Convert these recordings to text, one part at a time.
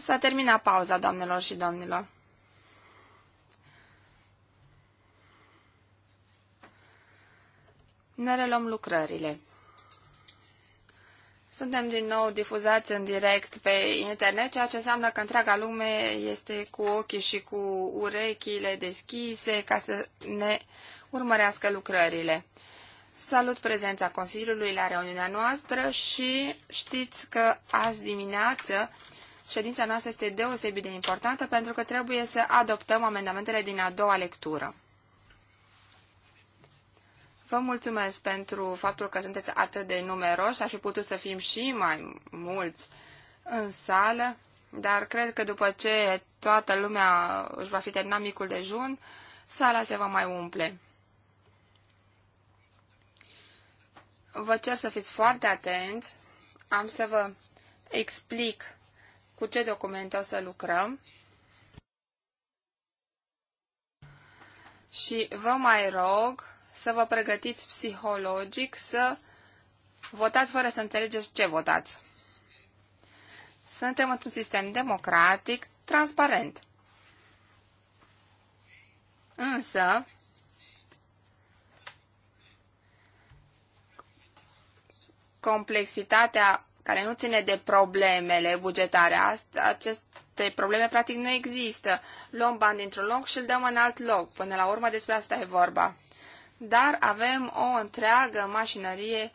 S-a terminat pauza, doamnelor și domnilor. Ne reluăm lucrările. Suntem din nou difuzați în direct pe internet, ceea ce înseamnă că întreaga lume este cu ochii și cu urechile deschise ca să ne urmărească lucrările. Salut prezența Consiliului la reuniunea noastră și știți că azi dimineață Ședința noastră este deosebit de importantă pentru că trebuie să adoptăm amendamentele din a doua lectură. Vă mulțumesc pentru faptul că sunteți atât de numeroși. Ar fi putut să fim și mai mulți în sală, dar cred că după ce toată lumea își va fi terminat micul dejun, sala se va mai umple. Vă cer să fiți foarte atenți. Am să vă explic cu ce documente o să lucrăm și vă mai rog să vă pregătiți psihologic să votați fără să înțelegeți ce votați. Suntem într-un sistem democratic, transparent. Însă, complexitatea care nu ține de problemele bugetare. Aceste probleme practic nu există. Luăm bani dintr-un loc și îl dăm în alt loc. Până la urmă despre asta e vorba. Dar avem o întreagă mașinărie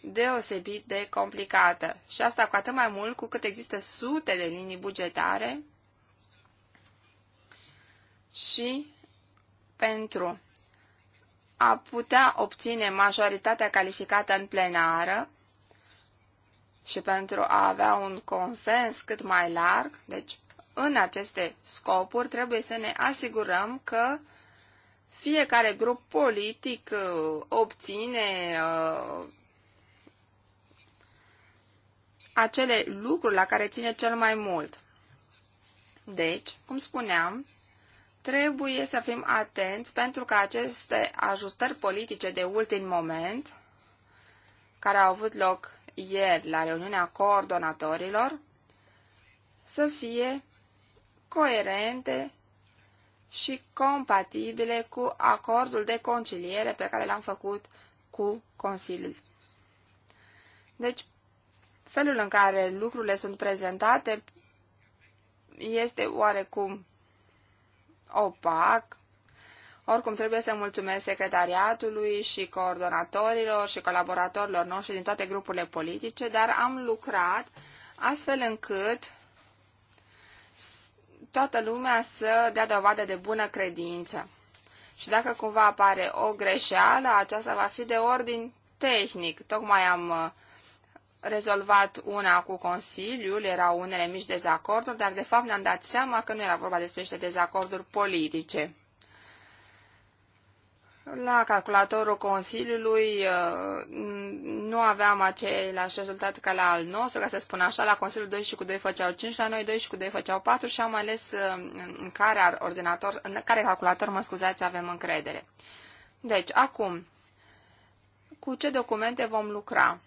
deosebit de complicată. Și asta cu atât mai mult cu cât există sute de linii bugetare și pentru a putea obține majoritatea calificată în plenară, și pentru a avea un consens cât mai larg, deci în aceste scopuri trebuie să ne asigurăm că fiecare grup politic uh, obține uh, acele lucruri la care ține cel mai mult. Deci, cum spuneam, trebuie să fim atenți pentru că aceste ajustări politice de ultim moment, care au avut loc ieri la reuniunea coordonatorilor să fie coerente și compatibile cu acordul de conciliere pe care l-am făcut cu Consiliul. Deci, felul în care lucrurile sunt prezentate este oarecum opac, oricum, trebuie să mulțumesc secretariatului și coordonatorilor și colaboratorilor noștri din toate grupurile politice, dar am lucrat astfel încât toată lumea să dea dovadă de bună credință. Și dacă cumva apare o greșeală, aceasta va fi de ordin tehnic. Tocmai am uh, rezolvat una cu Consiliul, erau unele mici dezacorduri, dar de fapt ne-am dat seama că nu era vorba despre niște dezacorduri politice la calculatorul Consiliului uh, nu aveam același rezultat ca la al nostru, ca să spun așa, la Consiliul 2 și cu 2 făceau 5, la noi 2 și cu 2 făceau 4 și am ales uh, în care, ordinator, în care calculator, mă scuzați, avem încredere. Deci, acum, cu ce documente vom lucra?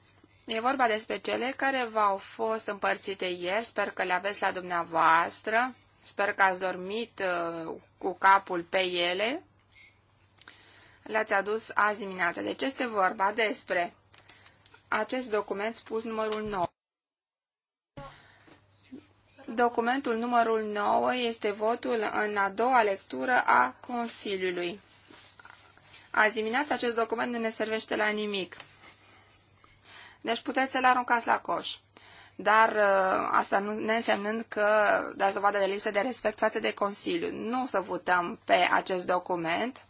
E vorba despre cele care v-au fost împărțite ieri, sper că le aveți la dumneavoastră, sper că ați dormit uh, cu capul pe ele, le-ați adus azi dimineață. ce deci este vorba despre acest document spus numărul 9. Documentul numărul 9 este votul în a doua lectură a Consiliului. Azi dimineața acest document nu ne servește la nimic. Deci puteți să-l aruncați la coș. Dar uh, asta nu ne însemnând că dați dovadă de lipsă de respect față de Consiliu. Nu să votăm pe acest document,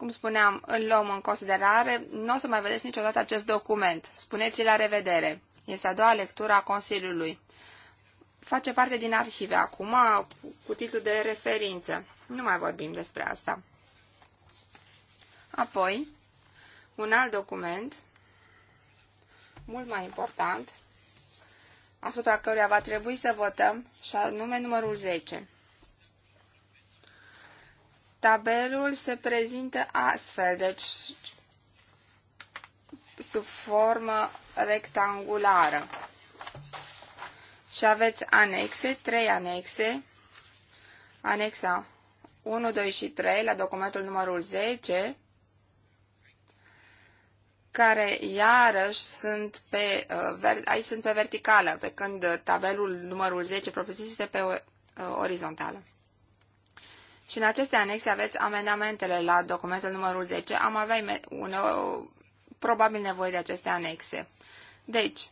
cum spuneam, îl luăm în considerare. Nu o să mai vedeți niciodată acest document. spuneți i la revedere. Este a doua lectură a Consiliului. Face parte din arhive acum, cu titlu de referință. Nu mai vorbim despre asta. Apoi, un alt document, mult mai important, asupra căruia va trebui să votăm, și anume numărul 10. Tabelul se prezintă astfel, deci sub formă rectangulară. Și aveți anexe, trei anexe. Anexa 1, 2 și 3 la documentul numărul 10, care iarăși sunt pe, uh, aici sunt pe verticală, pe când tabelul numărul 10 propriu-zis este pe uh, orizontală. Și în aceste anexe aveți amendamentele la documentul numărul 10. Am avea uh, probabil nevoie de aceste anexe. Deci,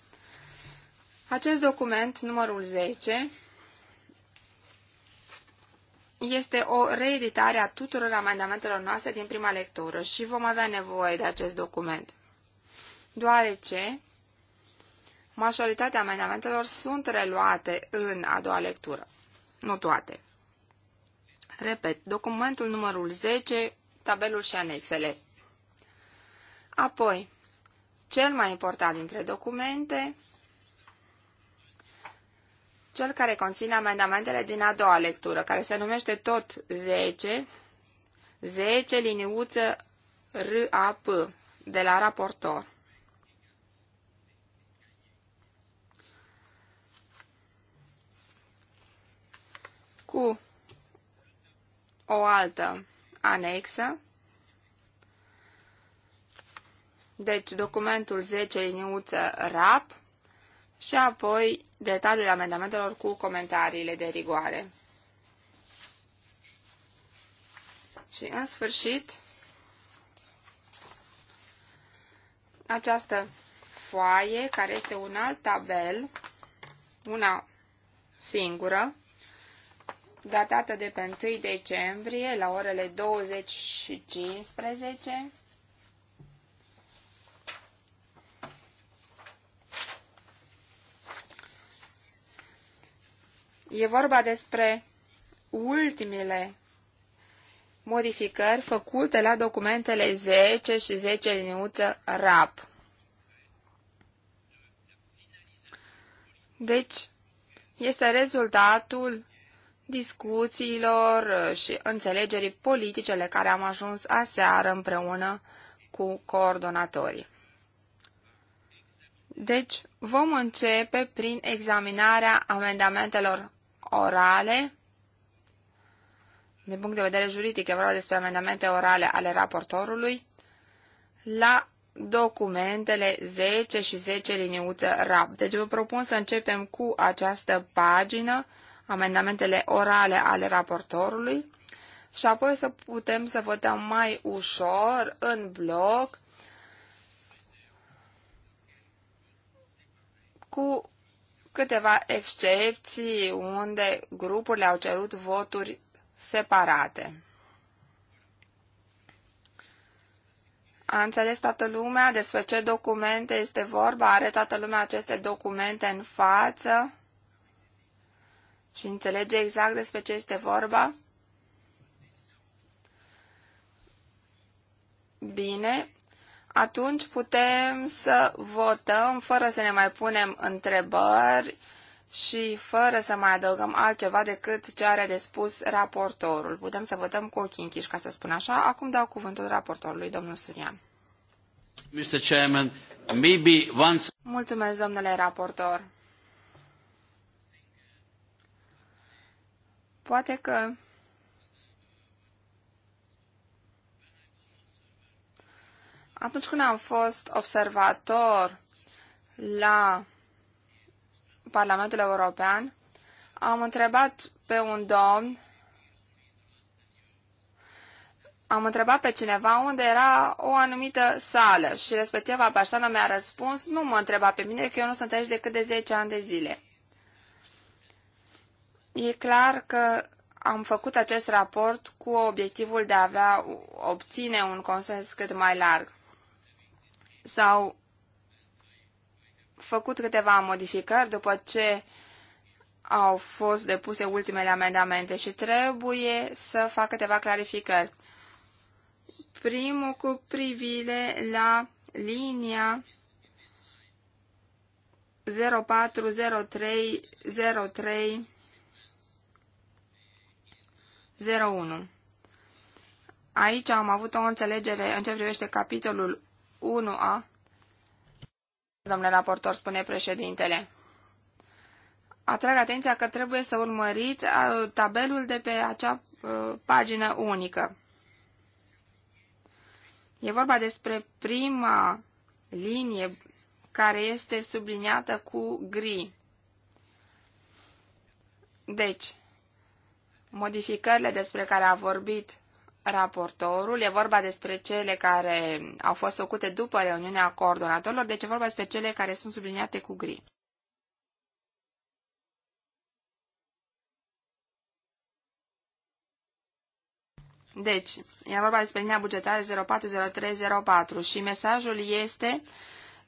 acest document, numărul 10, este o reeditare a tuturor amendamentelor noastre din prima lectură și vom avea nevoie de acest document. Deoarece majoritatea amendamentelor sunt reluate în a doua lectură. Nu toate. Repet, documentul numărul 10, tabelul și anexele. Apoi, cel mai important dintre documente, cel care conține amendamentele din a doua lectură, care se numește tot 10, 10 liniuță RAP de la raportor. Cu o altă anexă. Deci documentul 10 liniuță RAP și apoi detaliul amendamentelor cu comentariile de rigoare. Și în sfârșit, această foaie, care este un alt tabel, una singură, datată de pe 1 decembrie la orele 20 și 15. E vorba despre ultimele modificări făcute la documentele 10 și 10 liniuță RAP. Deci, este rezultatul discuțiilor uh, și înțelegerii politicele care am ajuns aseară împreună cu coordonatorii. Deci, vom începe prin examinarea amendamentelor orale. Din punct de vedere juridic, e vorba despre amendamente orale ale raportorului la documentele 10 și 10 liniuță RAP. Deci vă propun să începem cu această pagină amendamentele orale ale raportorului și apoi să putem să votăm mai ușor, în bloc, cu câteva excepții unde grupurile au cerut voturi separate. A înțeles toată lumea despre ce documente este vorba? Are toată lumea aceste documente în față? și înțelege exact despre ce este vorba? Bine, atunci putem să votăm fără să ne mai punem întrebări și fără să mai adăugăm altceva decât ce are de spus raportorul. Putem să votăm cu ochii închiși, ca să spun așa. Acum dau cuvântul raportorului, domnul Surian. Mr. Chairman, maybe once... Mulțumesc, domnule raportor. Poate că atunci când am fost observator la Parlamentul European, am întrebat pe un domn, am întrebat pe cineva unde era o anumită sală și respectiva persoană mi-a răspuns, nu mă întreba pe mine că eu nu sunt aici decât de 10 ani de zile. E clar că am făcut acest raport cu obiectivul de a avea, obține un consens cât mai larg. S-au făcut câteva modificări după ce au fost depuse ultimele amendamente și trebuie să fac câteva clarificări. Primul cu privire la linia 040303 01. Aici am avut o înțelegere în ce privește capitolul 1A. Domnule raportor, spune președintele. Atrag atenția că trebuie să urmăriți tabelul de pe acea pagină unică. E vorba despre prima linie care este subliniată cu gri. Deci, modificările despre care a vorbit raportorul, e vorba despre cele care au fost făcute după reuniunea coordonatorilor, deci e vorba despre cele care sunt subliniate cu gri. Deci, e vorba despre linia bugetară 040304 și mesajul este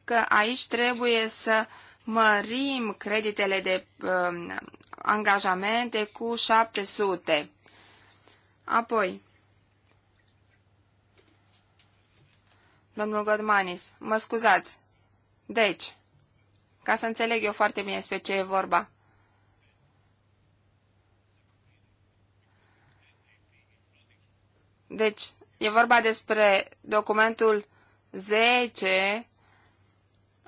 că aici trebuie să mărim creditele de um, angajamente cu 700. Apoi, domnul Godmanis, mă scuzați. Deci, ca să înțeleg eu foarte bine despre ce e vorba. Deci, e vorba despre documentul 10,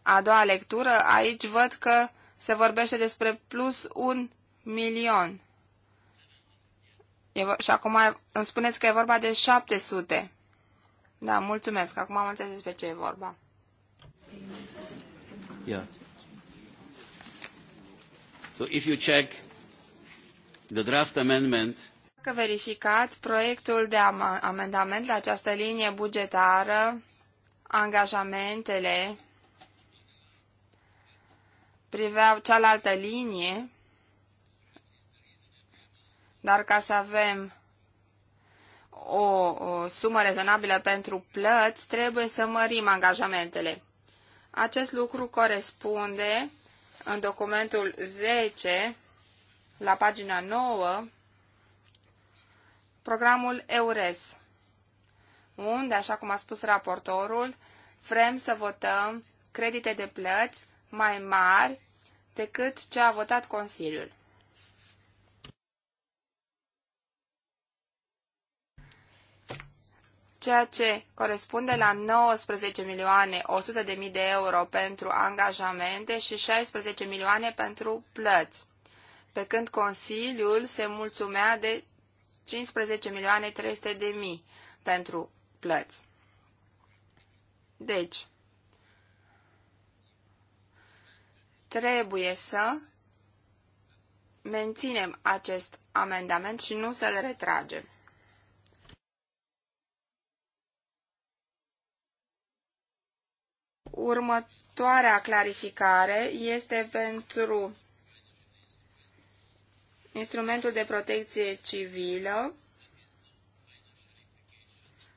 a doua lectură. Aici văd că se vorbește despre plus un milion. E, și acum îmi spuneți că e vorba de 700. Da, mulțumesc. Acum am înțeles despre ce e vorba. Yeah. So if you check the draft amendment, dacă verificați proiectul de am amendament la această linie bugetară, angajamentele priveau cealaltă linie, dar ca să avem o, o sumă rezonabilă pentru plăți, trebuie să mărim angajamentele. Acest lucru corespunde în documentul 10, la pagina 9, programul EURES, unde, așa cum a spus raportorul, vrem să votăm credite de plăți mai mari decât ce a votat Consiliul. ceea ce corespunde la 19 milioane 100 de mii de euro pentru angajamente și 16 milioane pentru plăți, pe când Consiliul se mulțumea de 15 milioane 300 de mii pentru plăți. Deci, trebuie să menținem acest amendament și nu să-l retragem. Următoarea clarificare este pentru instrumentul de protecție civilă.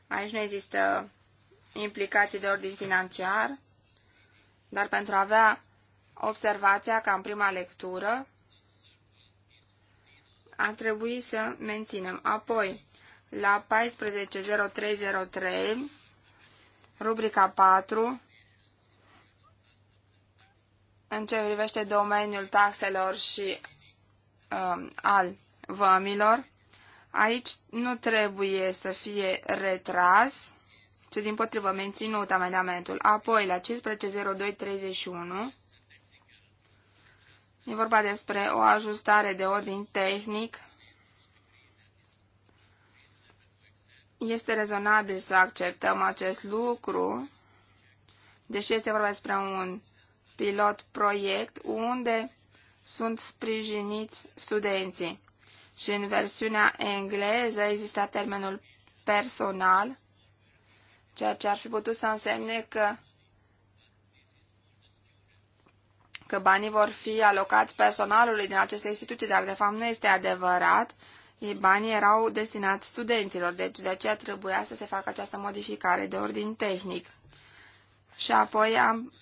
Aici nu există implicații de ordin financiar, dar pentru a avea observația ca în prima lectură, ar trebui să menținem. Apoi, la 14.0303, rubrica 4, în ce privește domeniul taxelor și uh, al vămilor, aici nu trebuie să fie retras, ci din potrivă menținut amendamentul. Apoi, la 15.02.31, e vorba despre o ajustare de ordin tehnic. Este rezonabil să acceptăm acest lucru, deși este vorba despre un pilot proiect unde sunt sprijiniți studenții. Și în versiunea engleză exista termenul personal, ceea ce ar fi putut să însemne că, că banii vor fi alocați personalului din aceste instituții, dar de fapt nu este adevărat. Ei, banii erau destinați studenților, deci de aceea trebuia să se facă această modificare de ordin tehnic. Și apoi am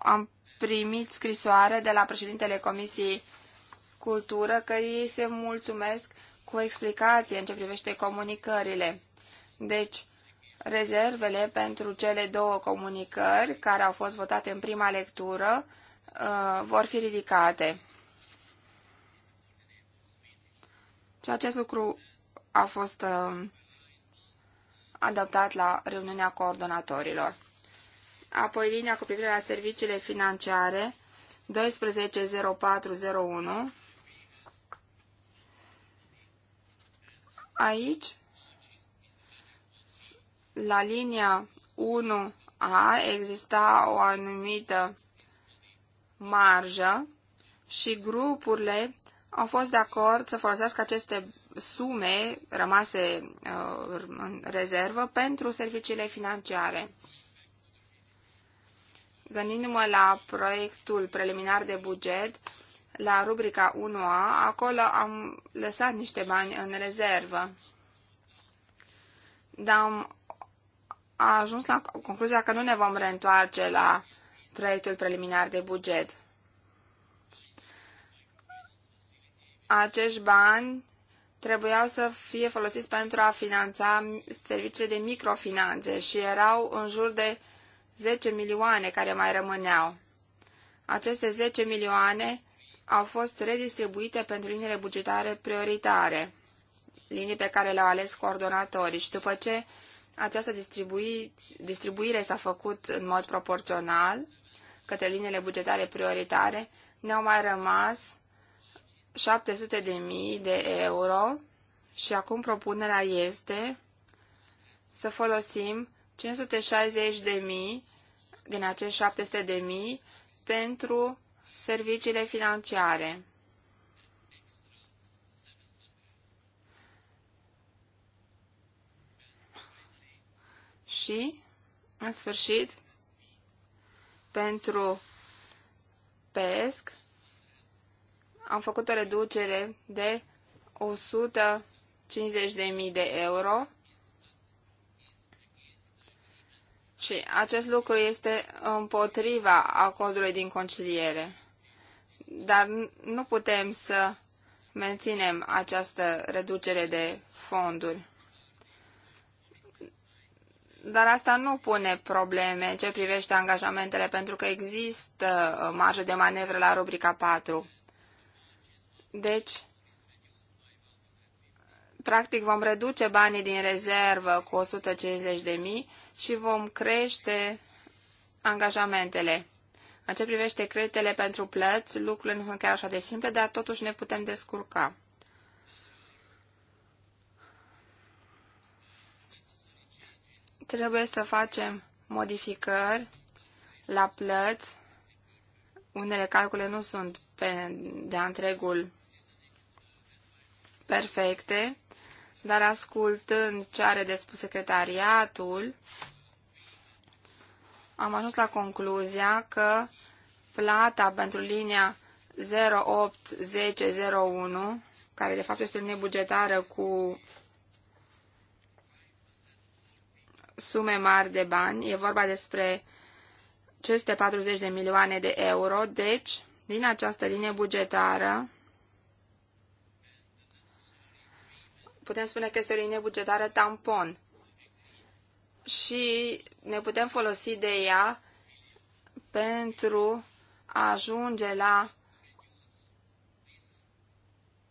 am primit scrisoare de la președintele Comisiei Cultură că ei se mulțumesc cu explicație în ce privește comunicările. Deci, rezervele pentru cele două comunicări care au fost votate în prima lectură uh, vor fi ridicate. Și acest lucru a fost uh, adoptat la reuniunea coordonatorilor apoi linia cu privire la serviciile financiare 120401. Aici, la linia 1A exista o anumită marjă și grupurile au fost de acord să folosească aceste sume rămase uh, în rezervă pentru serviciile financiare. Gândindu-mă la proiectul preliminar de buget, la rubrica 1A, acolo am lăsat niște bani în rezervă. Dar am ajuns la concluzia că nu ne vom reîntoarce la proiectul preliminar de buget. Acești bani trebuiau să fie folosiți pentru a finanța serviciile de microfinanțe și erau în jur de 10 milioane care mai rămâneau. Aceste 10 milioane au fost redistribuite pentru liniile bugetare prioritare, linii pe care le-au ales coordonatorii și după ce această distribui, distribuire s-a făcut în mod proporțional către liniile bugetare prioritare, ne-au mai rămas 700 de mii de euro și acum propunerea este să folosim 560 de mii din acești 700 de mii pentru serviciile financiare. Și, în sfârșit, pentru PESC am făcut o reducere de 150.000 de euro Și acest lucru este împotriva acordului din conciliere. Dar nu putem să menținem această reducere de fonduri. Dar asta nu pune probleme în ce privește angajamentele, pentru că există marjă de manevră la rubrica 4. Deci, practic vom reduce banii din rezervă cu 150.000 și vom crește angajamentele. În ce privește creditele pentru plăți, lucrurile nu sunt chiar așa de simple, dar totuși ne putem descurca. Trebuie să facem modificări la plăți. Unele calcule nu sunt de de întregul perfecte dar ascultând ce are de spus secretariatul, am ajuns la concluzia că plata pentru linia 081001, care de fapt este o nebugetară cu sume mari de bani, e vorba despre 540 de milioane de euro, deci din această linie bugetară Putem spune că este o linie bugetară tampon și ne putem folosi de ea pentru a ajunge la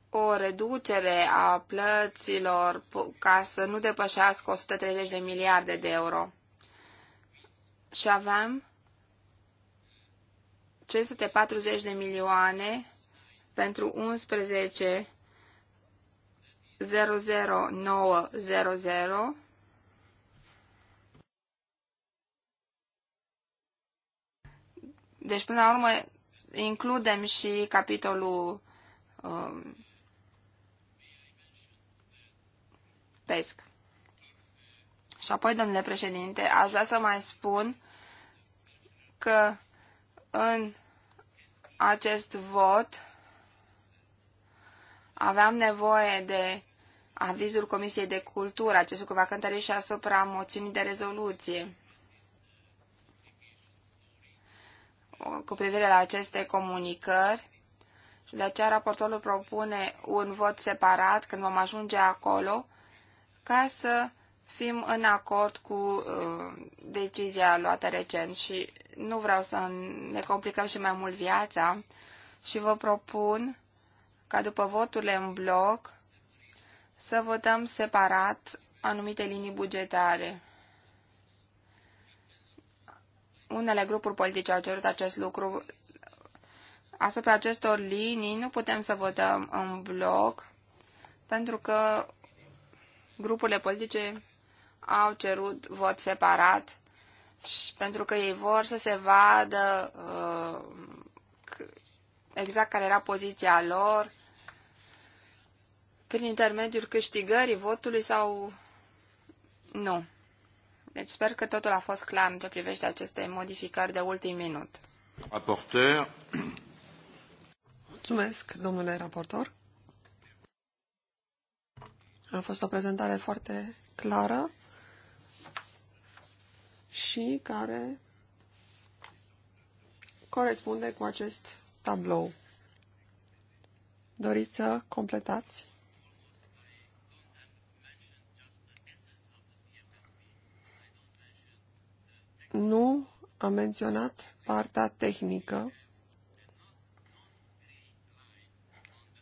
o reducere a plăților ca să nu depășească 130 de miliarde de euro. Și avem 540 de milioane pentru 11 00900 Deci, până la urmă, includem și capitolul um, pesc. Și apoi, domnule președinte, aș vrea să mai spun că în acest vot aveam nevoie de avizul Comisiei de Cultură. Acest lucru va cântări și asupra moțiunii de rezoluție. Cu privire la aceste comunicări, și de aceea raportorul propune un vot separat când vom ajunge acolo, ca să fim în acord cu uh, decizia luată recent și nu vreau să ne complicăm și mai mult viața și vă propun ca după voturile în bloc să votăm separat anumite linii bugetare. Unele grupuri politice au cerut acest lucru. Asupra acestor linii nu putem să votăm în bloc, pentru că grupurile politice au cerut vot separat și pentru că ei vor să se vadă uh, exact care era poziția lor prin intermediul câștigării votului sau nu. Deci sper că totul a fost clar în ce privește aceste modificări de ultim minut. Raporteur. Mulțumesc, domnule raportor. A fost o prezentare foarte clară și care corespunde cu acest tablou. Doriți să completați? nu a menționat partea tehnică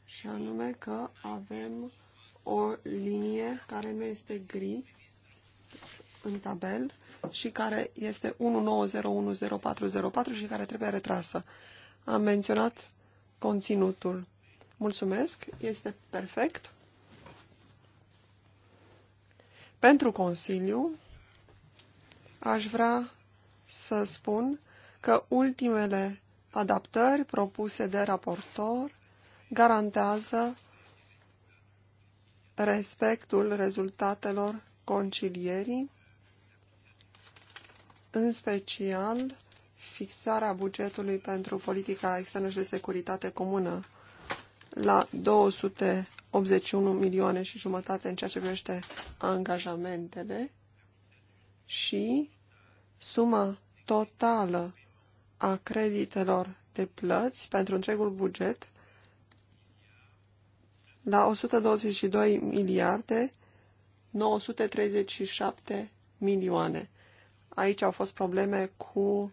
și anume că avem o linie care nu este gri în tabel și care este 19010404 și care trebuie retrasă. Am menționat conținutul. Mulțumesc, este perfect. Pentru Consiliu aș vrea să spun că ultimele adaptări propuse de raportor garantează respectul rezultatelor concilierii, în special fixarea bugetului pentru politica externă și de securitate comună la 281 milioane și jumătate în ceea ce privește angajamentele și suma totală a creditelor de plăți pentru întregul buget la 122 miliarde 937 milioane. Aici au fost probleme cu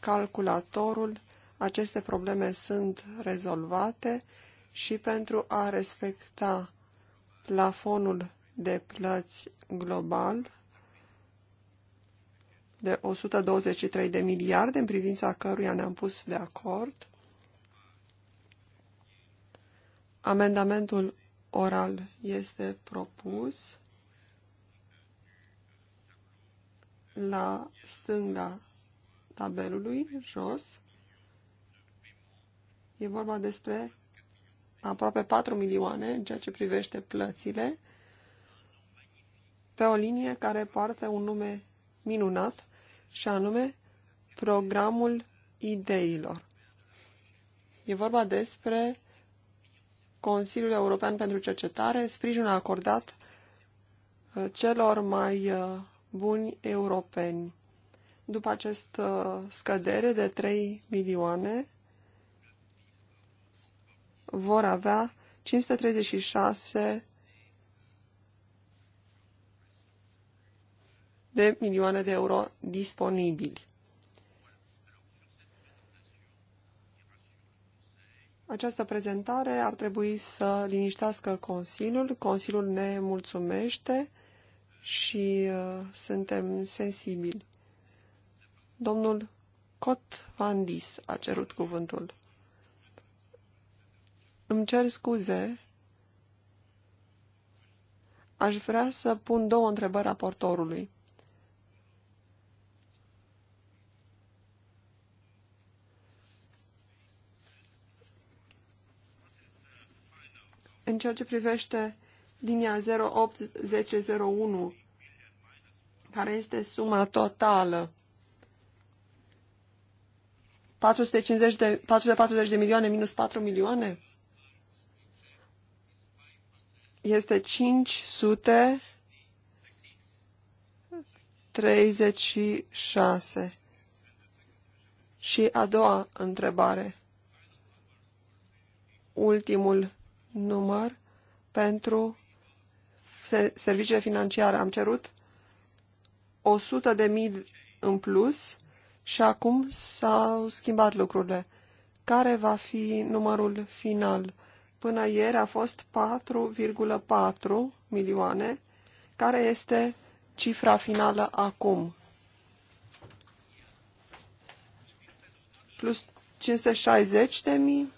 calculatorul. Aceste probleme sunt rezolvate și pentru a respecta plafonul de plăți global de 123 de miliarde în privința căruia ne-am pus de acord. Amendamentul oral este propus la stânga tabelului, jos. E vorba despre aproape 4 milioane în ceea ce privește plățile pe o linie care poartă un nume minunat, și anume programul ideilor. E vorba despre Consiliul European pentru Cercetare, sprijinul acordat uh, celor mai uh, buni europeni. După această uh, scădere de 3 milioane, vor avea 536 de milioane de euro disponibili. Această prezentare ar trebui să liniștească Consiliul. Consiliul ne mulțumește și uh, suntem sensibili. Domnul Cot Dis a cerut cuvântul. Îmi cer scuze. Aș vrea să pun două întrebări raportorului. În ceea ce privește linia 081001, care este suma totală, 450 de, 440 de milioane minus 4 milioane, este 536. Și a doua întrebare. Ultimul număr pentru serviciile financiare. Am cerut 100 de mii în plus și acum s-au schimbat lucrurile. Care va fi numărul final? Până ieri a fost 4,4 milioane. Care este cifra finală acum? Plus 560 de mii?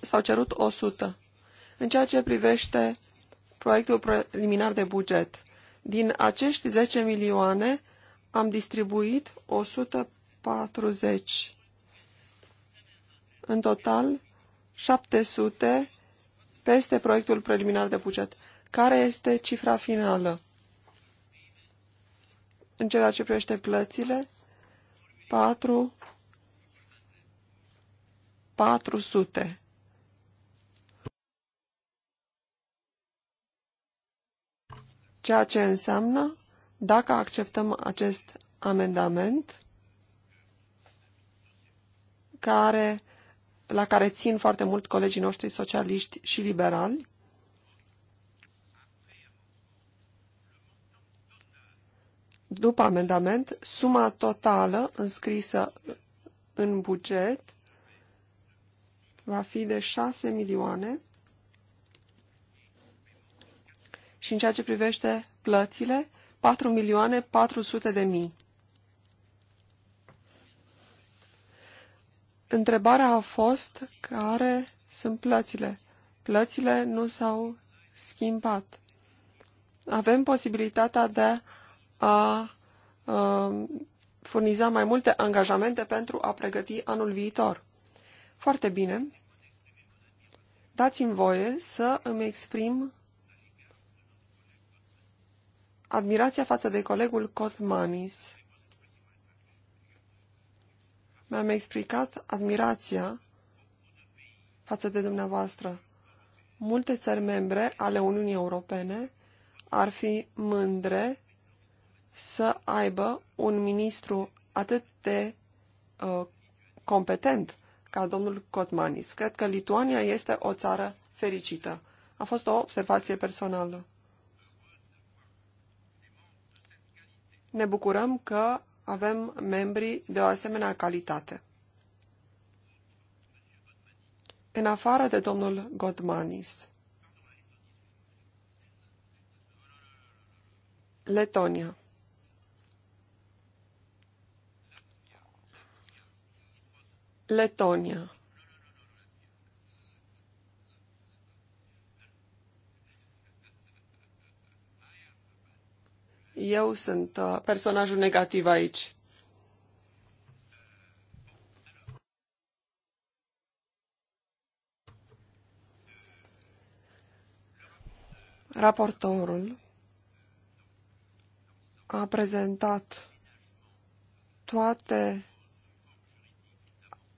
S-au cerut 100. În ceea ce privește proiectul preliminar de buget, din acești 10 milioane am distribuit 140. În total, 700 peste proiectul preliminar de buget. Care este cifra finală? În ceea ce privește plățile, 4 400. Ceea ce înseamnă, dacă acceptăm acest amendament, care, la care țin foarte mult colegii noștri socialiști și liberali, după amendament, suma totală înscrisă în buget va fi de 6 milioane și în ceea ce privește plățile, 4 milioane 400 de mii. Întrebarea a fost care sunt plățile. Plățile nu s-au schimbat. Avem posibilitatea de a, a um, furniza mai multe angajamente pentru a pregăti anul viitor. Foarte bine. Dați-mi voie să îmi exprim admirația față de colegul Cotmanis. Mi-am explicat admirația față de dumneavoastră. Multe țări membre ale Uniunii Europene ar fi mândre să aibă un ministru atât de uh, competent ca domnul Cotmanis. Cred că Lituania este o țară fericită. A fost o observație personală. Ne bucurăm că avem membri de o asemenea calitate. În afară de domnul Godmanis, Letonia. Letonia. Eu sunt uh, personajul negativ aici. Raportorul a prezentat toate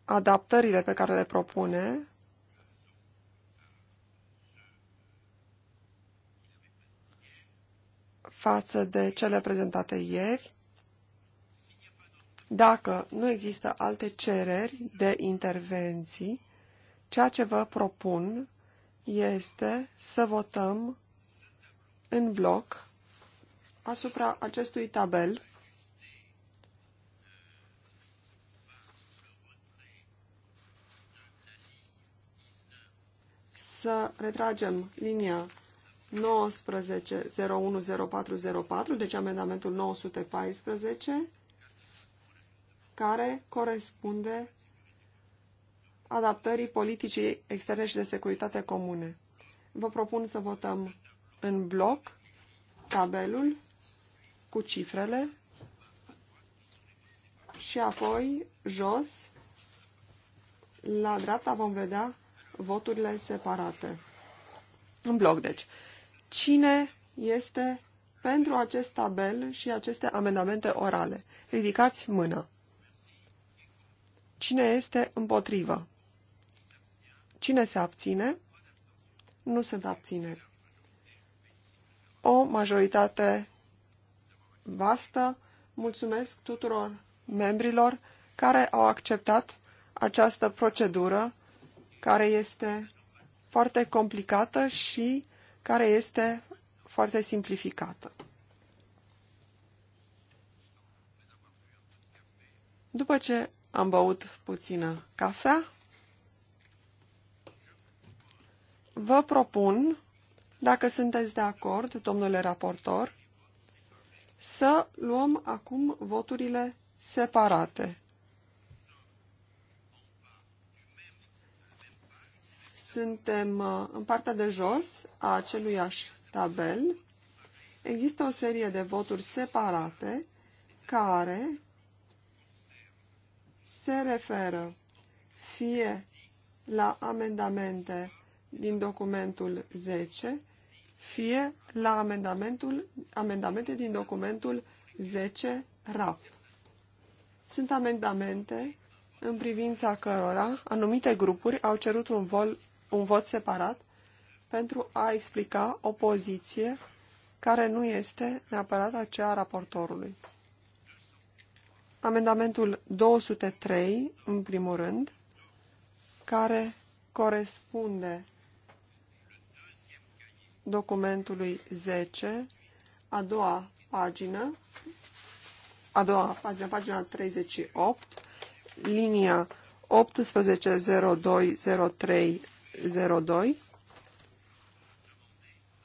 adaptările pe care le propune față de cele prezentate ieri. Dacă nu există alte cereri de intervenții, ceea ce vă propun este să votăm în bloc asupra acestui tabel să retragem linia 19010404, deci amendamentul 914, care corespunde adaptării politicii externe și de securitate comune. Vă propun să votăm în bloc tabelul cu cifrele și apoi jos la dreapta vom vedea voturile separate. În bloc, deci. Cine este pentru acest tabel și aceste amendamente orale? Ridicați mână. Cine este împotrivă? Cine se abține? Nu sunt abțineri. O majoritate vastă. Mulțumesc tuturor membrilor care au acceptat această procedură care este foarte complicată și care este foarte simplificată. După ce am băut puțină cafea, vă propun, dacă sunteți de acord, domnule raportor, să luăm acum voturile separate. suntem uh, în partea de jos a aceluiași tabel. Există o serie de voturi separate care se referă fie la amendamente din documentul 10, fie la amendamentul, amendamente din documentul 10 RAP. Sunt amendamente în privința cărora anumite grupuri au cerut un, vol, un vot separat pentru a explica o poziție care nu este neapărat aceea a raportorului. Amendamentul 203, în primul rând, care corespunde documentului 10, a doua pagină, a doua pagină, pagina 38, linia 180203 02,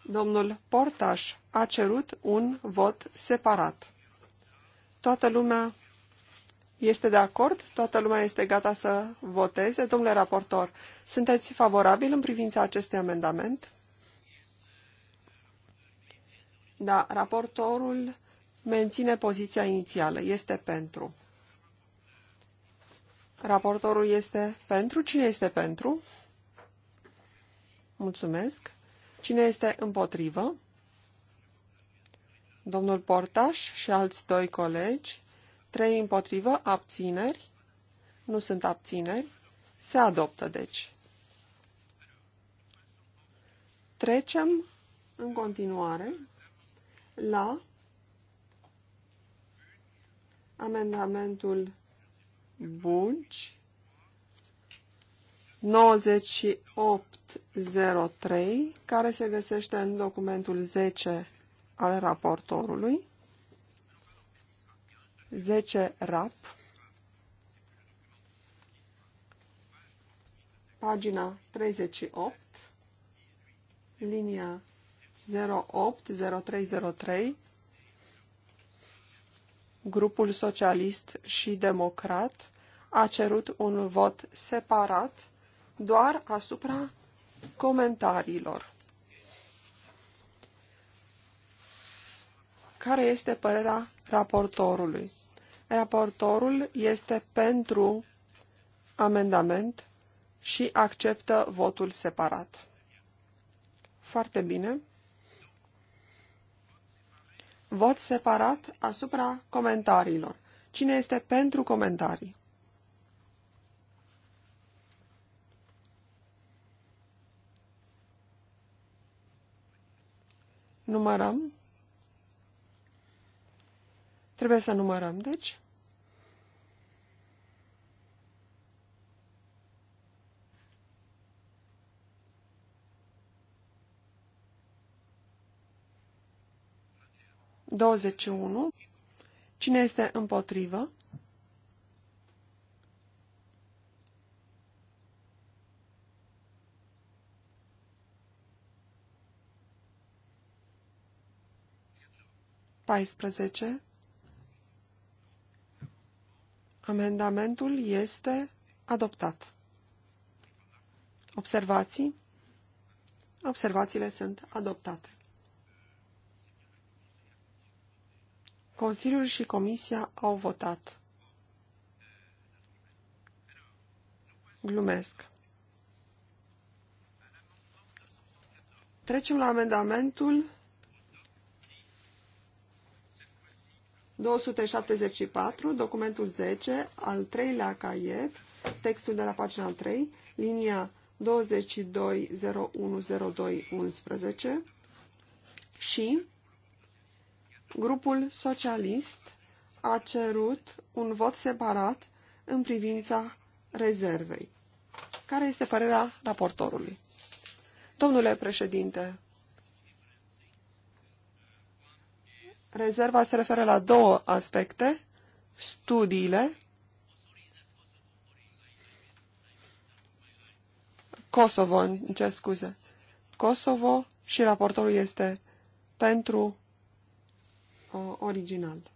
domnul Portaș a cerut un vot separat. Toată lumea este de acord? Toată lumea este gata să voteze? Domnule raportor, sunteți favorabil în privința acestui amendament? Da, raportorul menține poziția inițială. Este pentru. Raportorul este pentru. Cine este pentru? Mulțumesc. Cine este împotrivă? Domnul Portaș și alți doi colegi. Trei împotrivă, abțineri. Nu sunt abțineri. Se adoptă, deci. Trecem în continuare la amendamentul Bunci 9803, care se găsește în documentul 10 al raportorului, 10 RAP, pagina 38, linia 080303, grupul socialist și democrat a cerut un vot separat doar asupra comentariilor. Care este părerea raportorului? Raportorul este pentru amendament și acceptă votul separat. Foarte bine. Vot separat asupra comentariilor. Cine este pentru comentarii? numărăm. Trebuie să numărăm, deci. Douăzeci și unu. Cine este împotrivă? 14. Amendamentul este adoptat. Observații? Observațiile sunt adoptate. Consiliul și Comisia au votat. Glumesc. Trecem la amendamentul 274, documentul 10, al treilea caiet, textul de la pagina 3, linia 22010211 și grupul socialist a cerut un vot separat în privința rezervei. Care este părerea raportorului? Domnule președinte, Rezerva se referă la două aspecte, studiile, Kosovo, în ce scuze, Kosovo și raportorul este pentru uh, original.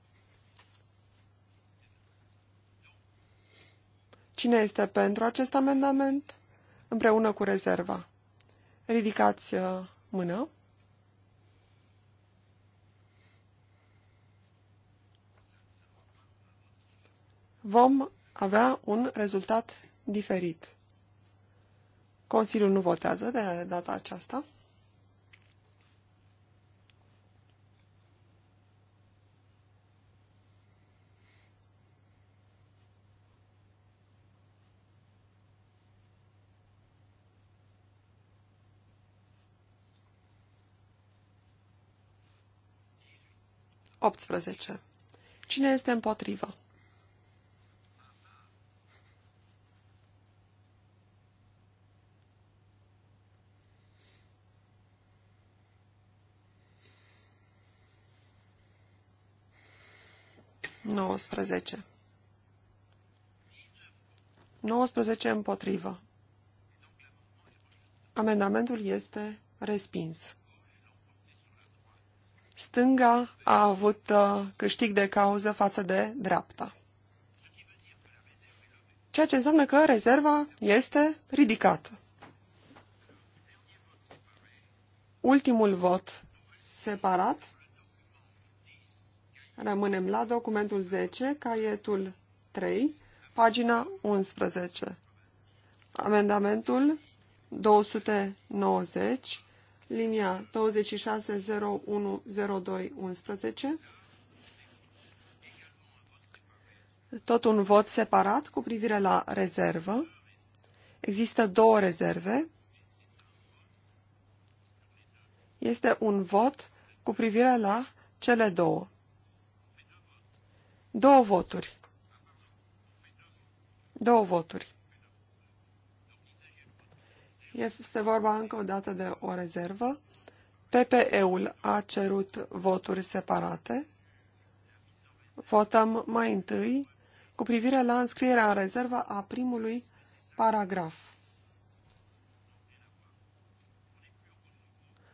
Cine este pentru acest amendament? Împreună cu rezerva. Ridicați uh, mâna. vom avea un rezultat diferit. Consiliul nu votează de data aceasta. Optsprezece. Cine este împotrivă? 19. 19 împotrivă. Amendamentul este respins. Stânga a avut uh, câștig de cauză față de dreapta. Ceea ce înseamnă că rezerva este ridicată. Ultimul vot separat Rămânem la documentul 10, caietul 3, pagina 11. Amendamentul 290, linia 26010211. Tot un vot separat cu privire la rezervă. Există două rezerve. Este un vot cu privire la cele două. Două voturi. Două voturi. Este vorba încă o dată de o rezervă. PPE-ul a cerut voturi separate. Votăm mai întâi cu privire la înscrierea în rezervă a primului paragraf.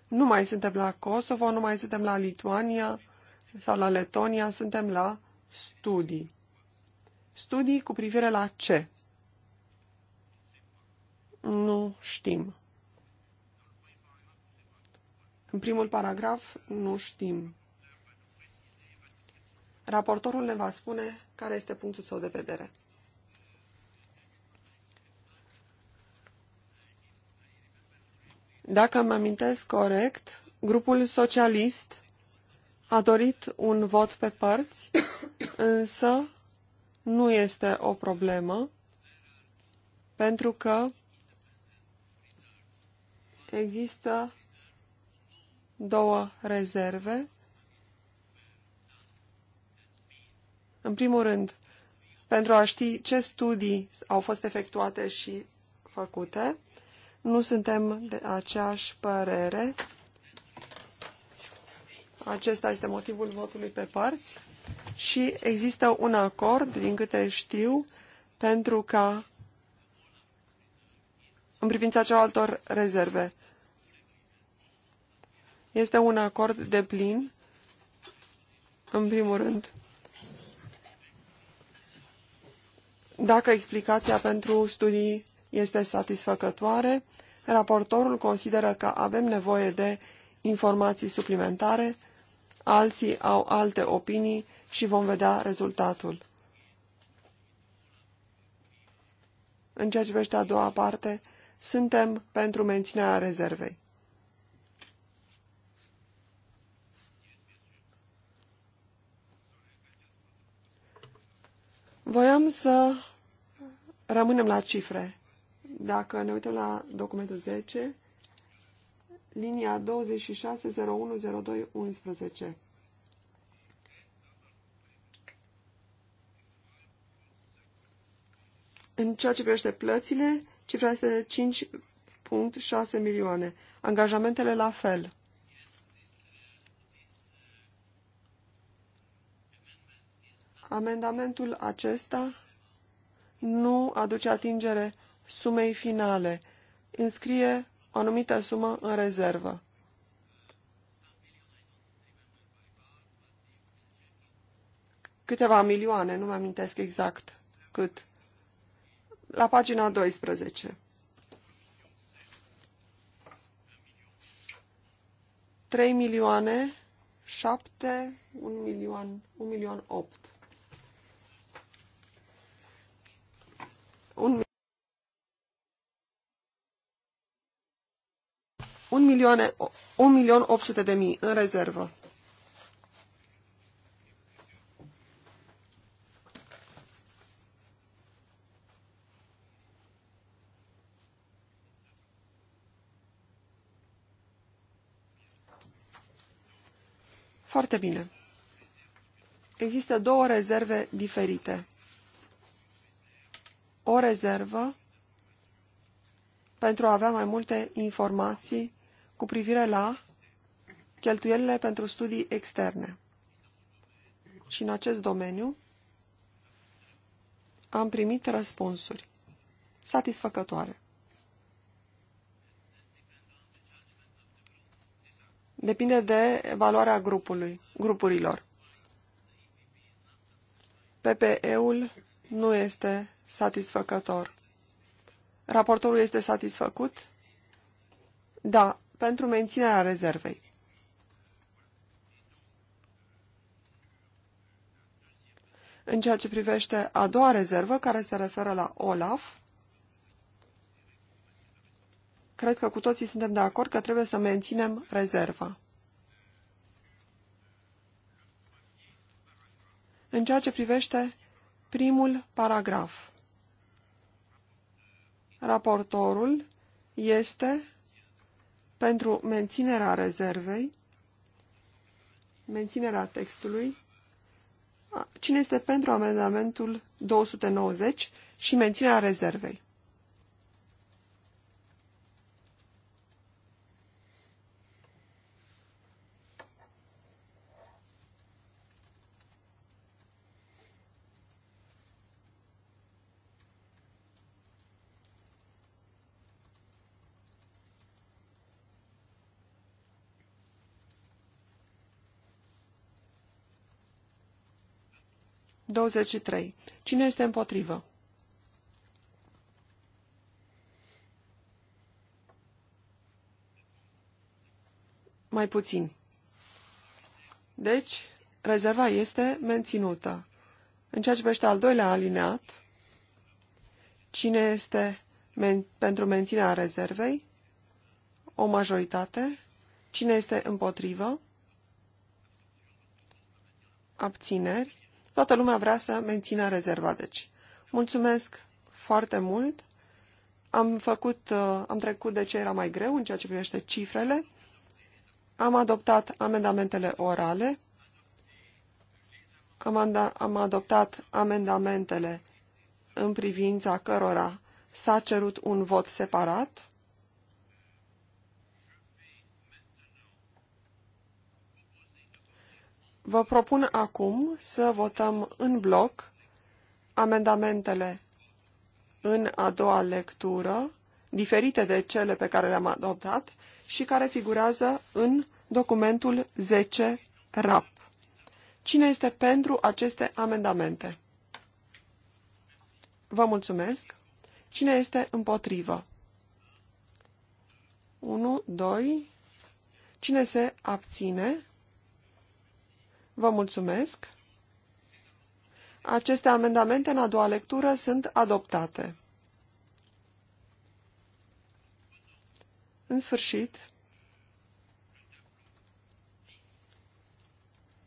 Nu mai suntem la Kosovo, nu mai suntem la Lituania sau la Letonia, suntem la studii. Studii cu privire la ce? Nu știm. În primul paragraf, nu știm. Raportorul ne va spune care este punctul său de vedere. Dacă îmi amintesc corect, grupul socialist a dorit un vot pe părți, însă nu este o problemă, pentru că există două rezerve. În primul rând, pentru a ști ce studii au fost efectuate și făcute, nu suntem de aceeași părere acesta este motivul votului pe părți și există un acord, din câte știu, pentru ca în privința cealaltor rezerve. Este un acord de plin, în primul rând. Dacă explicația pentru studii este satisfăcătoare, raportorul consideră că avem nevoie de informații suplimentare alții au alte opinii și vom vedea rezultatul. În ceea ce privește a doua parte, suntem pentru menținerea rezervei. Voiam să rămânem la cifre. Dacă ne uităm la documentul 10, linia 26010211. În ceea ce privește plățile, cifra este 5.6 milioane. Angajamentele la fel. Amendamentul acesta nu aduce atingere sumei finale. Înscrie o anumită sumă în rezervă. Câteva milioane, nu mă amintesc exact cât. La pagina 12. Trei milioane, șapte, un milion, un milion opt. Un 1.800.000 în rezervă. Foarte bine. Există două rezerve diferite. O rezervă pentru a avea mai multe informații cu privire la cheltuielile pentru studii externe. Și în acest domeniu am primit răspunsuri satisfăcătoare. Depinde de valoarea grupului, grupurilor. PPE-ul nu este satisfăcător. Raportorul este satisfăcut? Da, pentru menținerea rezervei. În ceea ce privește a doua rezervă, care se referă la OLAF, cred că cu toții suntem de acord că trebuie să menținem rezerva. În ceea ce privește primul paragraf, raportorul este pentru menținerea rezervei, menținerea textului, cine este pentru amendamentul 290 și menținerea rezervei. 23. Cine este împotrivă? Mai puțin. Deci, rezerva este menținută. În ceea ce privește al doilea alineat, cine este men pentru menținerea rezervei? O majoritate. Cine este împotrivă? Abțineri. Toată lumea vrea să mențină rezerva, deci. Mulțumesc foarte mult. Am, făcut, uh, am trecut de ce era mai greu în ceea ce privește cifrele. Am adoptat amendamentele orale. Am, am adoptat amendamentele în privința cărora s-a cerut un vot separat. Vă propun acum să votăm în bloc amendamentele în a doua lectură, diferite de cele pe care le-am adoptat și care figurează în documentul 10 RAP. Cine este pentru aceste amendamente? Vă mulțumesc. Cine este împotrivă? 1, 2. Cine se abține? Vă mulțumesc. Aceste amendamente în a doua lectură sunt adoptate. În sfârșit,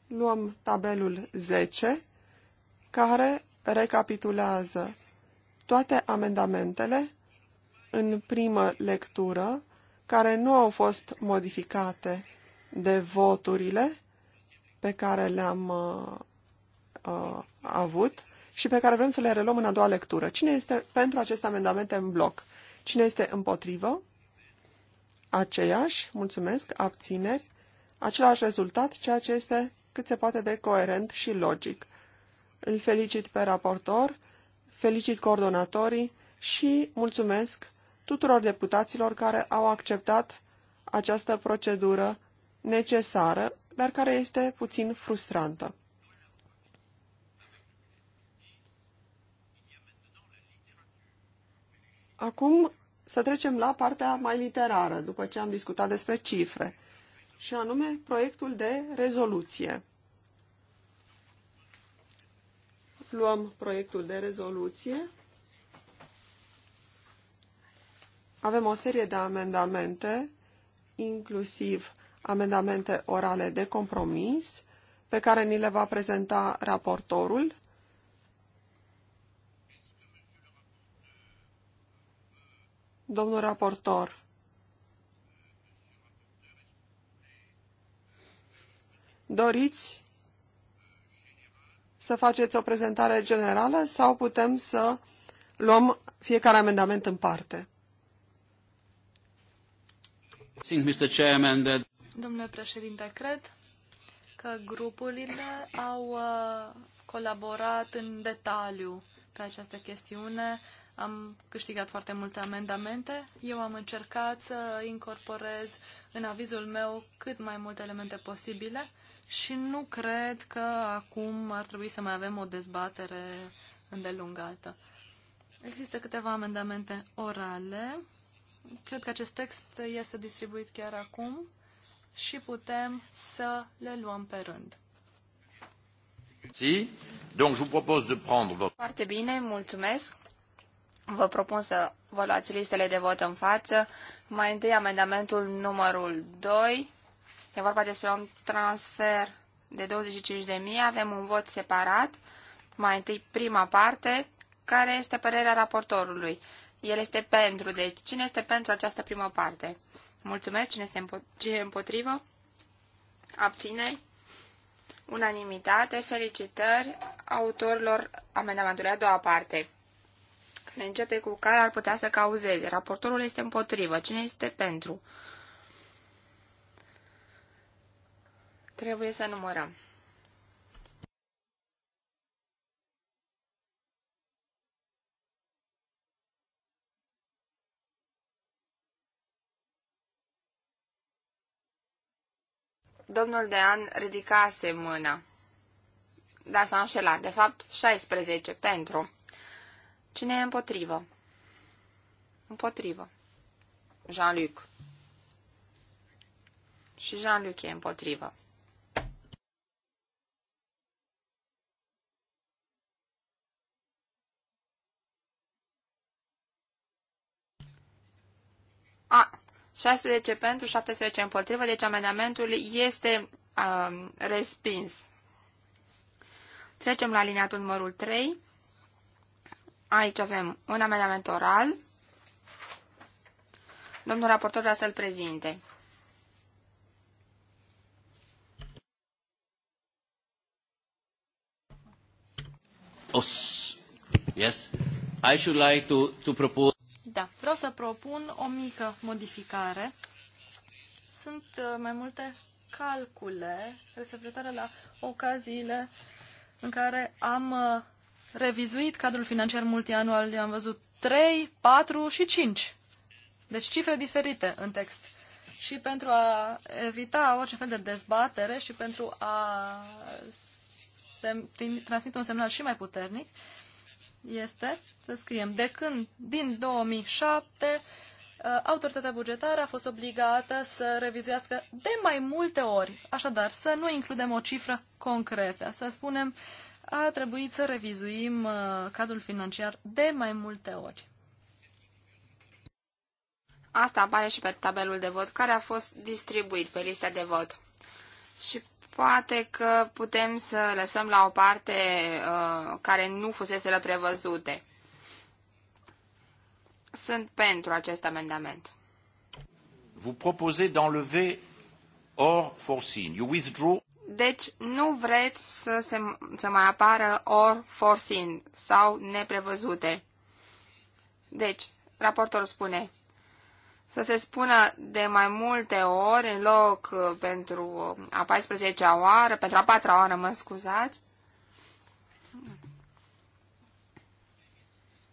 luăm tabelul 10, care recapitulează toate amendamentele în primă lectură care nu au fost modificate de voturile pe care le-am uh, uh, avut și pe care vrem să le reluăm în a doua lectură. Cine este pentru aceste amendamente în bloc? Cine este împotrivă? Aceiași, mulțumesc, abțineri, același rezultat, ceea ce este cât se poate de coerent și logic. Îl felicit pe raportor, felicit coordonatorii și mulțumesc tuturor deputaților care au acceptat această procedură necesară dar care este puțin frustrantă. Acum să trecem la partea mai literară, după ce am discutat despre cifre, și anume proiectul de rezoluție. Luăm proiectul de rezoluție. Avem o serie de amendamente, inclusiv amendamente orale de compromis pe care ni le va prezenta raportorul. Domnul raportor, doriți să faceți o prezentare generală sau putem să luăm fiecare amendament în parte? Domnule președinte, cred că grupurile au uh, colaborat în detaliu pe această chestiune. Am câștigat foarte multe amendamente. Eu am încercat să incorporez în avizul meu cât mai multe elemente posibile și nu cred că acum ar trebui să mai avem o dezbatere îndelungată. Există câteva amendamente orale. Cred că acest text este distribuit chiar acum și putem să le luăm pe rând. Foarte bine, mulțumesc. Vă propun să vă luați listele de vot în față. Mai întâi amendamentul numărul 2. E vorba despre un transfer de 25.000. Avem un vot separat. Mai întâi prima parte. Care este părerea raportorului? El este pentru. Deci, cine este pentru această primă parte? Mulțumesc. Cine se împo- ce împotrivă? Abțineri? Unanimitate. Felicitări autorilor amendamentului a doua parte. Când începe cu care ar putea să cauzeze. Raportorul este împotrivă. Cine este pentru? Trebuie să numărăm. Domnul Dean ridicase mâna. Da, s-a înșelat. De fapt, 16 pentru. Cine e împotrivă? Împotrivă. Jean-Luc. Și Jean-Luc e împotrivă. A, 16 pentru, 17 împotrivă, deci amendamentul este uh, respins. Trecem la liniatul numărul 3. Aici avem un amendament oral. Domnul raportor vrea să-l prezinte. Yes. I should like to, to propose... Da, vreau să propun o mică modificare. Sunt uh, mai multe calcule referitoare la ocaziile în care am uh, revizuit cadrul financiar multianual, am văzut 3, 4 și 5. Deci cifre diferite în text. Și pentru a evita orice fel de dezbatere și pentru a transmite un semnal și mai puternic, este, să scriem, de când, din 2007, uh, autoritatea bugetară a fost obligată să revizuiască de mai multe ori. Așadar, să nu includem o cifră concretă. Să spunem, a trebuit să revizuim uh, cadrul financiar de mai multe ori. Asta apare și pe tabelul de vot care a fost distribuit pe lista de vot. Și Poate că putem să lăsăm la o parte uh, care nu la prevăzute. Sunt pentru acest amendament. Vous proposez d'enlever or forcing. You withdraw. Deci nu vreți să, se, să mai apară or forcing sau neprevăzute. Deci, raportorul spune, să se spună de mai multe ori, în loc uh, pentru uh, a 14-a oară, pentru a 4-a oară, mă scuzați.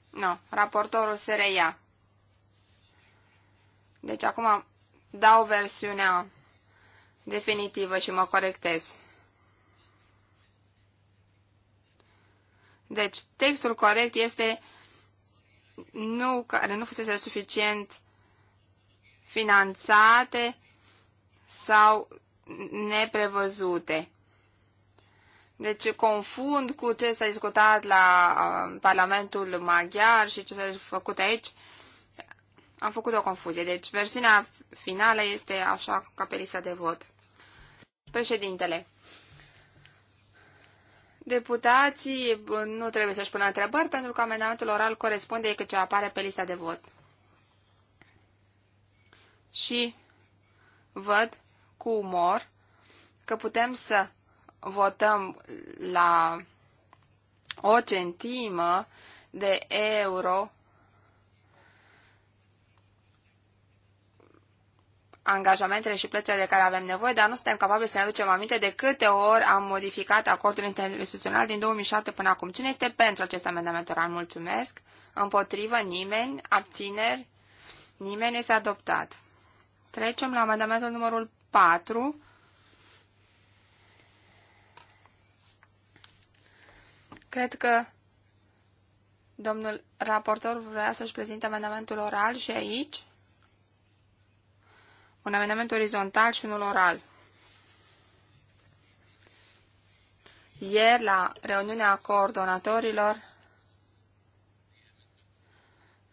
Nu, no, raportorul se reia. Deci acum dau versiunea definitivă și mă corectez. Deci textul corect este nu, care nu fusese suficient finanțate sau neprevăzute. Deci confund cu ce s-a discutat la Parlamentul Maghiar și ce s-a făcut aici. Am făcut o confuzie. Deci versiunea finală este așa ca pe lista de vot. Președintele. Deputații nu trebuie să-și pună întrebări pentru că amendamentul oral corespunde că ce apare pe lista de vot și văd cu umor că putem să votăm la o centimă de euro angajamentele și plățile de care avem nevoie, dar nu suntem capabili să ne aducem aminte de câte ori am modificat acordul interinstituțional din 2007 până acum. Cine este pentru acest amendament oral? Mulțumesc. Împotrivă? Nimeni? Abțineri? Nimeni este adoptat. Trecem la amendamentul numărul 4. Cred că domnul raportor vrea să-și prezinte amendamentul oral și aici un amendament orizontal și unul oral. Ieri, la reuniunea coordonatorilor,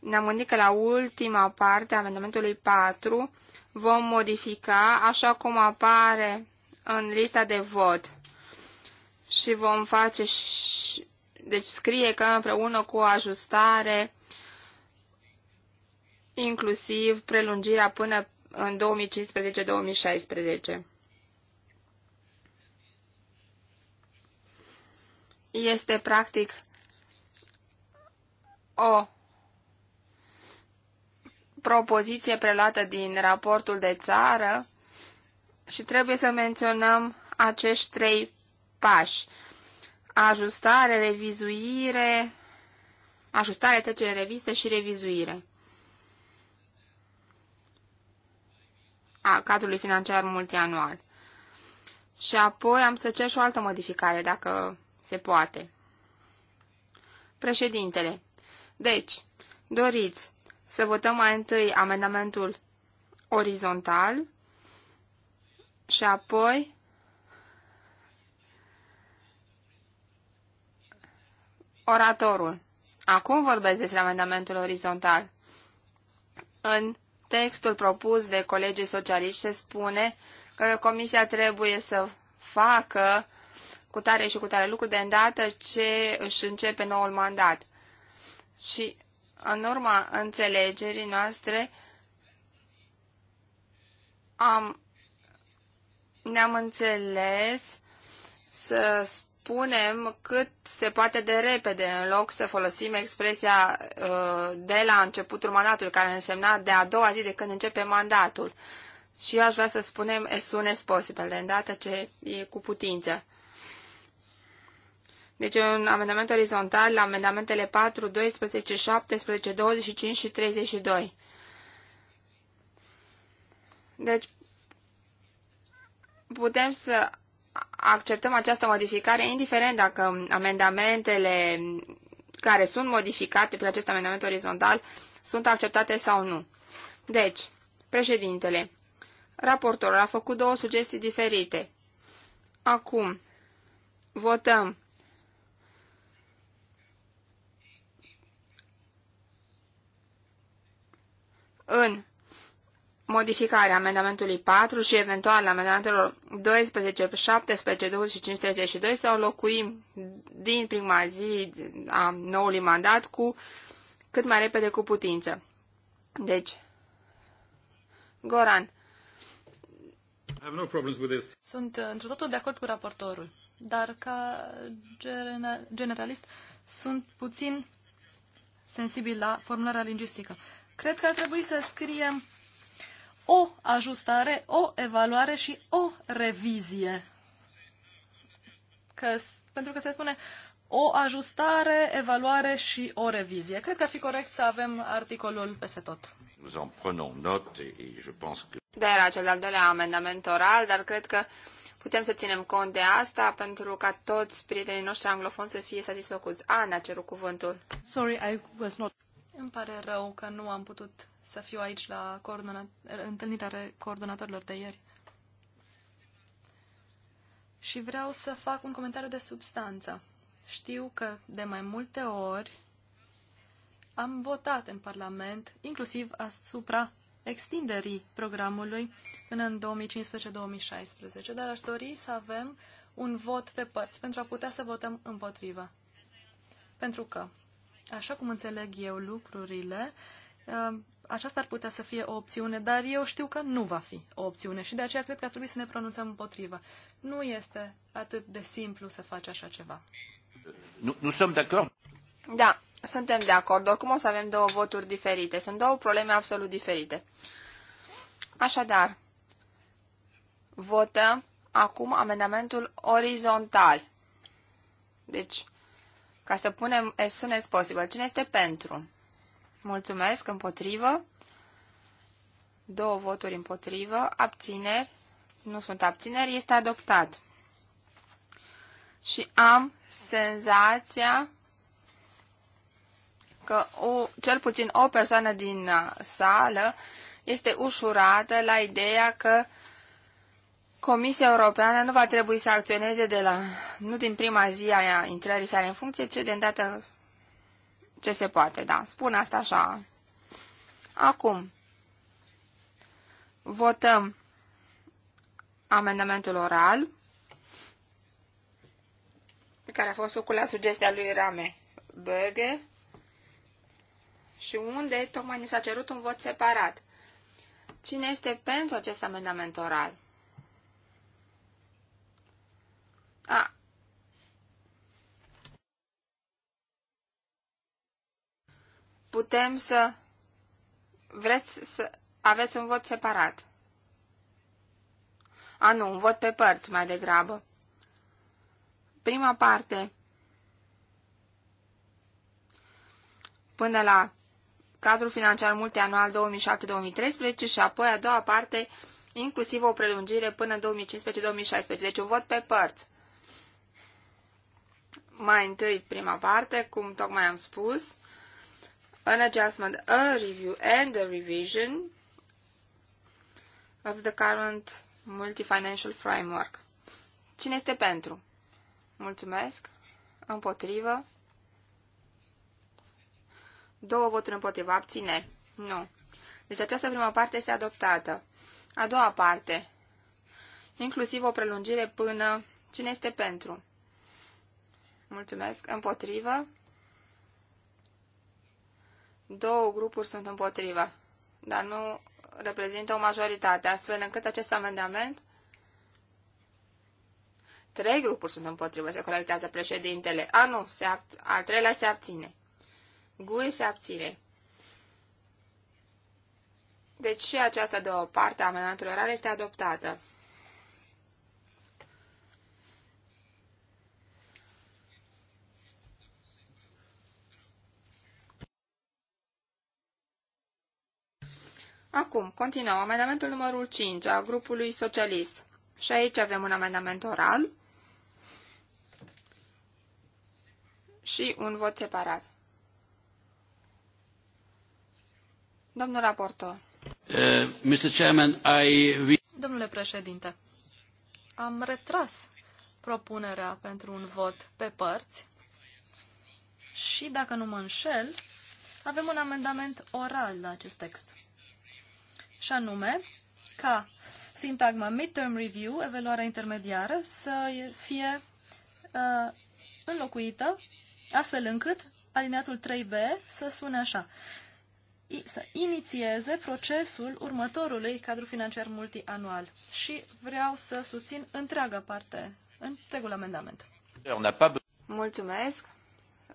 ne-am gândit că la ultima parte a amendamentului 4 vom modifica așa cum apare în lista de vot și vom face și... deci scrie că împreună cu ajustare inclusiv prelungirea până în 2015-2016. Este practic o propoziție prelată din raportul de țară și trebuie să menționăm acești trei pași. Ajustare, revizuire, ajustare, trecere revistă și revizuire. a cadrului financiar multianual. Și apoi am să cer și o altă modificare, dacă se poate. Președintele. Deci, doriți să votăm mai întâi amendamentul orizontal și apoi oratorul. Acum vorbesc despre amendamentul orizontal. În textul propus de colegii socialiști se spune că comisia trebuie să facă cu tare și cu tare lucruri de îndată ce își începe noul mandat. Și în urma înțelegerii noastre, am, ne-am înțeles să spunem cât se poate de repede, în loc să folosim expresia uh, de la începutul mandatului, care însemna de a doua zi de când începe mandatul. Și eu aș vrea să spunem as soon as possible, de îndată ce e cu putință. Deci un amendament orizontal la amendamentele 4, 12, 17, 25 și 32. Deci putem să acceptăm această modificare, indiferent dacă amendamentele care sunt modificate prin acest amendament orizontal sunt acceptate sau nu. Deci, președintele, raportorul a făcut două sugestii diferite. Acum, votăm în modificarea amendamentului 4 și eventual amendamentelor 12, 17, 25, 32 sau locuim din prima zi a noului mandat cu cât mai repede cu putință. Deci, Goran. No Sunt într totul de acord cu raportorul, dar ca generalist sunt puțin sensibil la formularea lingvistică. Cred că ar trebui să scriem o ajustare, o evaluare și o revizie. Că, pentru că se spune o ajustare, evaluare și o revizie. Cred că ar fi corect să avem articolul peste tot. Da, era cel de-al doilea amendament oral, dar cred că putem să ținem cont de asta pentru ca toți prietenii noștri anglofoni să fie satisfăcuți. Ana a cerut cuvântul. Sorry, I was not... Îmi pare rău că nu am putut să fiu aici la coordonat... întâlnirea coordonatorilor de ieri. Și vreau să fac un comentariu de substanță. Știu că de mai multe ori am votat în Parlament, inclusiv asupra extinderii programului până în 2015-2016, dar aș dori să avem un vot pe părți pentru a putea să votăm împotriva. Pentru că așa cum înțeleg eu lucrurile, uh, aceasta ar putea să fie o opțiune, dar eu știu că nu va fi o opțiune și de aceea cred că ar trebui să ne pronunțăm împotriva. Nu este atât de simplu să faci așa ceva. Nu, nu sunt de acord. Da, suntem de acord. Oricum o să avem două voturi diferite. Sunt două probleme absolut diferite. Așadar, votăm acum amendamentul orizontal. Deci, ca să punem as soon as possible. Cine este pentru? Mulțumesc, împotrivă. Două voturi împotrivă, abțineri, nu sunt abțineri, este adoptat. Și am senzația că o, cel puțin o persoană din uh, sală este ușurată la ideea că uh, Comisia Europeană nu va trebui să acționeze de la, nu din prima zi a intrării sale în funcție, ci de îndată ce se poate, da. Spun asta așa. Acum, votăm amendamentul oral care a fost făcut la sugestia lui Rame Böge și unde tocmai ni s-a cerut un vot separat. Cine este pentru acest amendament oral? A. Putem să... Vreți să aveți un vot separat. A, nu, un vot pe părți mai degrabă. Prima parte... până la cadrul financiar multianual 2007-2013 și apoi a doua parte, inclusiv o prelungire până 2015-2016. Deci un vot pe părți. Mai întâi, prima parte, cum tocmai am spus, an adjustment, a review and a revision of the current multi-financial framework. Cine este pentru? Mulțumesc. Împotrivă. Două voturi împotrivă. Abține. Nu. Deci această primă parte este adoptată. A doua parte. Inclusiv o prelungire până... Cine este pentru? Mulțumesc. Împotrivă. Două grupuri sunt împotrivă, dar nu reprezintă o majoritate, astfel încât acest amendament Trei grupuri sunt împotrivă, se colectează președintele. A, nu, se al treilea se abține. Gui se abține. Deci și această două parte a amendamentului oral este adoptată. Acum, continuăm. Amendamentul numărul 5 a grupului socialist. Și aici avem un amendament oral și un vot separat. Domnul raportor. Uh, eh, Mr. Chairman, I... Domnule președinte, am retras propunerea pentru un vot pe părți și, dacă nu mă înșel, avem un amendament oral la acest text și anume ca sintagma midterm review, evaluarea intermediară, să fie uh, înlocuită astfel încât alineatul 3b să sune așa. I, să inițieze procesul următorului cadru financiar multianual. Și vreau să susțin întreaga parte, întregul amendament. Mulțumesc!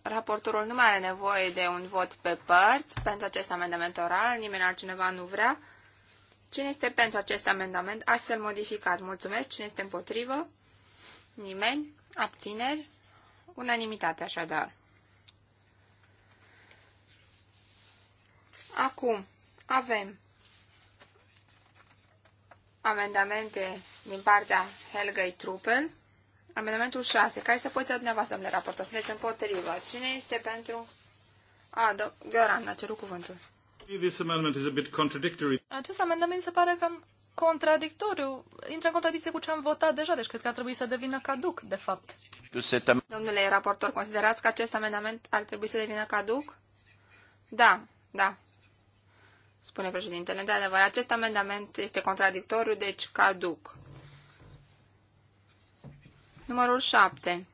Raportorul nu mai are nevoie de un vot pe părți pentru acest amendament oral, nimeni altcineva nu vrea. Cine este pentru acest amendament astfel modificat? Mulțumesc. Cine este împotrivă? Nimeni? Abțineri? Unanimitate așadar. Acum avem amendamente din partea Helgei Trupel. Amendamentul 6. Care se poziția dumneavoastră, domnule raportor? Sunteți împotrivă. Cine este pentru... A, do... Gheoran, a cerut cuvântul. Acest amendament se pare cam contradictoriu, intră în contradicție cu ce am votat deja, deci cred că ar trebui să devină caduc, de fapt. Domnule raportor, considerați că acest amendament ar trebui să devină caduc? Da, da, spune președintele. De adevăr, acest amendament este contradictoriu, deci caduc. Numărul 7.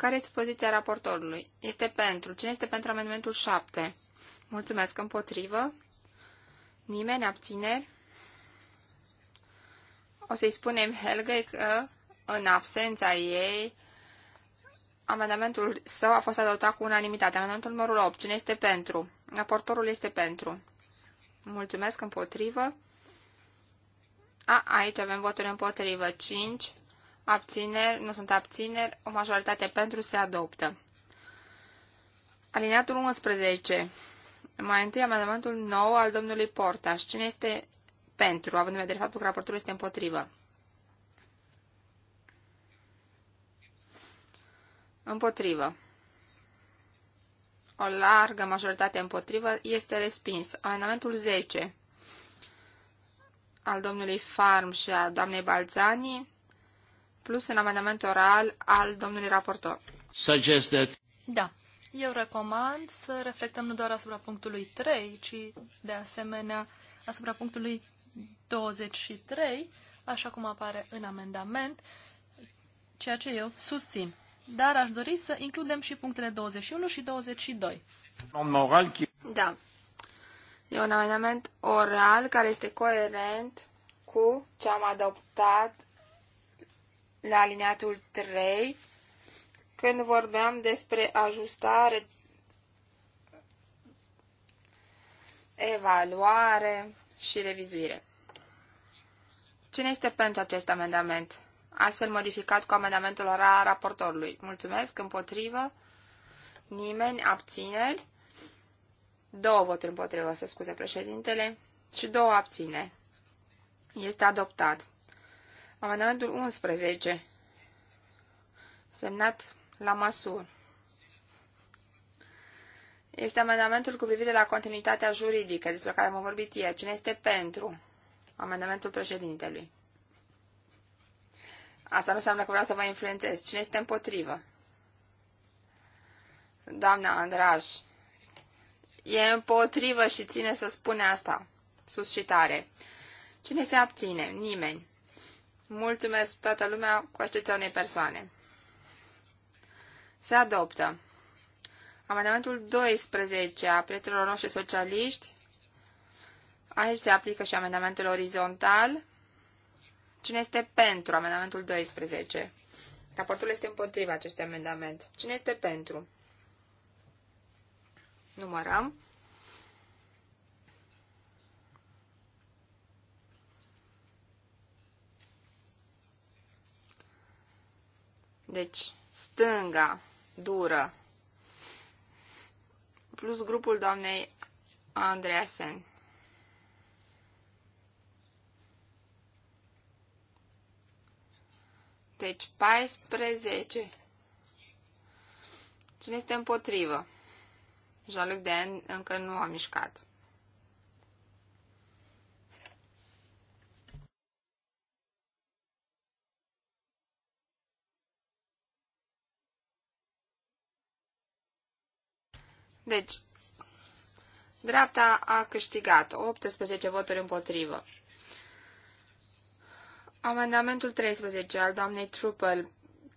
Care este poziția raportorului? Este pentru. Cine este pentru amendamentul 7? Mulțumesc. Împotrivă? Nimeni? Abțineri? O să-i spunem Helge că, în absența ei, amendamentul său a fost adoptat cu unanimitate. Amendamentul numărul 8. Cine este pentru? Raportorul este pentru. Mulțumesc. Împotrivă? A, aici avem votul împotrivă. 5 abțineri, nu sunt abțineri, o majoritate pentru se adoptă. Alineatul 11. Mai întâi amendamentul nou al domnului Portaș. Cine este pentru, având în vedere faptul că raportul este împotrivă? Împotrivă. O largă majoritate împotrivă este respins. Amendamentul 10 al domnului Farm și a doamnei Balzani plus un amendament oral al domnului raportor. Suggested. Da. Eu recomand să reflectăm nu doar asupra punctului 3, ci de asemenea asupra punctului 23, așa cum apare în amendament, ceea ce eu susțin. Dar aș dori să includem și punctele 21 și 22. Da. E un amendament oral care este coerent cu ce am adoptat la alineatul 3, când vorbeam despre ajustare, evaluare și revizuire. Cine este pentru acest amendament? Astfel modificat cu amendamentul ora raportorului. Mulțumesc, împotrivă, nimeni, abțineri, două voturi împotrivă, să scuze președintele, și două abține. Este adoptat. Amendamentul 11, semnat la masur, este amendamentul cu privire la continuitatea juridică despre care am vorbit ieri. Cine este pentru amendamentul președintelui? Asta nu înseamnă că vreau să vă influențez. Cine este împotrivă? Doamna Andraș, e împotrivă și ține să spune asta. Suscitare. Cine se abține? Nimeni. Mulțumesc toată lumea, cu excepția unei persoane. Se adoptă. Amendamentul 12 a prietenilor noștri socialiști. Aici se aplică și amendamentul orizontal. Cine este pentru amendamentul 12? Raportul este împotriva acestui amendament. Cine este pentru? Numărăm. Deci, stânga, dură, plus grupul doamnei Andreasen. Deci 14. Cine este împotrivă? Jaluc de an încă nu a mișcat. Deci, dreapta a câștigat 18 voturi împotrivă. Amendamentul 13 al doamnei Truppel.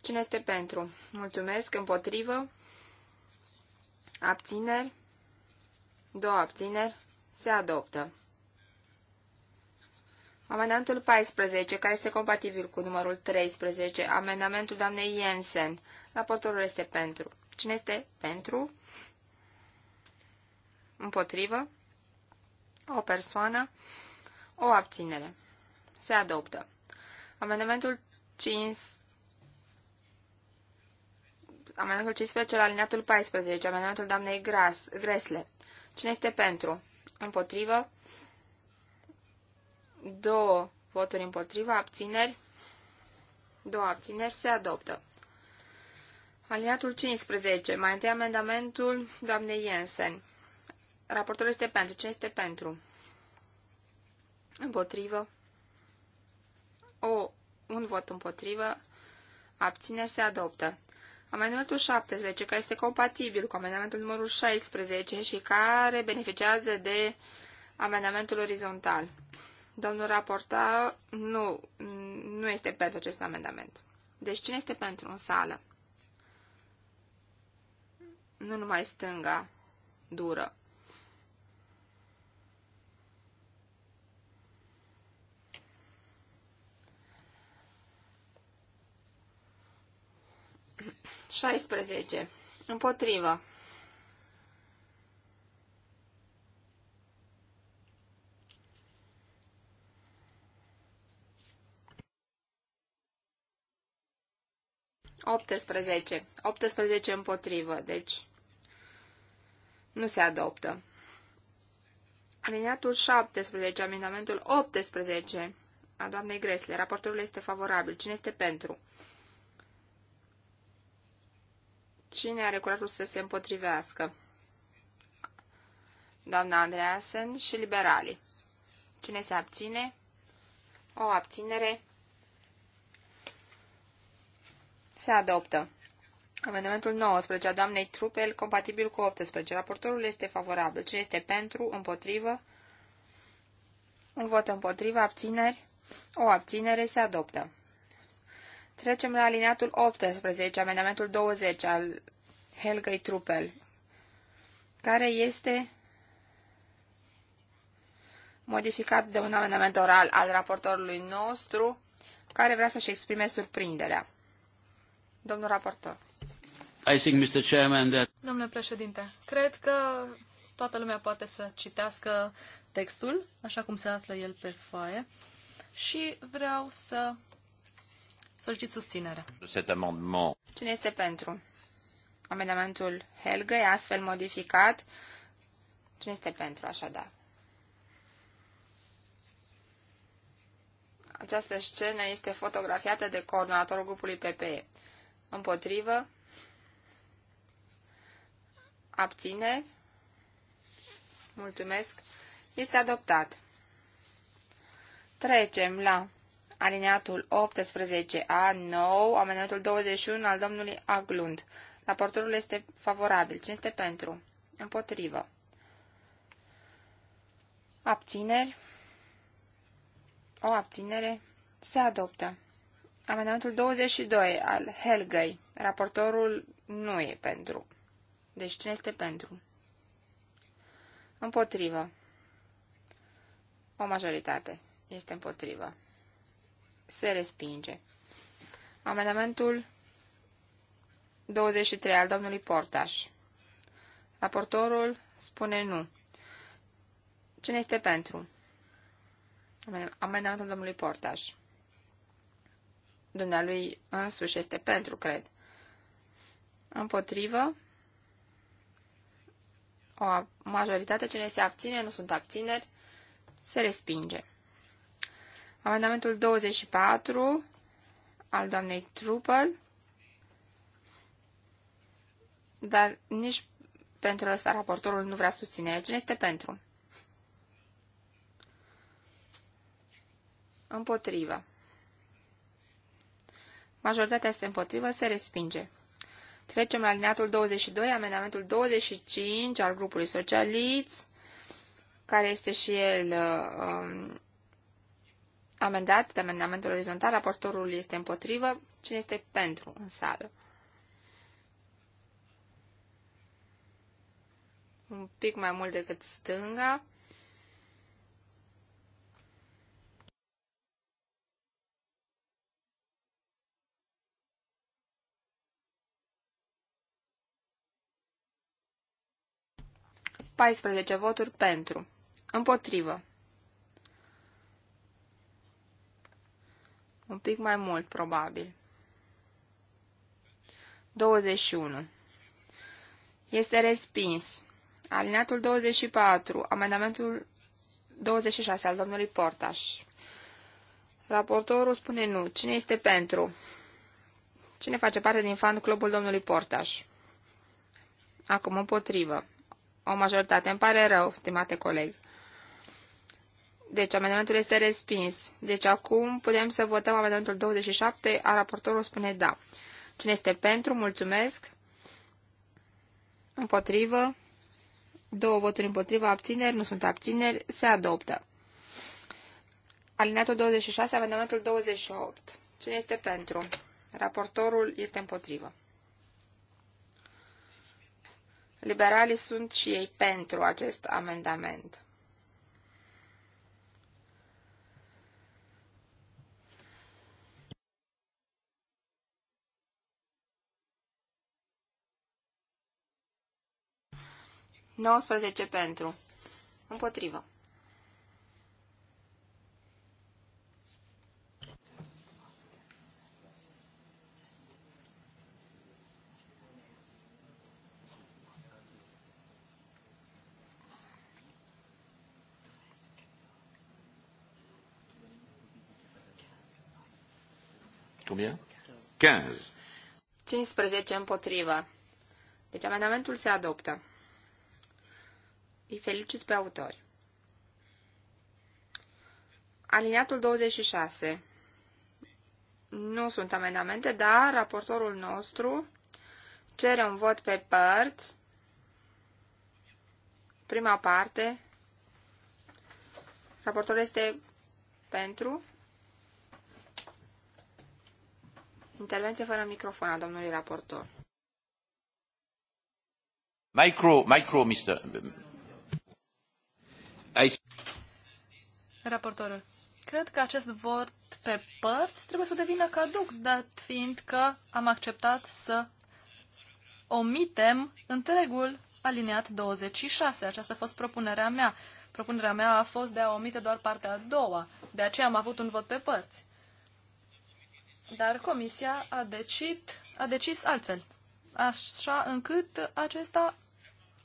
Cine este pentru? Mulțumesc. Împotrivă? Abțineri? Două abțineri. Se adoptă. Amendamentul 14, care este compatibil cu numărul 13, amendamentul doamnei Jensen. Raportorul este pentru. Cine este pentru? împotrivă, o persoană, o abținere. Se adoptă. Amendamentul 5 Amendamentul 15 la alineatul 14, amendamentul doamnei Gras, Gresle. Cine este pentru? Împotrivă? Două voturi împotrivă, abțineri? Două abțineri se adoptă. Alineatul 15, mai întâi amendamentul doamnei Jensen. Raportul este pentru. Ce este pentru? Împotrivă. O, un vot împotrivă. Abține, se adoptă. Amendamentul 17, care este compatibil cu amendamentul numărul 16 și care beneficiază de amendamentul orizontal. Domnul raportar nu, nu este pentru acest amendament. Deci cine este pentru în sală? Nu numai stânga dură. 16. Împotrivă. Optesprezece. Optesprezece împotrivă, deci nu se adoptă. Aliniatul 17, amendamentul 18 a doamnei Gresle. Raportorul este favorabil. Cine este Pentru. Cine are curajul să se împotrivească? Doamna Andreasen și liberalii. Cine se abține? O abținere. Se adoptă. Amendamentul 19 a doamnei Trupel, compatibil cu 18. Raportorul este favorabil. Cine este pentru? Împotrivă? Un vot împotrivă? Abțineri? O abținere se adoptă. Trecem la alineatul 18, amendamentul 20 al Helgei Trupel, care este modificat de un amendament oral al raportorului nostru, care vrea să-și exprime surprinderea. Domnul raportor. I think, Mr. Chairman, that... Domnule președinte, cred că toată lumea poate să citească textul, așa cum se află el pe foaie, și vreau să Solicit susținere. Cine este pentru? Amendamentul e astfel modificat. Cine este pentru, așadar? Această scenă este fotografiată de coordonatorul grupului PPE. Împotrivă, abține, mulțumesc, este adoptat. Trecem la alineatul 18A, 9, amendamentul 21 al domnului Aglund. Raportorul este favorabil. Cine este pentru? Împotrivă. Abțineri. O abținere se adoptă. Amendamentul 22 al Helgăi. Raportorul nu e pentru. Deci cine este pentru? Împotrivă. O majoritate este împotrivă se respinge. Amendamentul 23 al domnului Portaș. Raportorul spune nu. Cine este pentru? Amendamentul domnului Portaș. Dumnealui însuși este pentru, cred. Împotrivă. O majoritate cine se abține, nu sunt abțineri, se respinge. Amendamentul 24 al doamnei Trupel, dar nici pentru ăsta raportorul nu vrea susține. Cine este pentru? Împotrivă. Majoritatea este împotrivă, se respinge. Trecem la alineatul 22, amendamentul 25 al grupului socialiți, care este și el uh, um, amendat de amendamentul orizontal, raportorul este împotrivă, cine este pentru în sală? Un pic mai mult decât stânga. Paisprezece voturi pentru. Împotrivă. Un pic mai mult, probabil. 21. Este respins. Alineatul 24, amendamentul 26 al domnului Portaș. Raportorul spune nu. Cine este pentru? Cine face parte din fan clubul domnului Portaș? Acum împotrivă. O majoritate. Îmi pare rău, stimate coleg. Deci amendamentul este respins. Deci acum putem să votăm amendamentul 27, a raportorul spune da. Cine este pentru? Mulțumesc. Împotrivă. Două voturi împotrivă, abțineri, nu sunt abțineri, se adoptă. Alineatul 26, amendamentul 28. Cine este pentru? Raportorul este împotrivă. Liberalii sunt și ei pentru acest amendament. 19 pentru. Împotrivă. Combien? 15. 15 împotrivă. Deci amendamentul se adoptă. Îi felicit pe autori. Aliniatul 26. Nu sunt amendamente, dar raportorul nostru cere un vot pe părți. Prima parte. Raportorul este pentru. Intervenție fără microfon a domnului raportor. Micro, micro, mister. raportorul. Cred că acest vot pe părți trebuie să devină caduc, dat fiind că am acceptat să omitem întregul aliniat 26. Aceasta a fost propunerea mea. Propunerea mea a fost de a omite doar partea a doua. De aceea am avut un vot pe părți. Dar comisia a, decit, a decis altfel, așa încât acesta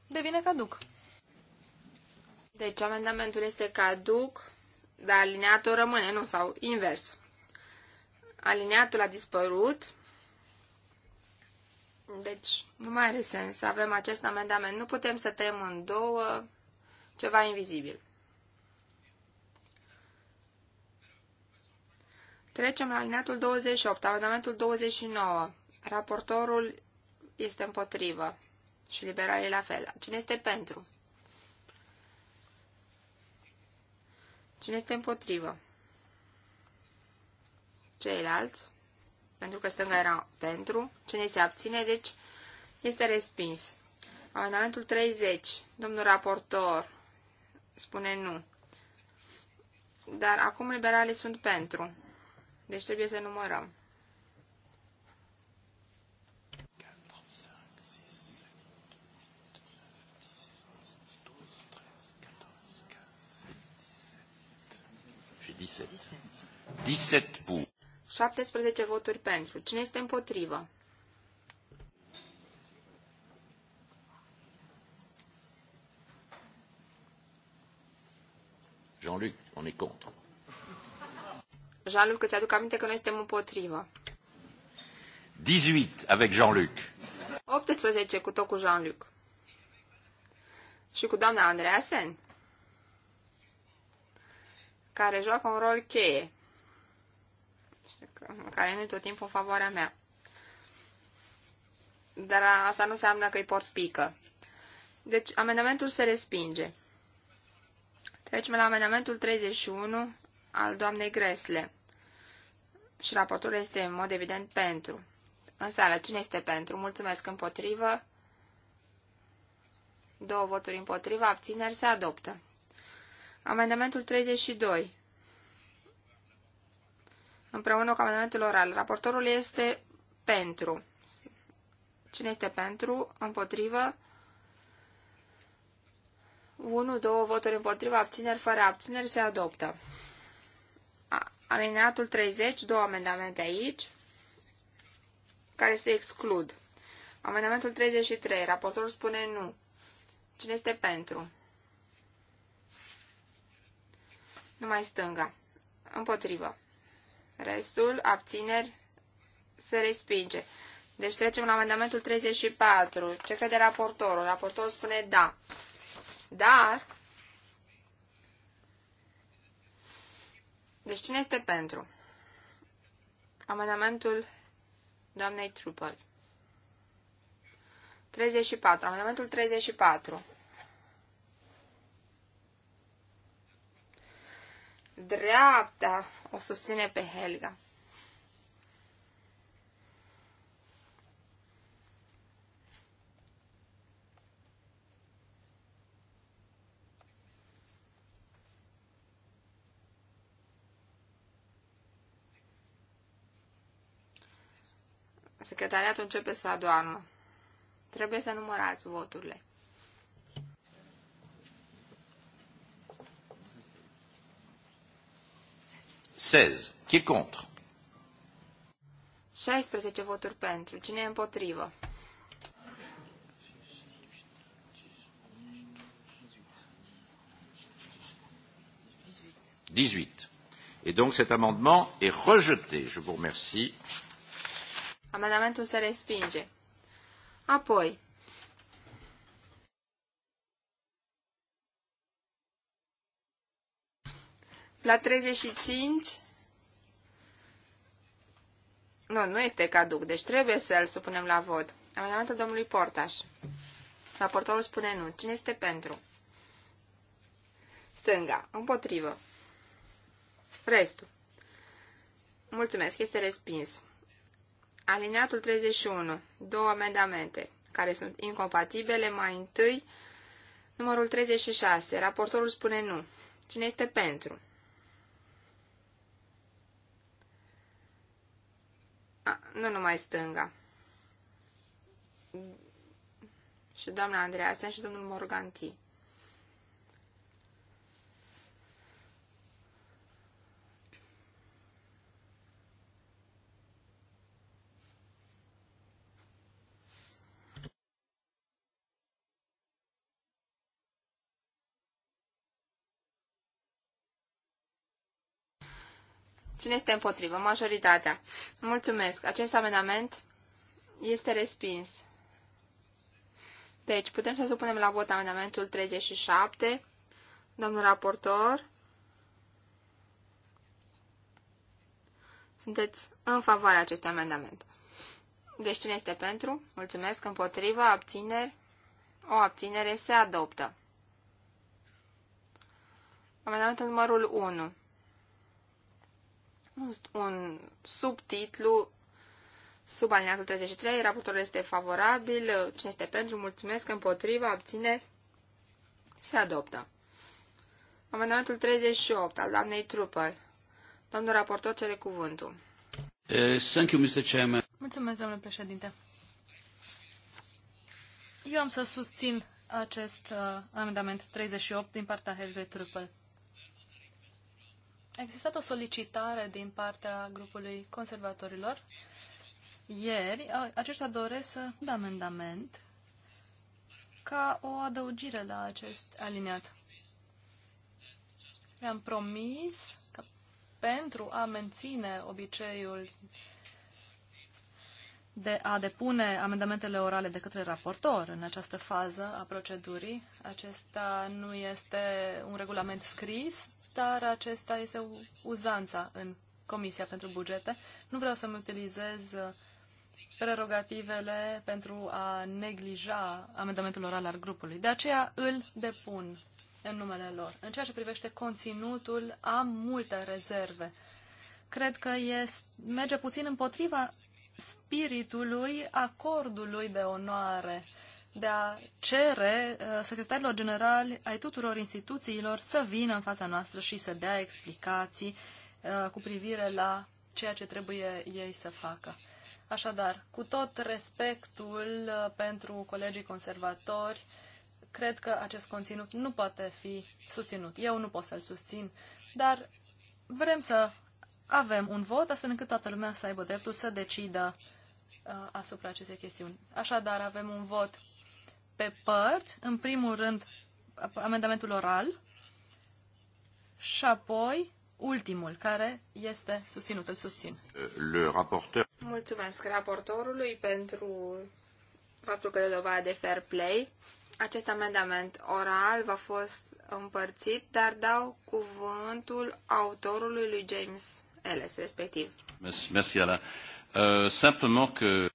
devine caduc. Deci amendamentul este caduc dar alineatul rămâne, nu? Sau invers. Alineatul a dispărut. Deci, nu mai are sens să avem acest amendament. Nu putem să tăiem în două ceva invizibil. Trecem la alineatul 28, amendamentul 29. Raportorul este împotrivă și liberalii la fel. Cine este pentru? Cine este împotrivă? Ceilalți. Pentru că stânga era pentru. Cine se abține, deci este respins. Amendamentul 30. Domnul raportor spune nu. Dar acum liberalii sunt pentru. Deci trebuie să numărăm. 17. 17 punct. 17 voturi pentru. Cine este împotrivă? Jean-Luc, on est contre. Jean-Luc, îți aduc aminte că noi suntem împotrivă. 18 avec Jean-Luc. 18 cu tot cu Jean-Luc. Și cu doamna Andreasen care joacă un rol cheie, care nu i tot timpul în favoarea mea. Dar asta nu înseamnă că îi port pică. Deci, amendamentul se respinge. Trecem la amendamentul 31 al doamnei Gresle. Și raportul este, în mod evident, pentru. În sală, cine este pentru? Mulțumesc împotrivă. Două voturi împotrivă, abțineri se adoptă. Amendamentul 32. Împreună cu amendamentul oral. Raportorul este pentru. Cine este pentru? Împotrivă? 1, 2 voturi împotrivă, abțineri fără abțineri se adoptă. Alineatul 30, două amendamente aici, care se exclud. Amendamentul 33, raportorul spune nu. Cine este pentru? numai stânga. Împotrivă. Restul, abțineri, se respinge. Deci trecem la amendamentul 34. Ce crede raportorul? Raportorul spune da. Dar... Deci cine este pentru? Amendamentul doamnei Trupel. 34. Amendamentul 34. dreapta o susține pe Helga. Secretariatul începe să adoarmă. Trebuie să numărați voturile. 16. Qui est contre? 16 voturi pentru. Cine e împotrivă? dix huit et donc cet amendement est rejeté je vous remercie Amendamentul se respinge. Apoi, La 35... Nu, nu este caduc, deci trebuie să-l supunem la vot. Amendamentul domnului Portaș. Raportorul spune nu. Cine este pentru? Stânga. Împotrivă. Restul. Mulțumesc, este respins. Alineatul 31. Două amendamente care sunt incompatibile. Mai întâi, numărul 36. Raportorul spune nu. Cine este pentru? nu numai stânga. Și doamna Andreasen și domnul Morganti. Cine este împotrivă? Majoritatea. Mulțumesc. Acest amendament este respins. Deci, putem să supunem la vot amendamentul 37. Domnul raportor, sunteți în favoarea acestui amendament. Deci cine este pentru? Mulțumesc. Împotrivă? Abțineri? O abținere se adoptă. Amendamentul numărul 1 un subtitlu sub alineatul 33. Raportorul este favorabil. Cine este pentru? Mulțumesc. Împotriva? Abține. Se adoptă. Amendamentul 38 al doamnei Trupel. Domnul raportor cere cuvântul. Eh, thank you, Mr. Chairman. Mulțumesc, domnule președinte. Eu am să susțin acest uh, amendament 38 din partea Helge Trupel. A existat o solicitare din partea grupului conservatorilor. Ieri, aceștia doresc să dă amendament ca o adăugire la acest aliniat. Le-am promis că pentru a menține obiceiul de a depune amendamentele orale de către raportor în această fază a procedurii. Acesta nu este un regulament scris, dar acesta este uzanța în Comisia pentru Bugete. Nu vreau să-mi utilizez uh, prerogativele pentru a neglija amendamentul oral al grupului. De aceea îl depun în numele lor. În ceea ce privește conținutul, am multe rezerve. Cred că este, merge puțin împotriva spiritului acordului de onoare de a cere uh, secretarilor generali ai tuturor instituțiilor să vină în fața noastră și să dea explicații uh, cu privire la ceea ce trebuie ei să facă. Așadar, cu tot respectul uh, pentru colegii conservatori, cred că acest conținut nu poate fi susținut. Eu nu pot să-l susțin, dar vrem să avem un vot astfel încât toată lumea să aibă dreptul să decidă asupra acestei chestiuni. Așadar, avem un vot pe părți, în primul rând amendamentul oral și apoi ultimul, care este susținut, îl susțin. Le raporteur. Mulțumesc raportorului pentru faptul că de dovadă de fair play. Acest amendament oral va fost împărțit, dar dau cuvântul autorului lui James Ellis, respectiv. Euh, Mulțumesc, Alain. Uh, simplement că...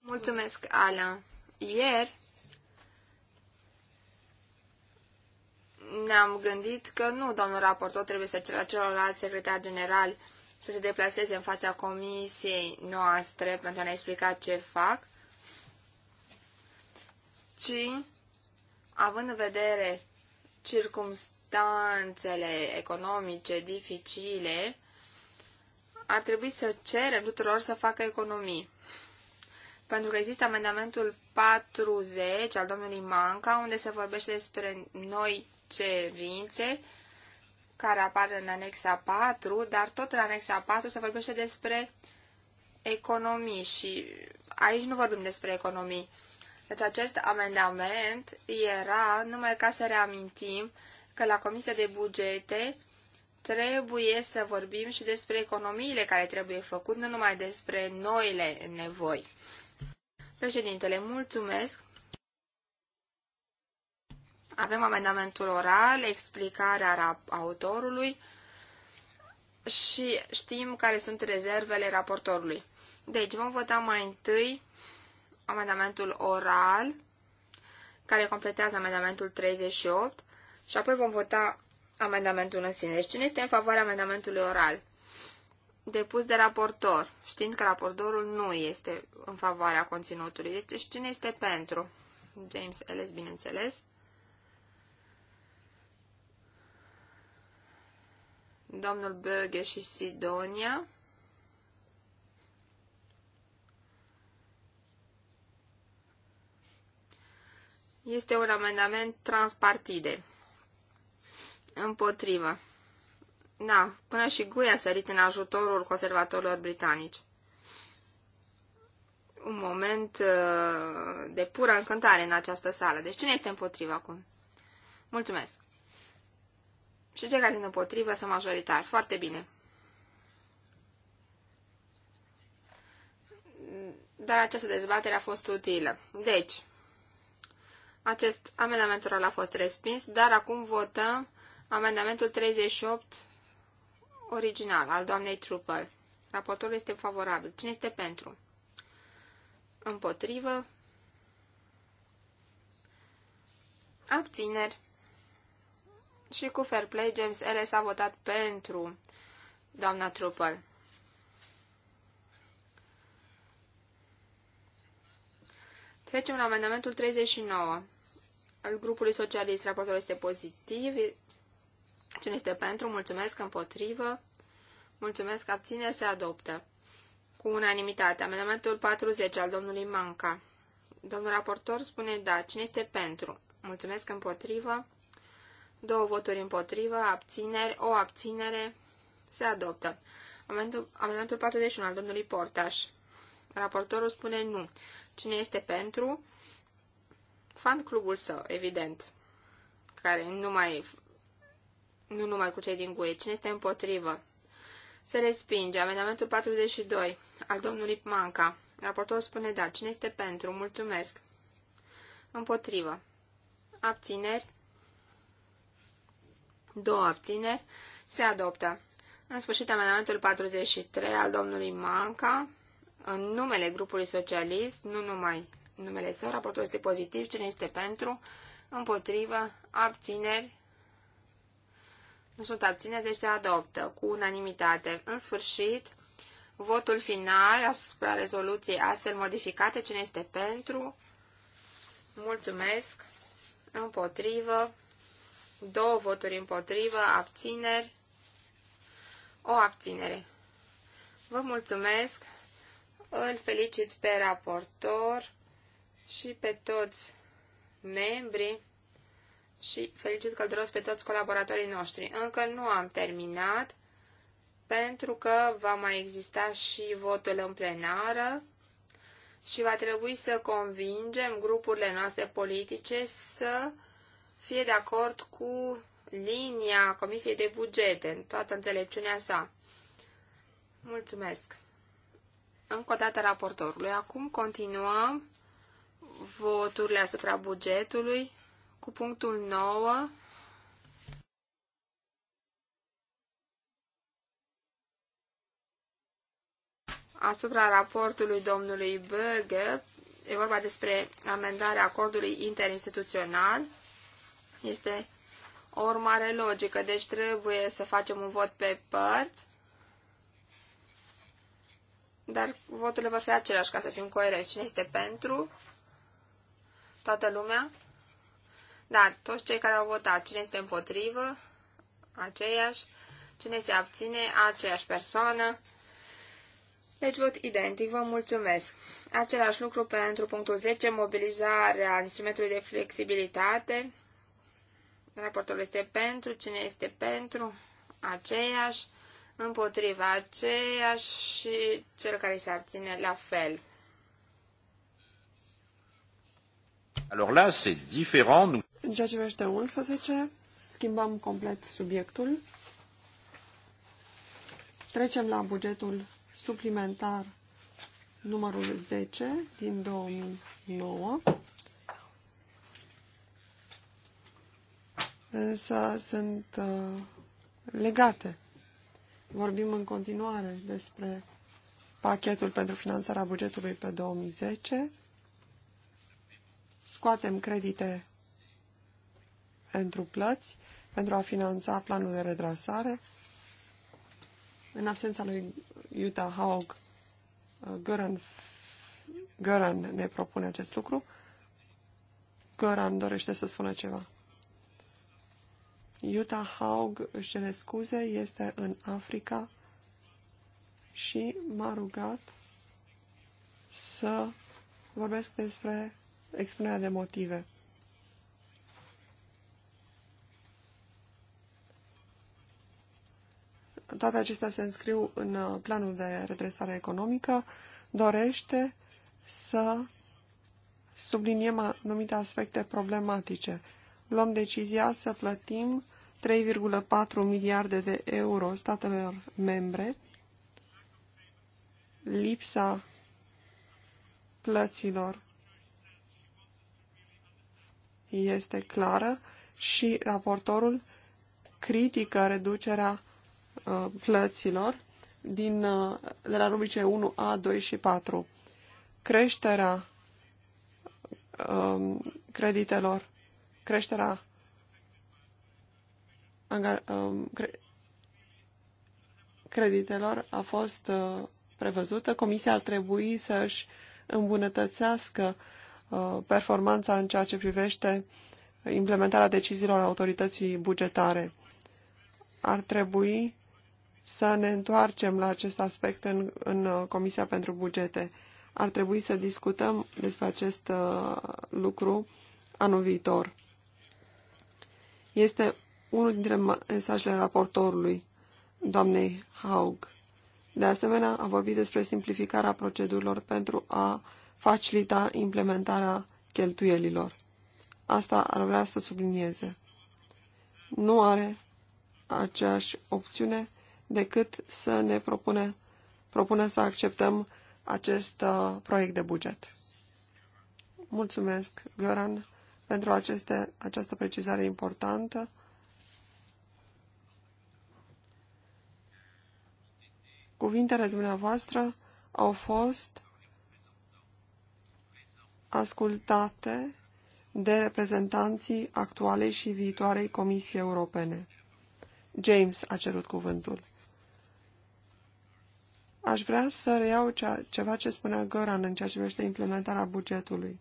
Mulțumesc, Alain. Ieri ne-am gândit că nu, domnul raportor, trebuie să ceră celălalt secretar general să se deplaseze în fața comisiei noastre pentru a ne explica ce fac, ci, având în vedere circumstanțele economice dificile, ar trebui să cerem tuturor să facă economii pentru că există amendamentul 40 al domnului Manca, unde se vorbește despre noi cerințe care apar în anexa 4, dar tot în anexa 4 se vorbește despre economii și aici nu vorbim despre economii. Deci acest amendament era numai ca să reamintim că la Comisia de Bugete trebuie să vorbim și despre economiile care trebuie făcut, nu numai despre noile nevoi. Președintele, mulțumesc. Avem amendamentul oral, explicarea autorului și știm care sunt rezervele raportorului. Deci vom vota mai întâi amendamentul oral, care completează amendamentul 38, și apoi vom vota amendamentul în sine. Deci cine este în favoarea amendamentului oral? depus de raportor, știind că raportorul nu este în favoarea conținutului. Deci, deci cine este pentru? James Ellis, bineînțeles. Domnul Böge și Sidonia. Este un amendament transpartide. Împotrivă. Da, până și Gui a sărit în ajutorul conservatorilor britanici. Un moment uh, de pură încântare în această sală. Deci cine este împotrivă acum? Mulțumesc. Și cei care sunt împotrivă sunt majoritari. Foarte bine. Dar această dezbatere a fost utilă. Deci, acest amendament oral a fost respins, dar acum votăm amendamentul 38 original al doamnei Trooper. Raportorul este favorabil. Cine este pentru? Împotrivă. Abțineri. Și cu fair play, James Ellis a votat pentru doamna Trooper. Trecem la amendamentul 39 al grupului socialist. Raportul este pozitiv. Cine este pentru? Mulțumesc. Împotrivă? Mulțumesc. abține, se adoptă. Cu unanimitate. Amendamentul 40 al domnului Manca. Domnul raportor spune da. Cine este pentru? Mulțumesc. Împotrivă? Două voturi împotrivă. Abțineri. O abținere se adoptă. amendamentul 41 al domnului Portaș. Raportorul spune nu. Cine este pentru? Fan clubul său, evident, care nu mai nu numai cu cei din GUE. Cine este împotrivă? Se respinge. Amendamentul 42 al domnului Manca. Raportorul spune da. Cine este pentru? Mulțumesc. Împotrivă. Abțineri. Două abțineri. Se adoptă. În sfârșit, amendamentul 43 al domnului Manca, în numele grupului socialist, nu numai numele său, raportul este pozitiv, cine este pentru, împotrivă, abțineri, nu sunt abține, deci se adoptă cu unanimitate. În sfârșit, votul final asupra rezoluției astfel modificate, cine este pentru, mulțumesc, împotrivă, două voturi împotrivă, abțineri, o abținere. Vă mulțumesc, îl felicit pe raportor și pe toți membrii și felicit călduros pe toți colaboratorii noștri. Încă nu am terminat pentru că va mai exista și votul în plenară și va trebui să convingem grupurile noastre politice să fie de acord cu linia Comisiei de Bugete în toată înțelepciunea sa. Mulțumesc! Încă o dată raportorului. Acum continuăm voturile asupra bugetului cu punctul 9 asupra raportului domnului Böge. E vorba despre amendarea acordului interinstituțional. Este o urmare logică, deci trebuie să facem un vot pe părți, dar voturile vor fi aceleași ca să fim coerenți. Cine este pentru? Toată lumea? Da, toți cei care au votat. Cine este împotrivă? Aceeași. Cine se abține? Aceeași persoană. Deci vot identic, vă mulțumesc. Același lucru pentru punctul 10, mobilizarea instrumentului de flexibilitate. Raportul este pentru, cine este pentru, aceeași, împotriva aceeași și cel care se abține la fel. Alors là, c'est différent. Nous... În ceea ce privește 11, schimbăm complet subiectul. Trecem la bugetul suplimentar numărul 10 din 2009. Însă sunt uh, legate. Vorbim în continuare despre pachetul pentru finanțarea bugetului pe 2010 scoatem credite pentru plăți, pentru a finanța planul de redrasare. În absența lui Utah Haug, Göran, Göran ne propune acest lucru. Göran dorește să spună ceva. Utah Haug își cere scuze, este în Africa și m-a rugat să vorbesc despre expunerea de motive. Toate acestea se înscriu în uh, planul de redresare economică. Dorește să subliniem anumite aspecte problematice. Luăm decizia să plătim 3,4 miliarde de euro statelor membre. Lipsa plăților este clară și raportorul critică reducerea uh, plăților din, uh, de la rubrice 1A, 2 și 4. Creșterea um, creditelor, creșterea um, cre, creditelor a fost uh, prevăzută. Comisia ar trebui să-și îmbunătățească uh, Uh, performanța în ceea ce privește implementarea deciziilor autorității bugetare. Ar trebui să ne întoarcem la acest aspect în, în uh, Comisia pentru Bugete. Ar trebui să discutăm despre acest uh, lucru anul viitor. Este unul dintre mesajele raportorului, doamnei Haug. De asemenea, a vorbit despre simplificarea procedurilor pentru a facilita implementarea cheltuielilor. Asta ar vrea să sublinieze. Nu are aceeași opțiune decât să ne propune, propune să acceptăm acest uh, proiect de buget. Mulțumesc, Göran, pentru aceste, această precizare importantă. Cuvintele dumneavoastră au fost ascultate de reprezentanții actualei și viitoarei Comisii Europene. James a cerut cuvântul. Aș vrea să reiau cea, ceva ce spunea Găran în ceea ce privește implementarea bugetului.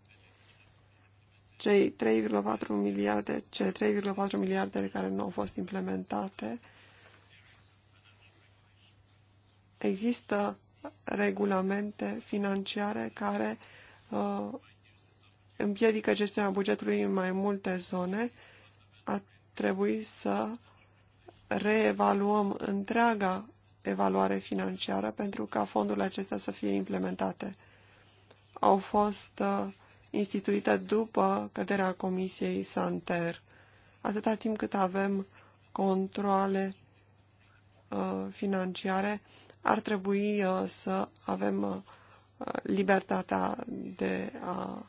Cei 3,4 miliarde, cele 3,4 miliarde care nu au fost implementate, există regulamente financiare care uh, împiedică gestiunea bugetului în mai multe zone, ar trebui să reevaluăm întreaga evaluare financiară pentru ca fondurile acestea să fie implementate. Au fost uh, instituite după căderea Comisiei Santer. Atâta timp cât avem controle uh, financiare, ar trebui uh, să avem libertatea de a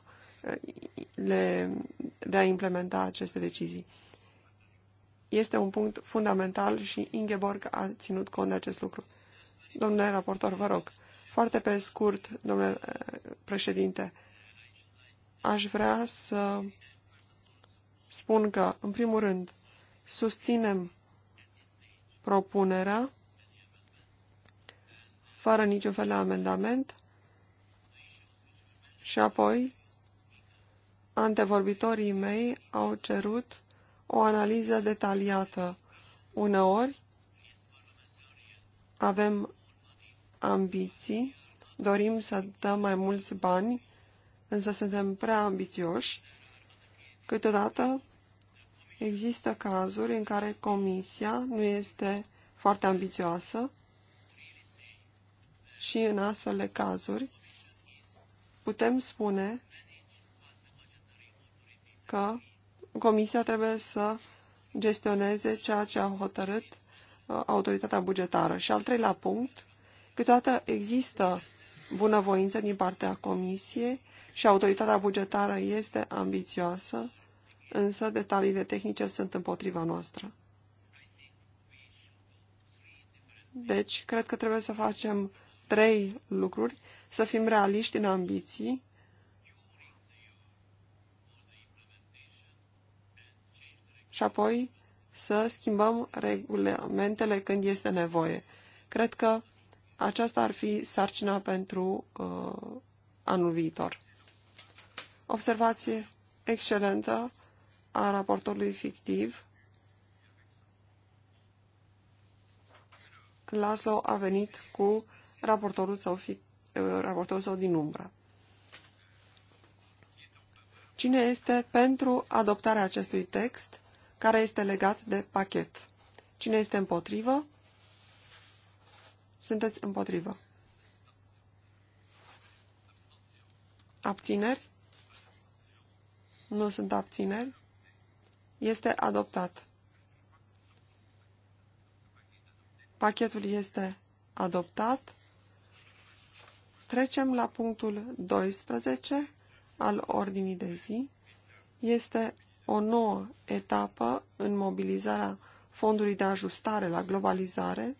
le, de a implementa aceste decizii. Este un punct fundamental și Ingeborg a ținut cont de acest lucru. Domnule raportor, vă rog, foarte pe scurt, domnule eh, președinte, aș vrea să spun că, în primul rând, susținem propunerea fără niciun fel de amendament și apoi antevorbitorii mei au cerut o analiză detaliată. Uneori avem ambiții, dorim să dăm mai mulți bani, însă suntem prea ambițioși. Câteodată există cazuri în care comisia nu este foarte ambițioasă și în astfel de cazuri putem spune că Comisia trebuie să gestioneze ceea ce a hotărât uh, autoritatea bugetară. Și al treilea punct, câteodată există bunăvoință din partea Comisiei și autoritatea bugetară este ambițioasă, însă detaliile tehnice sunt împotriva noastră. Deci, cred că trebuie să facem trei lucruri, să fim realiști în ambiții, și apoi să schimbăm regulamentele când este nevoie. Cred că aceasta ar fi sarcina pentru uh, anul viitor. Observație excelentă a raportorului fictiv. Laslo a venit cu raportorul său, fi, uh, raportorul său din umbră. Cine este pentru adoptarea acestui text? care este legat de pachet. Cine este împotrivă? Sunteți împotrivă. Abțineri? Nu sunt abțineri. Este adoptat. Pachetul este adoptat. Trecem la punctul 12 al ordinii de zi. Este o nouă etapă în mobilizarea fondului de ajustare la globalizare,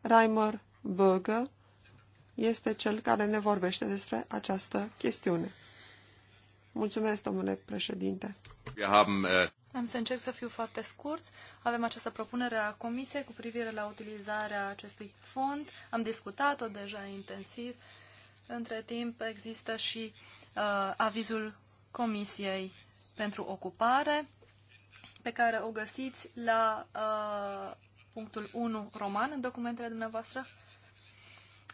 Reimer Böge este cel care ne vorbește despre această chestiune. Mulțumesc, domnule președinte. Uh, Am să încerc să fiu foarte scurt. Avem această propunere a Comisiei cu privire la utilizarea acestui fond. Am discutat-o deja intensiv. Între timp există și uh, avizul Comisiei pentru ocupare, pe care o găsiți la uh, punctul 1 roman în documentele dumneavoastră.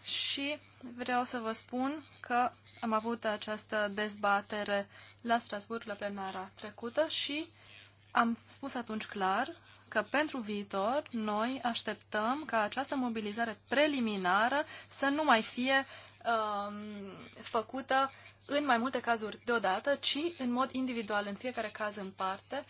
Și vreau să vă spun că am avut această dezbatere la Strasburg la plenara trecută și am spus atunci clar că pentru viitor noi așteptăm ca această mobilizare preliminară să nu mai fie um, făcută în mai multe cazuri deodată, ci în mod individual, în fiecare caz în parte,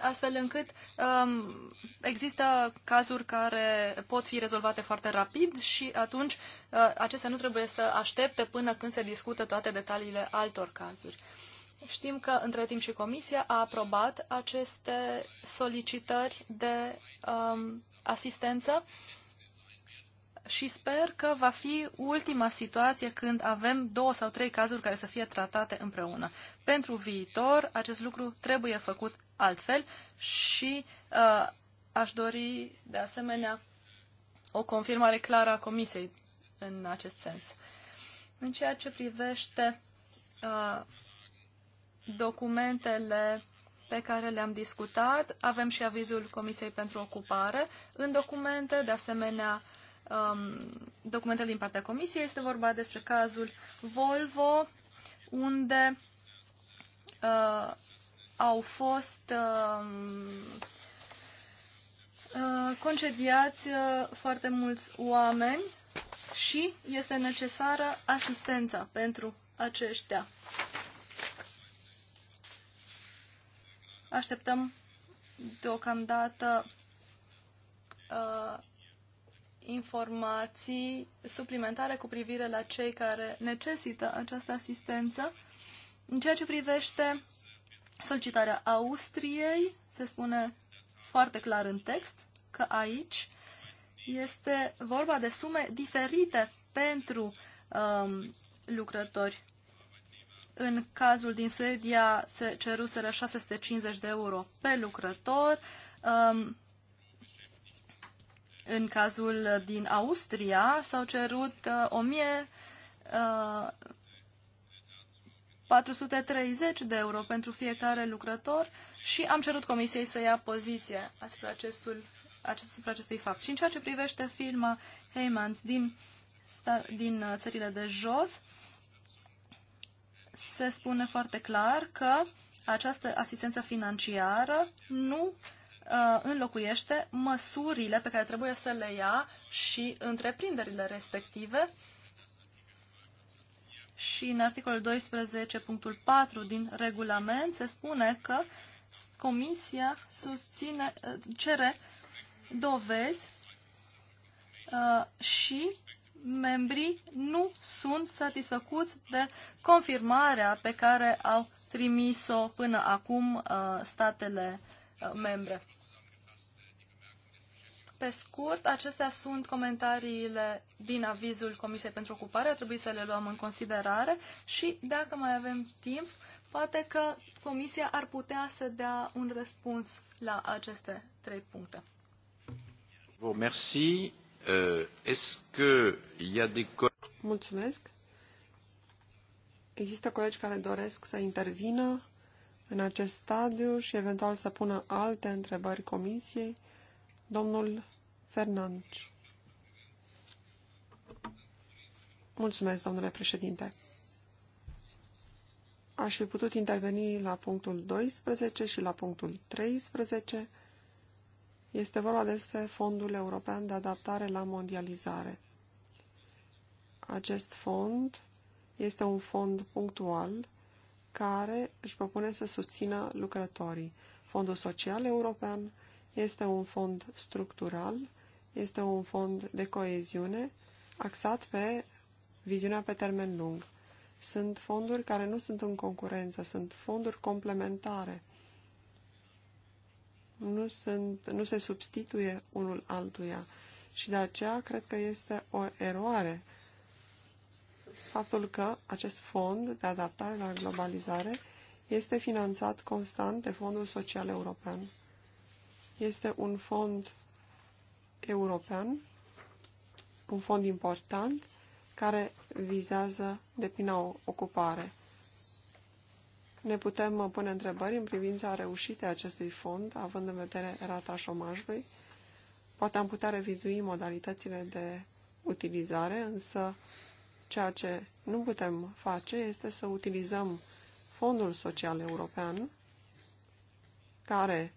astfel încât um, există cazuri care pot fi rezolvate foarte rapid și atunci uh, acestea nu trebuie să aștepte până când se discută toate detaliile altor cazuri. Știm că între timp și Comisia a aprobat aceste solicitări de um, asistență uh, și sper că va fi ultima situație când avem două sau trei cazuri care să fie tratate împreună. Pentru viitor, acest lucru trebuie făcut altfel și uh, aș dori, de asemenea, o confirmare clară a Comisiei în acest sens. În ceea ce privește uh, documentele pe care le-am discutat, avem și avizul Comisiei pentru Ocupare în documente, de asemenea um, documentele din partea comisiei. Este vorba despre cazul Volvo, unde uh, au fost uh, uh, concediați uh, foarte mulți oameni și este necesară asistența pentru aceștia. Așteptăm deocamdată uh, informații suplimentare cu privire la cei care necesită această asistență. În ceea ce privește solicitarea Austriei, se spune foarte clar în text că aici este vorba de sume diferite pentru um, lucrători. În cazul din Suedia se ceruseră 650 de euro pe lucrător, um, în cazul din Austria s-au cerut 1430 uh, uh, de euro pentru fiecare lucrător și am cerut comisiei să ia poziție asupra, acestul, asupra acestui fapt. Și în ceea ce privește firma Heymans din, din uh, țările de jos, se spune foarte clar că această asistență financiară nu uh, Uh, înlocuiește măsurile pe care trebuie să le ia și întreprinderile respective. Și în articolul 12.4 din regulament se spune că Comisia susține, uh, cere dovezi uh, și membrii nu sunt satisfăcuți de confirmarea pe care au trimis-o până acum statele membre. Pe scurt, acestea sunt comentariile din avizul Comisiei pentru Ocupare, o trebuie să le luăm în considerare și dacă mai avem timp, poate că Comisia ar putea să dea un răspuns la aceste trei puncte. Vă uh, Mulțumesc. Există colegi care doresc să intervină în acest stadiu și eventual să pună alte întrebări comisiei. Domnul Fernandes. Mulțumesc, domnule președinte. Aș fi putut interveni la punctul 12 și la punctul 13. Este vorba despre Fondul European de Adaptare la Mondializare. Acest fond este un fond punctual care își propune să susțină lucrătorii. Fondul Social European este un fond structural este un fond de coeziune axat pe viziunea pe termen lung. Sunt fonduri care nu sunt în concurență, sunt fonduri complementare. Nu, sunt, nu se substituie unul altuia și de aceea cred că este o eroare faptul că acest fond de adaptare la globalizare este finanțat constant de Fondul Social European. Este un fond european, un fond important care vizează de plină ocupare. Ne putem pune întrebări în privința reușitei acestui fond, având în vedere rata șomajului. Poate am putea revizui modalitățile de utilizare, însă ceea ce nu putem face este să utilizăm Fondul Social European, care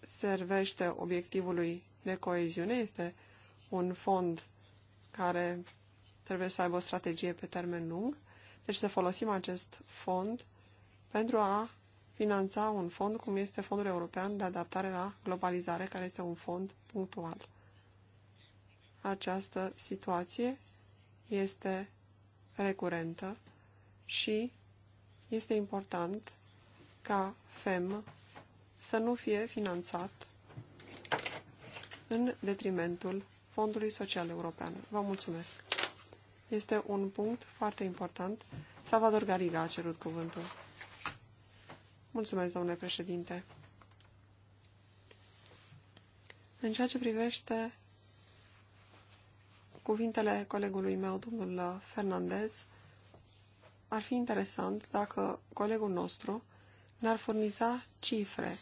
servește obiectivului de coeziune, este un fond care trebuie să aibă o strategie pe termen lung, deci să folosim acest fond pentru a finanța un fond cum este Fondul European de Adaptare la Globalizare, care este un fond punctual. Această situație este recurentă și este important ca FEM să nu fie finanțat în detrimentul Fondului Social European. Vă mulțumesc! Este un punct foarte important. Salvador Gariga a cerut cuvântul. Mulțumesc, domnule președinte! În ceea ce privește cuvintele colegului meu, domnul Fernandez, ar fi interesant dacă colegul nostru ne-ar furniza cifre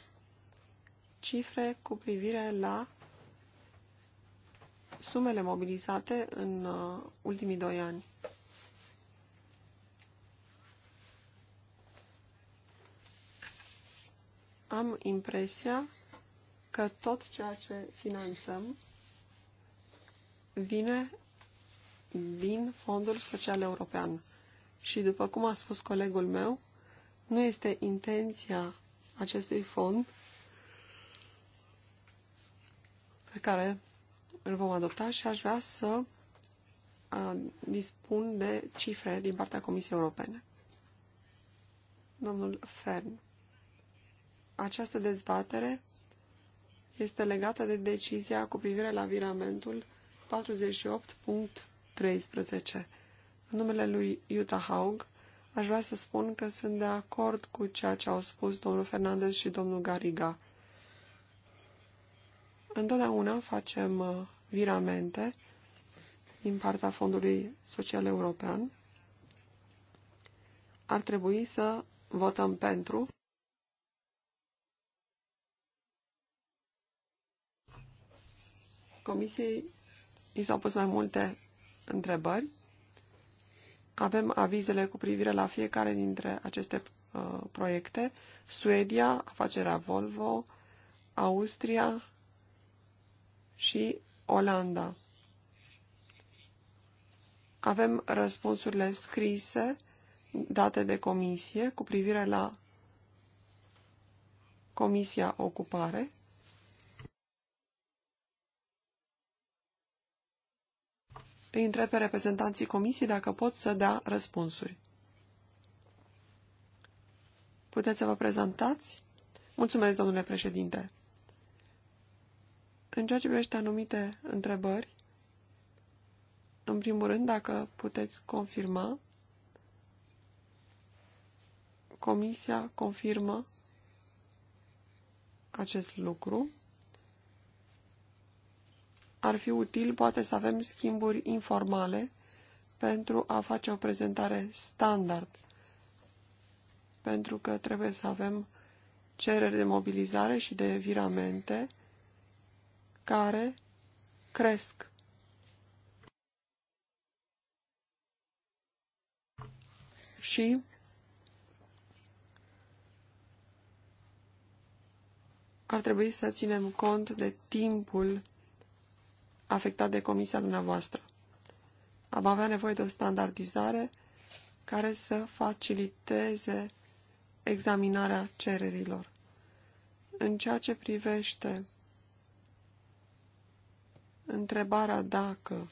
cifre cu privire la sumele mobilizate în uh, ultimii doi ani. Am impresia că tot ceea ce finanțăm vine din Fondul Social European. Și după cum a spus colegul meu, nu este intenția acestui fond pe care îl vom adopta și aș vrea să dispun de cifre din partea Comisiei Europene. Domnul Fern, această dezbatere este legată de decizia cu privire la viramentul 48.13. În numele lui Jutta Haug, aș vrea să spun că sunt de acord cu ceea ce au spus domnul Fernandez și domnul Gariga. Întotdeauna facem uh, viramente din partea Fondului Social European. Ar trebui să votăm pentru. Comisiei i s-au pus mai multe întrebări. Avem avizele cu privire la fiecare dintre aceste uh, proiecte. Suedia, afacerea Volvo, Austria, și Olanda. Avem răspunsurile scrise date de comisie cu privire la Comisia Ocupare. Îi întreb pe reprezentanții comisiei dacă pot să dea răspunsuri. Puteți să vă prezentați? Mulțumesc, domnule președinte. În ceea ce privește anumite întrebări, în primul rând, dacă puteți confirma, Comisia confirmă acest lucru. Ar fi util, poate, să avem schimburi informale pentru a face o prezentare standard, pentru că trebuie să avem cereri de mobilizare și de viramente care cresc. Și ar trebui să ținem cont de timpul afectat de comisia dumneavoastră. Am avea nevoie de o standardizare care să faciliteze examinarea cererilor. În ceea ce privește întrebarea dacă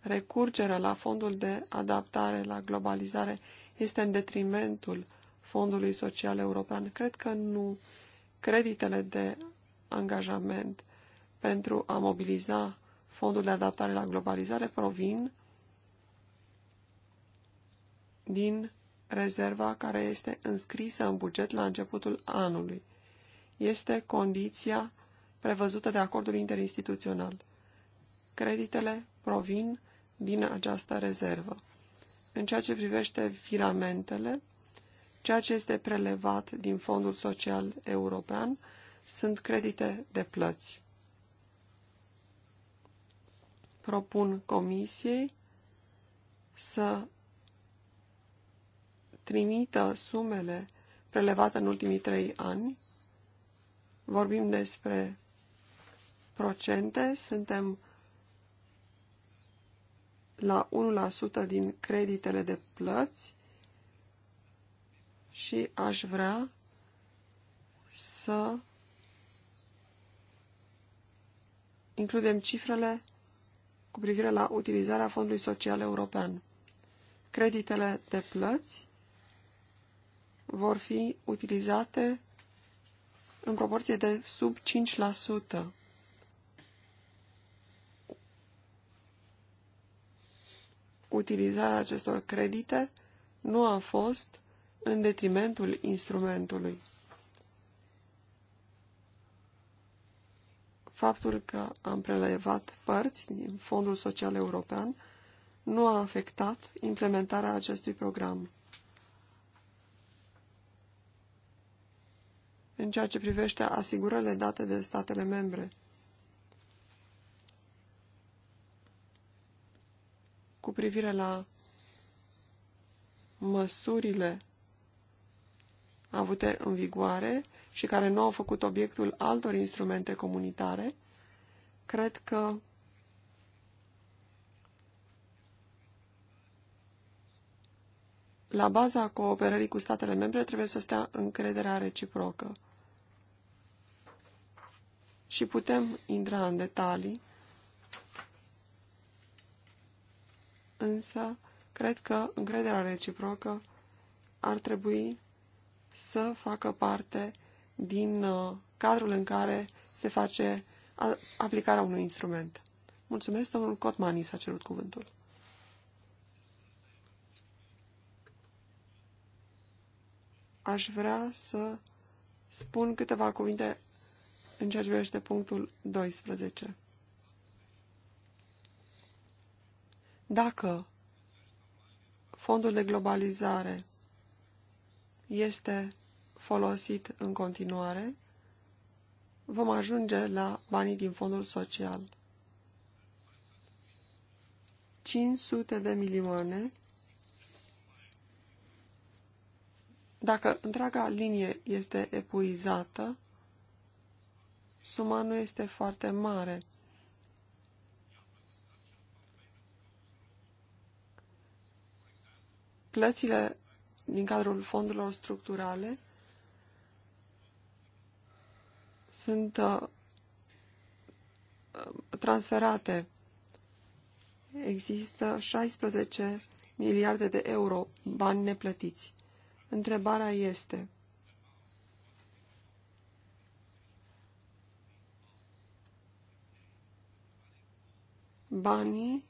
recurgerea la fondul de adaptare la globalizare este în detrimentul Fondului Social European? Cred că nu. Creditele de angajament pentru a mobiliza Fondul de adaptare la globalizare provin din rezerva care este înscrisă în buget la începutul anului. Este condiția prevăzută de acordul interinstituțional. Creditele provin din această rezervă. În ceea ce privește viramentele, ceea ce este prelevat din Fondul Social European sunt credite de plăți. Propun Comisiei să trimită sumele prelevate în ultimii trei ani. Vorbim despre procente, suntem la 1% din creditele de plăți și aș vrea să includem cifrele cu privire la utilizarea Fondului Social European. Creditele de plăți vor fi utilizate în proporție de sub 5%. utilizarea acestor credite nu a fost în detrimentul instrumentului. Faptul că am prelevat părți din Fondul Social European nu a afectat implementarea acestui program. În ceea ce privește asigurările date de statele membre, cu privire la măsurile avute în vigoare și care nu au făcut obiectul altor instrumente comunitare, cred că la baza cooperării cu statele membre trebuie să stea încrederea reciprocă. Și putem intra în detalii însă cred că încrederea reciprocă ar trebui să facă parte din uh, cadrul în care se face aplicarea unui instrument. Mulțumesc, domnul Cotmani s-a cerut cuvântul. Aș vrea să spun câteva cuvinte în ceea ce privește punctul 12. Dacă fondul de globalizare este folosit în continuare, vom ajunge la banii din fondul social. 500 de milioane. Dacă întreaga linie este epuizată, suma nu este foarte mare. plățile din cadrul fondurilor structurale sunt uh, transferate. Există 16 miliarde de euro bani neplătiți. Întrebarea este banii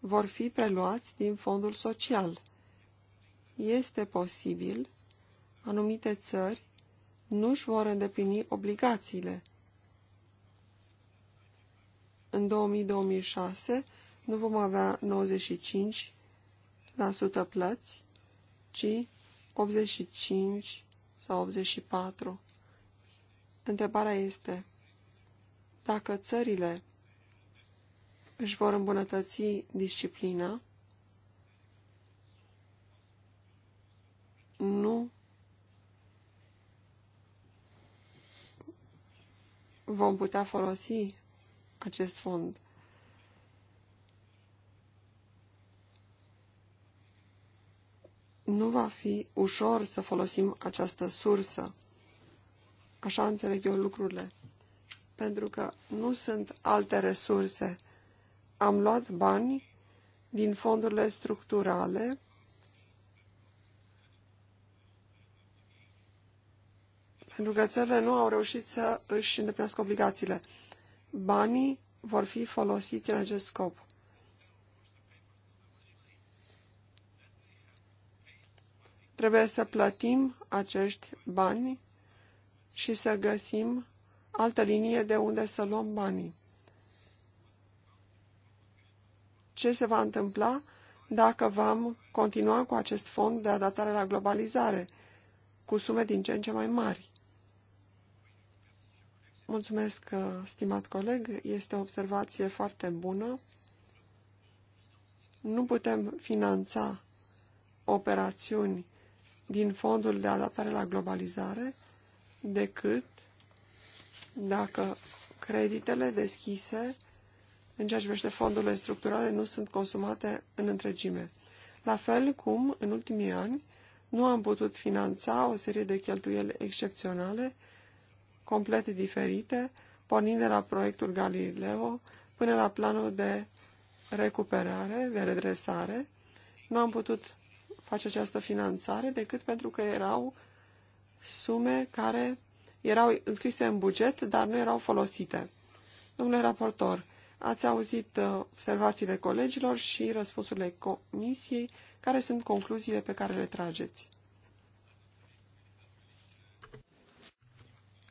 vor fi preluați din fondul social este posibil anumite țări nu își vor îndeplini obligațiile. În 2000-2006 nu vom avea 95% plăți, ci 85 sau 84%. Întrebarea este dacă țările își vor îmbunătăți disciplina, nu vom putea folosi acest fond. Nu va fi ușor să folosim această sursă. Așa înțeleg eu lucrurile. Pentru că nu sunt alte resurse. Am luat bani din fondurile structurale pentru că țările nu au reușit să își îndeplinească obligațiile. Banii vor fi folosiți în acest scop. Trebuie să plătim acești bani și să găsim altă linie de unde să luăm banii. Ce se va întâmpla dacă vom continua cu acest fond de adaptare la globalizare, cu sume din ce în ce mai mari? Mulțumesc, uh, stimat coleg. Este o observație foarte bună. Nu putem finanța operațiuni din fondul de adaptare la globalizare decât dacă creditele deschise în ceea ce privește fondurile structurale nu sunt consumate în întregime. La fel cum, în ultimii ani, nu am putut finanța o serie de cheltuieli excepționale complet diferite, pornind de la proiectul Galileo până la planul de recuperare, de redresare. Nu am putut face această finanțare decât pentru că erau sume care erau înscrise în buget, dar nu erau folosite. Domnule raportor, ați auzit uh, observațiile colegilor și răspunsurile comisiei, care sunt concluziile pe care le trageți.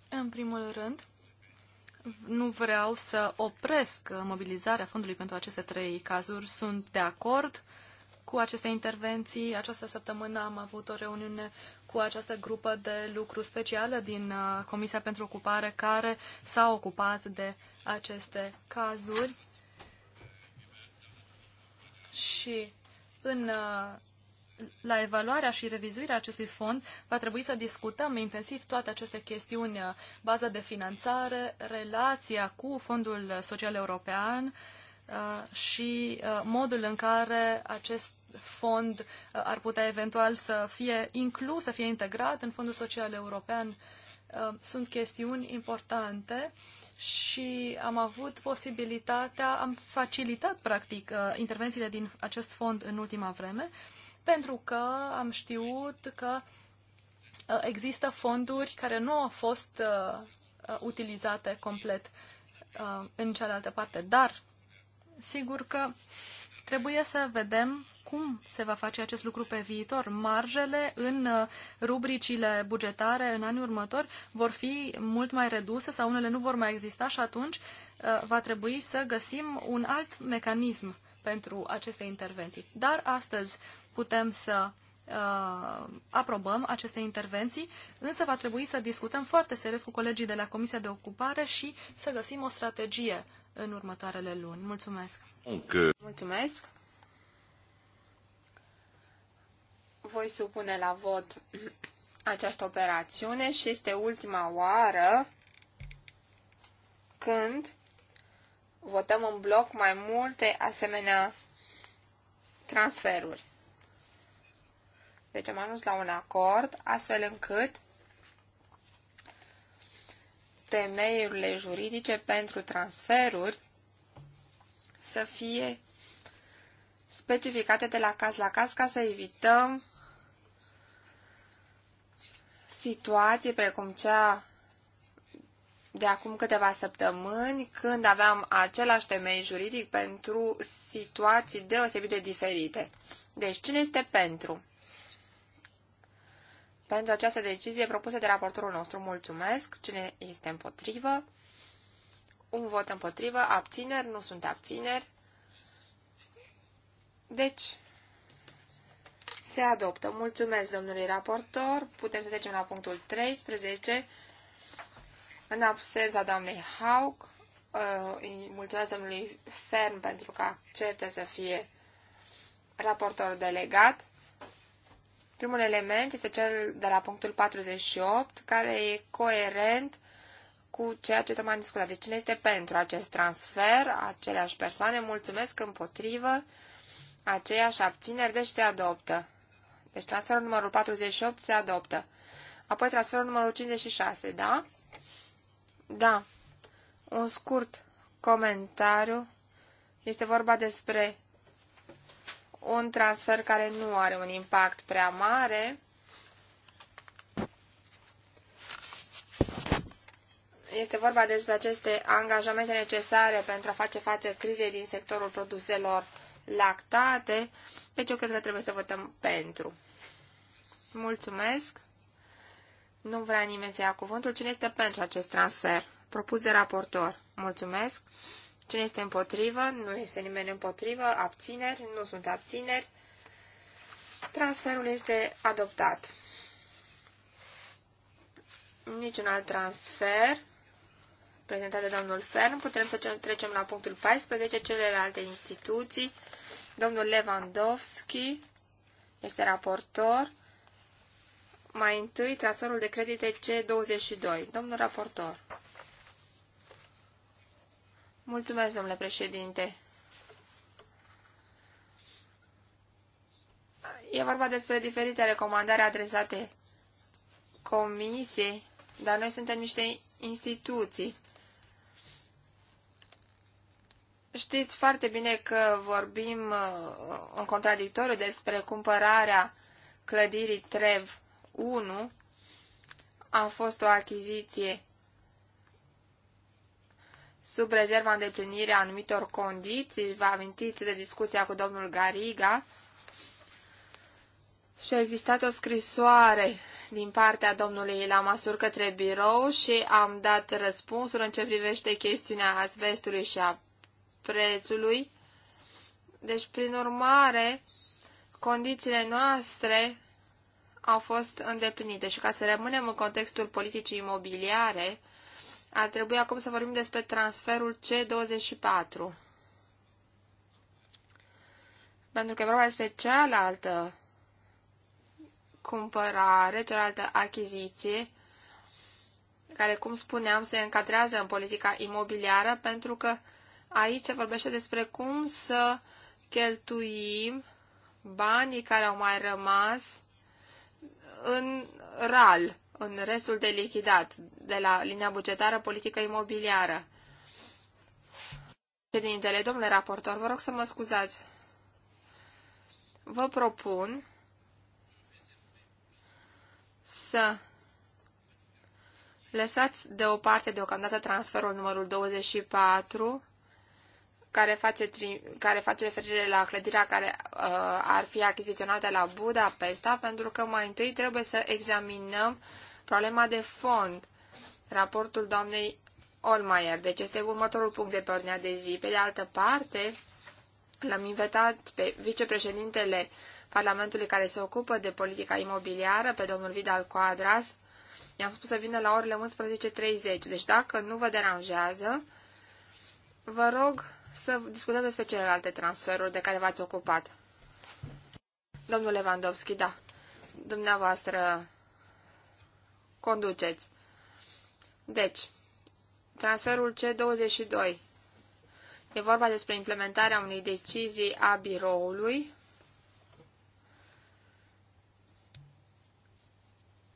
În primul rând, nu vreau să opresc mobilizarea fondului pentru aceste trei cazuri. Sunt de acord cu aceste intervenții. Această săptămână am avut o reuniune cu această grupă de lucru specială din uh, Comisia pentru Ocupare care s-a ocupat de aceste cazuri. Și în uh, la evaluarea și revizuirea acestui fond va trebui să discutăm intensiv toate aceste chestiuni, baza de finanțare, relația cu Fondul Social European uh, și uh, modul în care acest fond uh, ar putea eventual să fie inclus, să fie integrat în Fondul Social European. Sunt chestiuni importante și am avut posibilitatea, am facilitat practic intervențiile din acest fond în ultima vreme pentru că am știut că uh, există fonduri care nu au fost uh, uh, utilizate complet în cealaltă parte, dar sigur că trebuie să vedem cum se va face acest lucru pe viitor. Marjele în rubricile bugetare în anii următori vor fi mult mai reduse sau unele nu vor mai exista și atunci va trebui să găsim un alt mecanism pentru aceste intervenții. Dar astăzi putem să uh, aprobăm aceste intervenții, însă va trebui să discutăm foarte serios cu colegii de la Comisia de Ocupare și să găsim o strategie în următoarele luni. Mulțumesc! Okay. Mulțumesc! Voi supune la vot această operațiune și este ultima oară când votăm în bloc mai multe asemenea transferuri. Deci am ajuns la un acord astfel încât temeiurile juridice pentru transferuri să fie specificate de la caz la caz ca să evităm situații precum cea de acum câteva săptămâni, când aveam același temei juridic pentru situații deosebit de diferite. Deci, cine este pentru? pentru această decizie propusă de raportorul nostru. Mulțumesc. Cine este împotrivă? Un vot împotrivă. Abțineri? Nu sunt abțineri. Deci, se adoptă. Mulțumesc, domnului raportor. Putem să trecem la punctul 13. În absența doamnei Hauk, uh, îi mulțumesc domnului Fern pentru că acceptă să fie raportor delegat. Primul element este cel de la punctul 48, care e coerent cu ceea ce tocmai am discutat. Deci cine este pentru acest transfer, aceleași persoane, mulțumesc împotrivă, aceeași abțineri, deci se adoptă. Deci transferul numărul 48 se adoptă. Apoi transferul numărul 56, da? Da. Un scurt comentariu. Este vorba despre un transfer care nu are un impact prea mare. Este vorba despre aceste angajamente necesare pentru a face față crizei din sectorul produselor lactate, deci eu cred că trebuie să votăm pentru. Mulțumesc! Nu vrea nimeni să ia cuvântul. Cine este pentru acest transfer? Propus de raportor. Mulțumesc! Cine este împotrivă? Nu este nimeni împotrivă. Abțineri? Nu sunt abțineri. Transferul este adoptat. Niciun alt transfer prezentat de domnul Fern. Putem să trecem la punctul 14, celelalte instituții. Domnul Lewandowski este raportor. Mai întâi, transferul de credite C22. Domnul raportor. Mulțumesc, domnule președinte. E vorba despre diferite recomandări adresate comisiei, dar noi suntem niște instituții. Știți foarte bine că vorbim uh, în contradictoriu despre cumpărarea clădirii TREV 1. A fost o achiziție sub rezerva îndeplinirii anumitor condiții. Vă amintiți de discuția cu domnul Gariga și a existat o scrisoare din partea domnului Lamasur către birou și am dat răspunsul în ce privește chestiunea asbestului și a prețului. Deci, prin urmare, condițiile noastre au fost îndeplinite și ca să rămânem în contextul politicii imobiliare, ar trebui acum să vorbim despre transferul C24. Pentru că e vorba despre cealaltă cumpărare, cealaltă achiziție, care, cum spuneam, se încadrează în politica imobiliară, pentru că aici se vorbește despre cum să cheltuim banii care au mai rămas în RAL, în restul de lichidat, de la linia bugetară politică imobiliară. Președintele, domnule raportor, vă rog să mă scuzați. Vă propun să lăsați deoparte deocamdată transferul numărul 24, care face, tri, care face referire la clădirea care uh, ar fi achiziționată la Budapesta, pentru că mai întâi trebuie să examinăm uh, Problema de fond, raportul doamnei Olmayer. deci este următorul punct de pe ordinea de zi. Pe de altă parte, l-am invitat pe vicepreședintele Parlamentului care se ocupă de politica imobiliară, pe domnul Vidal Coadras. I-am spus să vină la orele 11.30, deci dacă nu vă deranjează, vă rog să discutăm despre celelalte transferuri de care v-ați ocupat. Domnul Lewandowski, da. Dumneavoastră conduceți. Deci, transferul C22. E vorba despre implementarea unei decizii a biroului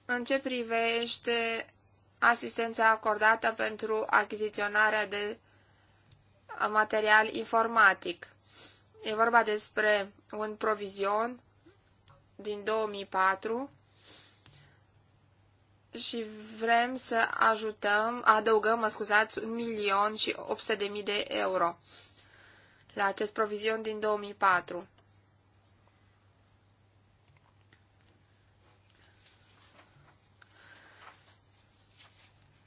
în ce privește asistența acordată pentru achiziționarea de material informatic. E vorba despre un provizion din 2004 și vrem să ajutăm, adăugăm, mă scuzați, un milion și 800 de mii de euro la acest provizion din 2004.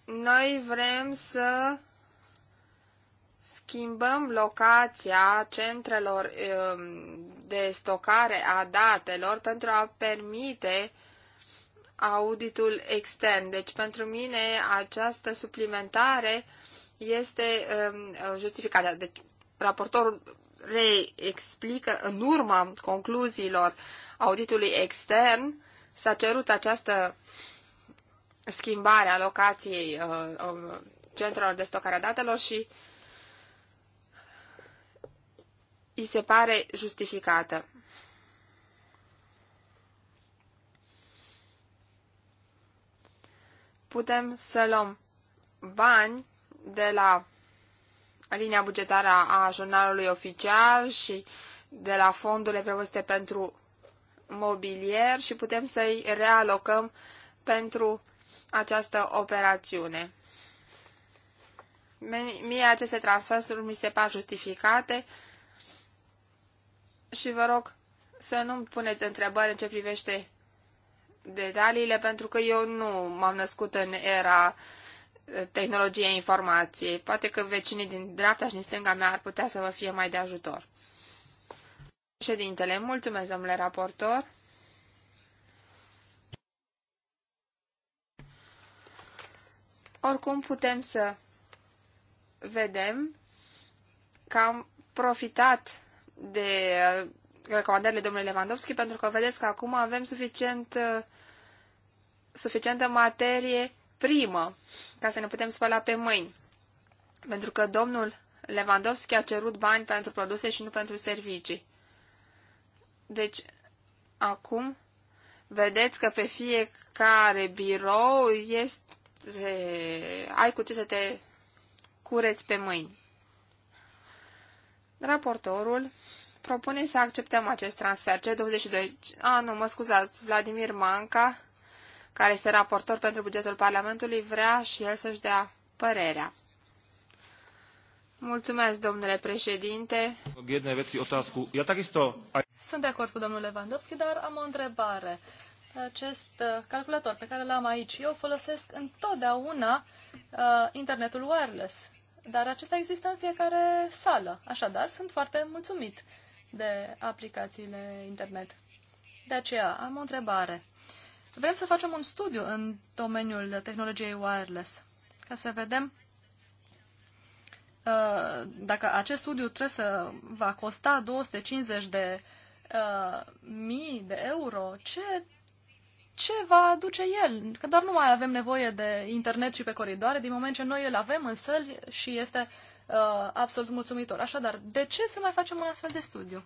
Noi vrem să schimbăm locația centrelor ehm, de stocare a datelor pentru a permite uh, auditul extern. Deci pentru mine această suplimentare este um, justificată. Deci raportorul reexplică în urma concluziilor auditului extern s-a cerut această schimbare a locației uh, um, centrelor de stocare a datelor și îi se pare justificată. putem să luăm bani de la linia bugetară a jurnalului oficial și de la fondurile prevăzute pentru mobilier și putem să-i realocăm pentru această operațiune. Mie aceste transferuri mi se par justificate și vă rog să nu-mi puneți întrebări în ce privește detaliile pentru că eu nu m-am născut în era uh, tehnologiei informației. Poate că vecinii din dreapta și din stânga mea ar putea să vă fie mai de ajutor. Președintele, mulțumesc, domnule raportor. Oricum putem să vedem că am profitat de uh, recomandările domnului Lewandowski, pentru că vedeți că acum avem suficient, uh, suficientă materie primă ca să ne putem spăla pe mâini. Pentru că domnul Lewandowski a cerut bani pentru produse și nu pentru servicii. Deci, acum, vedeți că pe fiecare birou este, ai cu ce să te cureți pe mâini. Raportorul propune să acceptăm acest transfer. C22, a, nu, mă scuzați, Vladimir Manca, care este raportor pentru bugetul Parlamentului, vrea și el să-și dea părerea. Mulțumesc, domnule președinte. Sunt de acord cu domnul Lewandowski, dar am o întrebare. Acest uh, calculator pe care l-am aici, eu folosesc întotdeauna uh, internetul wireless, dar acesta există în fiecare sală. Așadar, sunt foarte mulțumit de aplicațiile internet. De aceea, am o întrebare. Vrem să facem un studiu în domeniul tehnologiei wireless, ca să vedem uh, dacă acest studiu trebuie să va costa 250 de uh, mii de euro, ce, ce va aduce el? Că doar nu mai avem nevoie de internet și pe coridoare, din moment ce noi îl avem în săli și este uh, uh, absolut mulțumitor. Așadar, de ce să mai facem un astfel de studiu?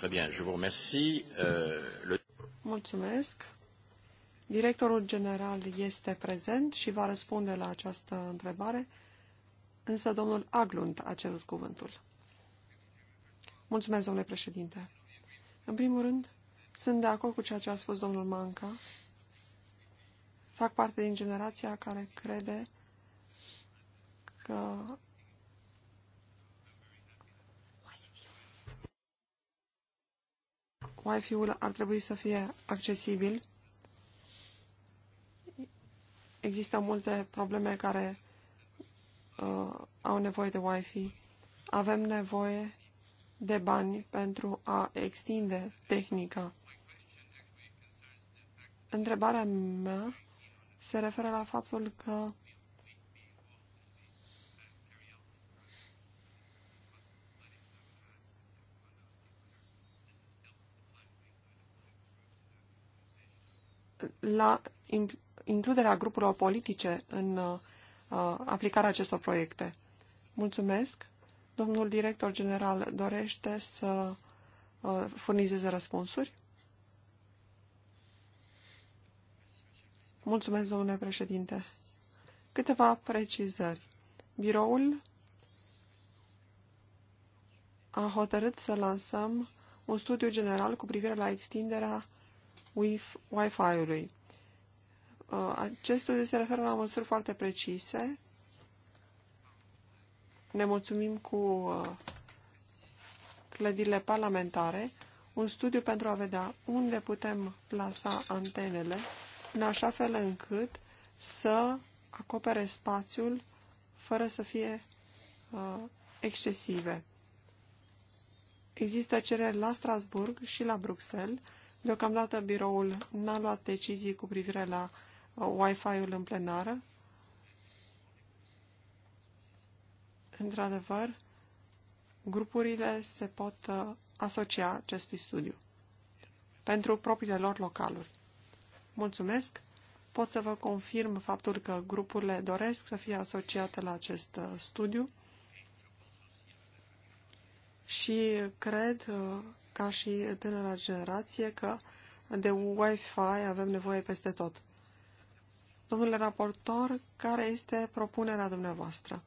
Très bien, je vous remercie. Uh, le... Mulțumesc. Directorul general este prezent și va răspunde la această întrebare, însă domnul Aglund a cerut cuvântul. Mulțumesc, domnule președinte. În primul rând, sunt de acord cu ceea ce a spus domnul Manca. Fac parte din generația care crede că Wi-Fi-ul ar trebui să fie accesibil. Există multe probleme care uh, au nevoie de Wi-Fi. Avem nevoie de bani pentru a extinde tehnica. Întrebarea mea se referă la faptul că la includerea grupurilor politice în uh, aplicarea acestor proiecte. Mulțumesc. Domnul director general dorește să uh, furnizeze răspunsuri? Mulțumesc, domnule președinte. Câteva precizări. Biroul a hotărât să lansăm un studiu general cu privire la extinderea Wi-Fi-ului. Uh, acest studiu se referă la măsuri foarte precise. Ne mulțumim cu uh, clădirile parlamentare, un studiu pentru a vedea unde putem plasa antenele, în așa fel încât să acopere spațiul fără să fie uh, excesive. Există cereri la Strasburg și la Bruxelles Deocamdată biroul n-a luat decizii cu privire la uh, Wi-Fi-ul în plenară. Într-adevăr, grupurile se pot uh, asocia acestui studiu pentru propriile lor localuri. Mulțumesc! Pot să vă confirm faptul că grupurile doresc să fie asociate la acest uh, studiu și cred ca și tânăra generație, că de Wi-Fi avem nevoie peste tot. Domnule raportor, care este propunerea dumneavoastră?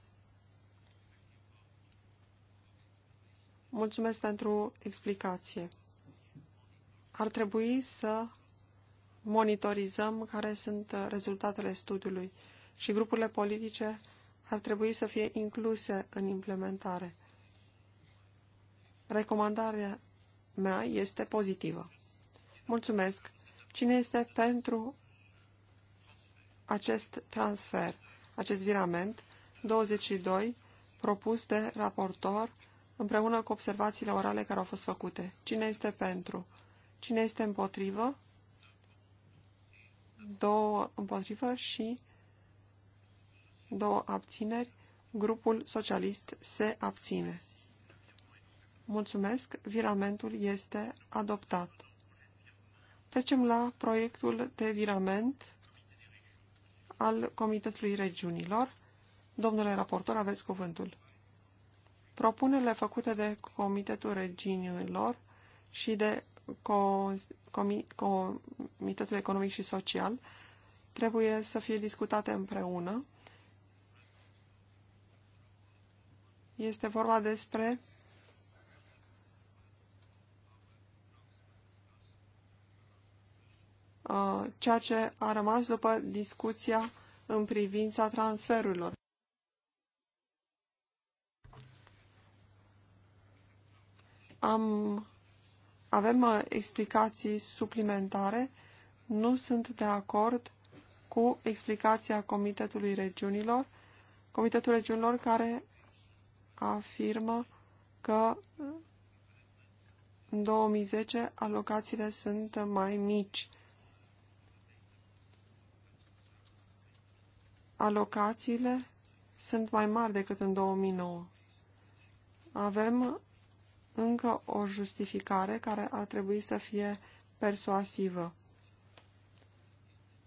Mulțumesc pentru explicație. Ar trebui să monitorizăm care sunt rezultatele studiului și grupurile politice ar trebui să fie incluse în implementare. Recomandarea mea este pozitivă. Mulțumesc. Cine este pentru acest transfer, acest virament 22 propus de raportor împreună cu observațiile orale care au fost făcute? Cine este pentru? Cine este împotrivă? Două împotrivă și două abțineri. Grupul socialist se abține. Mulțumesc, viramentul este adoptat. Trecem la proiectul de virament al Comitetului Regiunilor. Domnule raportor, aveți cuvântul. Propunerile făcute de Comitetul Regiunilor și de Comitetul Economic și Social trebuie să fie discutate împreună. Este vorba despre Uh, ceea ce a rămas după discuția în privința transferurilor. Am, avem uh, explicații suplimentare. Nu sunt de acord cu explicația Comitetului Regiunilor, Comitetul Regiunilor care afirmă că în 2010 alocațiile sunt mai mici. alocațiile sunt mai mari decât în 2009. Avem încă o justificare care ar trebui să fie persuasivă.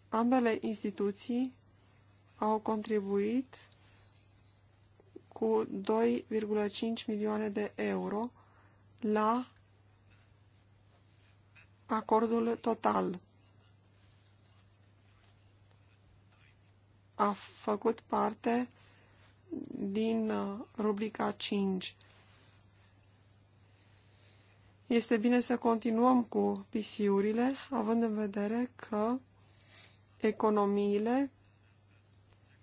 Ambele instituții au contribuit cu 2,5 milioane de euro la acordul total. a făcut parte din uh, rubrica 5. Este bine să continuăm cu PC-urile, având în vedere că economiile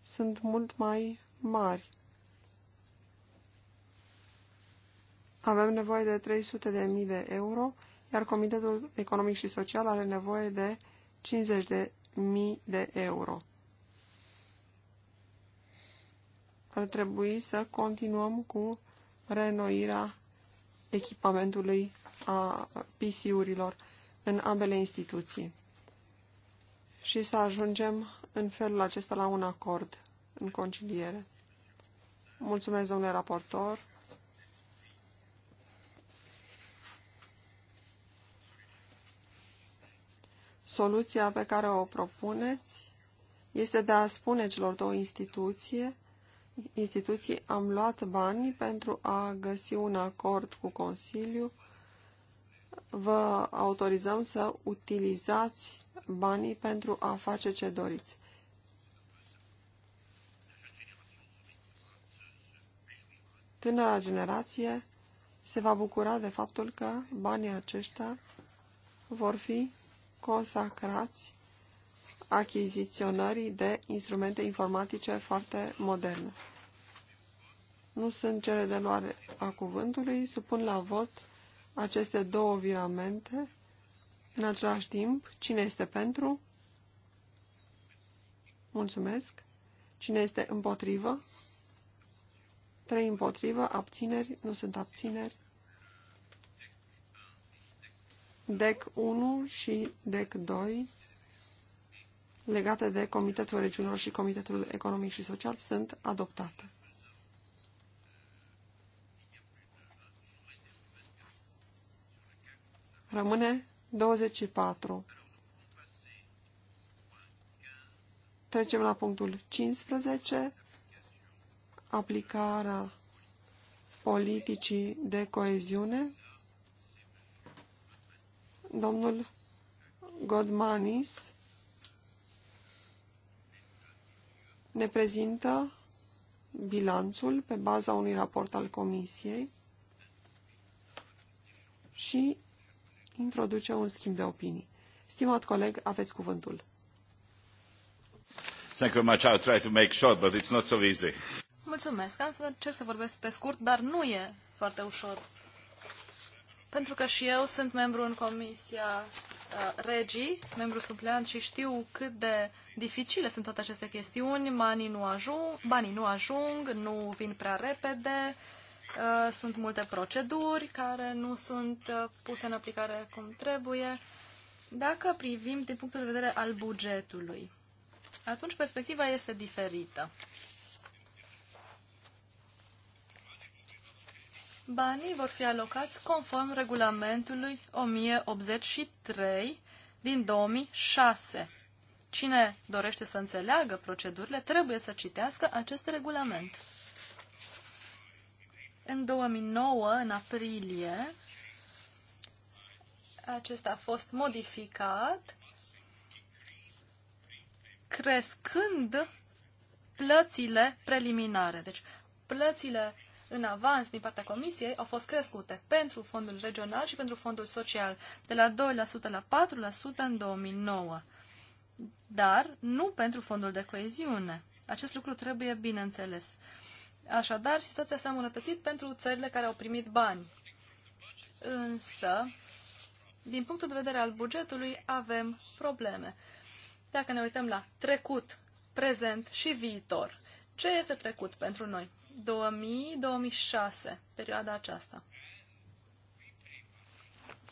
sunt mult mai mari. Avem nevoie de 300.000 de euro, iar Comitetul Economic și Social are nevoie de 50.000 de euro. ar trebui să continuăm cu reînnoirea echipamentului a PC-urilor în ambele instituții și să ajungem în felul acesta la un acord în conciliere. Mulțumesc, domnule raportor. Soluția pe care o propuneți este de a spune celor două instituții instituții am luat bani pentru a găsi un acord cu Consiliu. Vă autorizăm să utilizați banii pentru a face ce doriți. Tânăra generație se va bucura de faptul că banii aceștia vor fi consacrați achiziționării de instrumente informatice foarte moderne. Nu sunt cele de luare a cuvântului, supun la vot aceste două viramente. În același timp, cine este pentru? Mulțumesc. Cine este împotrivă? Trei împotrivă, abțineri, nu sunt abțineri. DEC 1 și DEC 2 legate de Comitetul Regiunilor și Comitetul Economic și Social sunt adoptate. Rămâne 24. Trecem la punctul 15. Aplicarea politicii de coeziune. Domnul Godmanis ne prezintă bilanțul pe baza unui raport al Comisiei și introduce un schimb de opinii. Stimat coleg, aveți cuvântul. Thank you much. I'll try to make short, but it's not so easy. Mulțumesc. Am să încerc să vorbesc pe scurt, dar nu e foarte ușor. Pentru că și eu sunt membru în Comisia uh, Regii, membru supleant și știu cât de uh, dificile sunt toate aceste chestiuni, banii nu ajung, banii nu, ajung nu vin prea repede, uh, sunt multe proceduri care nu sunt uh, puse în aplicare cum trebuie. Dacă privim din punctul de vedere al bugetului, atunci perspectiva este diferită. Banii vor fi alocați conform regulamentului 1083 din 2006. Cine dorește să înțeleagă procedurile, trebuie să citească acest regulament. În 2009, în aprilie, acesta a fost modificat, crescând plățile preliminare. Deci, plățile în avans din partea Comisiei au fost crescute pentru fondul regional și pentru fondul social, de la 2% la 4% în 2009 dar nu pentru fondul de coeziune. Acest lucru trebuie bineînțeles. Așadar, situația s-a îmbunătățit pentru țările care au primit bani. Însă, din punctul de vedere al bugetului, avem probleme. Dacă ne uităm la trecut, prezent și viitor, ce este trecut pentru noi? 2000-2006, perioada aceasta.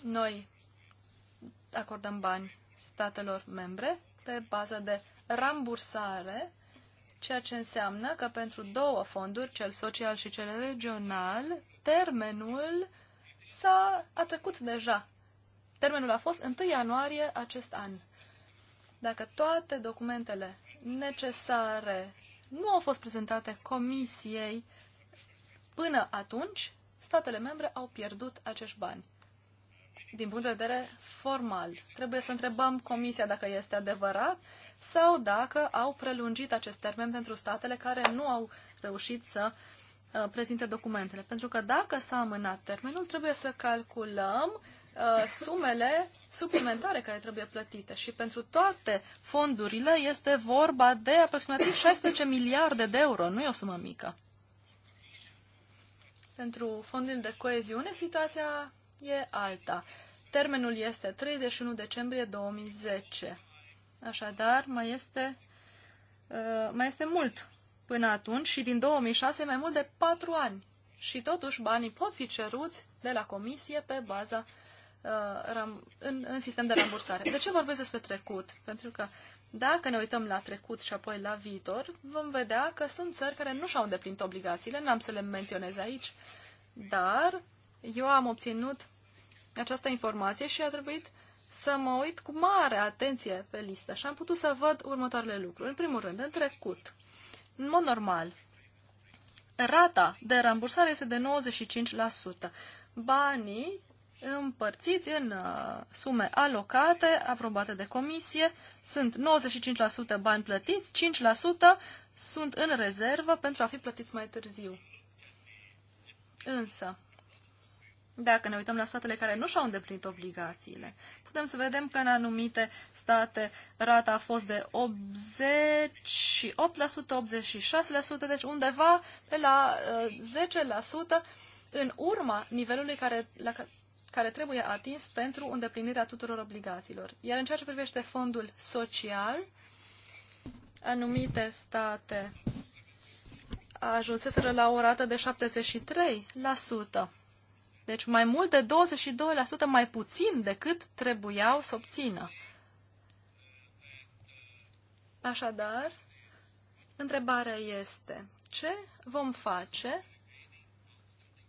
Noi acordăm bani statelor membre pe bază de rambursare, ceea ce înseamnă că pentru două fonduri, cel social și cel regional, termenul s-a a trecut deja. Termenul a fost 1 ianuarie acest an. Dacă toate documentele necesare nu au fost prezentate comisiei până atunci, statele membre au pierdut acești bani din punct de vedere formal. Trebuie să întrebăm Comisia dacă este adevărat sau dacă au prelungit acest termen pentru statele care nu au reușit să uh, prezinte documentele. Pentru că dacă s-a amânat termenul, trebuie să calculăm uh, sumele suplimentare care trebuie plătite. Și pentru toate fondurile este vorba de aproximativ 16 miliarde de euro. Nu e o sumă mică. Pentru fondul de coeziune, situația e alta. Termenul este 31 decembrie 2010. Așadar, mai este, uh, mai este mult până atunci și din 2006 mai mult de 4 ani. Și totuși banii pot fi ceruți de la comisie pe baza uh, în, în sistem de rambursare. De ce vorbesc despre trecut? Pentru că dacă ne uităm la trecut și apoi la viitor, vom vedea că sunt țări care nu și-au îndeplinit obligațiile, n-am să le menționez aici, dar eu am obținut această informație și a trebuit să mă uit cu mare atenție pe listă și am putut să văd următoarele lucruri. În primul rând, în trecut, în mod normal, rata de rambursare este de 95%. Banii împărțiți în uh, sume alocate, aprobate de comisie, sunt 95% bani plătiți, 5% sunt în rezervă pentru a fi plătiți mai târziu. Însă, dacă ne uităm la statele care nu și-au îndeplinit obligațiile, putem să vedem că în anumite state rata a fost de 88%, 86%, deci undeva pe la 10% uh, în urma nivelului care, la, care trebuie atins pentru îndeplinirea tuturor obligațiilor. Iar în ceea ce privește fondul social, anumite state ajunseseră la o rată de 73%. Deci mai mult de 22% mai puțin decât trebuiau să obțină. Așadar, întrebarea este ce vom face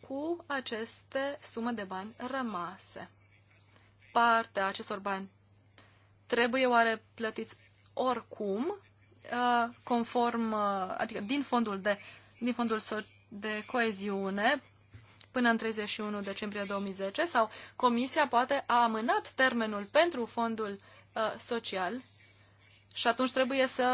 cu aceste sume de bani rămase? Partea acestor bani trebuie oare plătiți oricum, uh, conform, uh, adică din fondul de, din fondul de coeziune până în 31 decembrie 2010 sau Comisia poate a amânat termenul pentru fondul uh, social și atunci trebuie să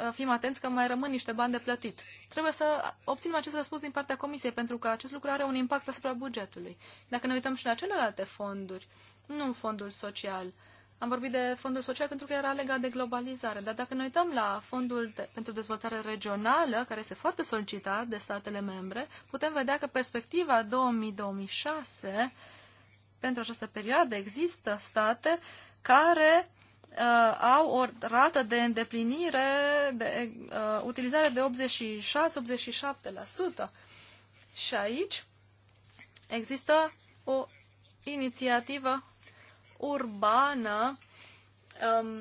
uh, fim atenți că mai rămân niște bani de plătit. Trebuie să obținem acest răspuns din partea Comisiei, pentru că acest lucru are un impact asupra bugetului. Dacă ne uităm și la celelalte fonduri, nu fondul social, am vorbit de fondul social pentru că era legat de globalizare, dar dacă ne uităm la fondul de, pentru dezvoltare regională, care este foarte solicitat de statele membre, putem vedea că perspectiva 2000-2006 pentru această perioadă există state care uh, au o rată de îndeplinire, de uh, utilizare de 86-87%. Și aici există o inițiativă urbană um,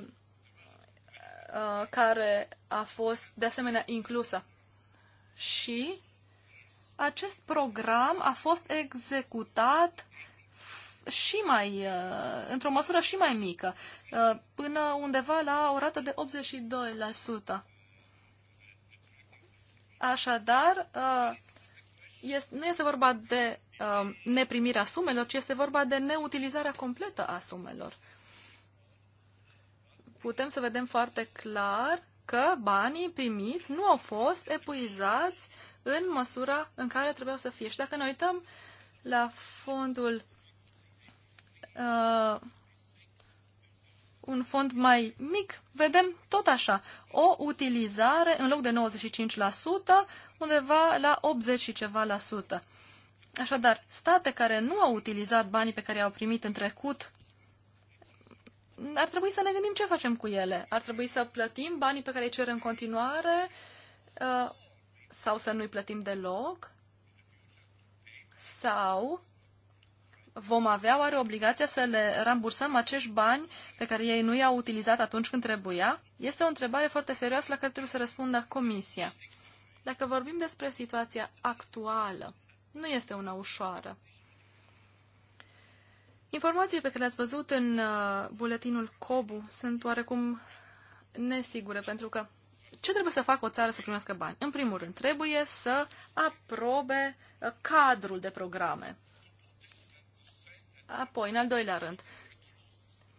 uh, care a fost de asemenea inclusă. Și acest program a fost executat și mai, uh, într-o măsură și mai mică, uh, până undeva la o rată de 82%. Așadar, uh, este, nu este vorba de Um, neprimirea sumelor, ci este vorba de neutilizarea completă a sumelor. Putem să vedem foarte clar că banii primiți nu au fost epuizați în măsura în care trebuiau să fie. Și dacă ne uităm la fondul uh, un fond mai mic, vedem tot așa, o utilizare în loc de 95%, undeva la 80 și ceva la sută. Așadar, state care nu au utilizat banii pe care i-au primit în trecut, ar trebui să ne gândim ce facem cu ele. Ar trebui să plătim banii pe care îi cer în continuare uh, sau să nu-i plătim deloc sau vom avea oare obligația să le rambursăm acești bani pe care ei nu i-au utilizat atunci când trebuia? Este o întrebare foarte serioasă la care trebuie să răspundă Comisia. Dacă vorbim despre situația actuală, nu este una ușoară. Informații pe care le-ați văzut în uh, buletinul COBU sunt oarecum nesigure, pentru că ce trebuie să facă o țară să primească bani? În primul rând, trebuie să aprobe uh, cadrul de programe. Apoi, în al doilea rând,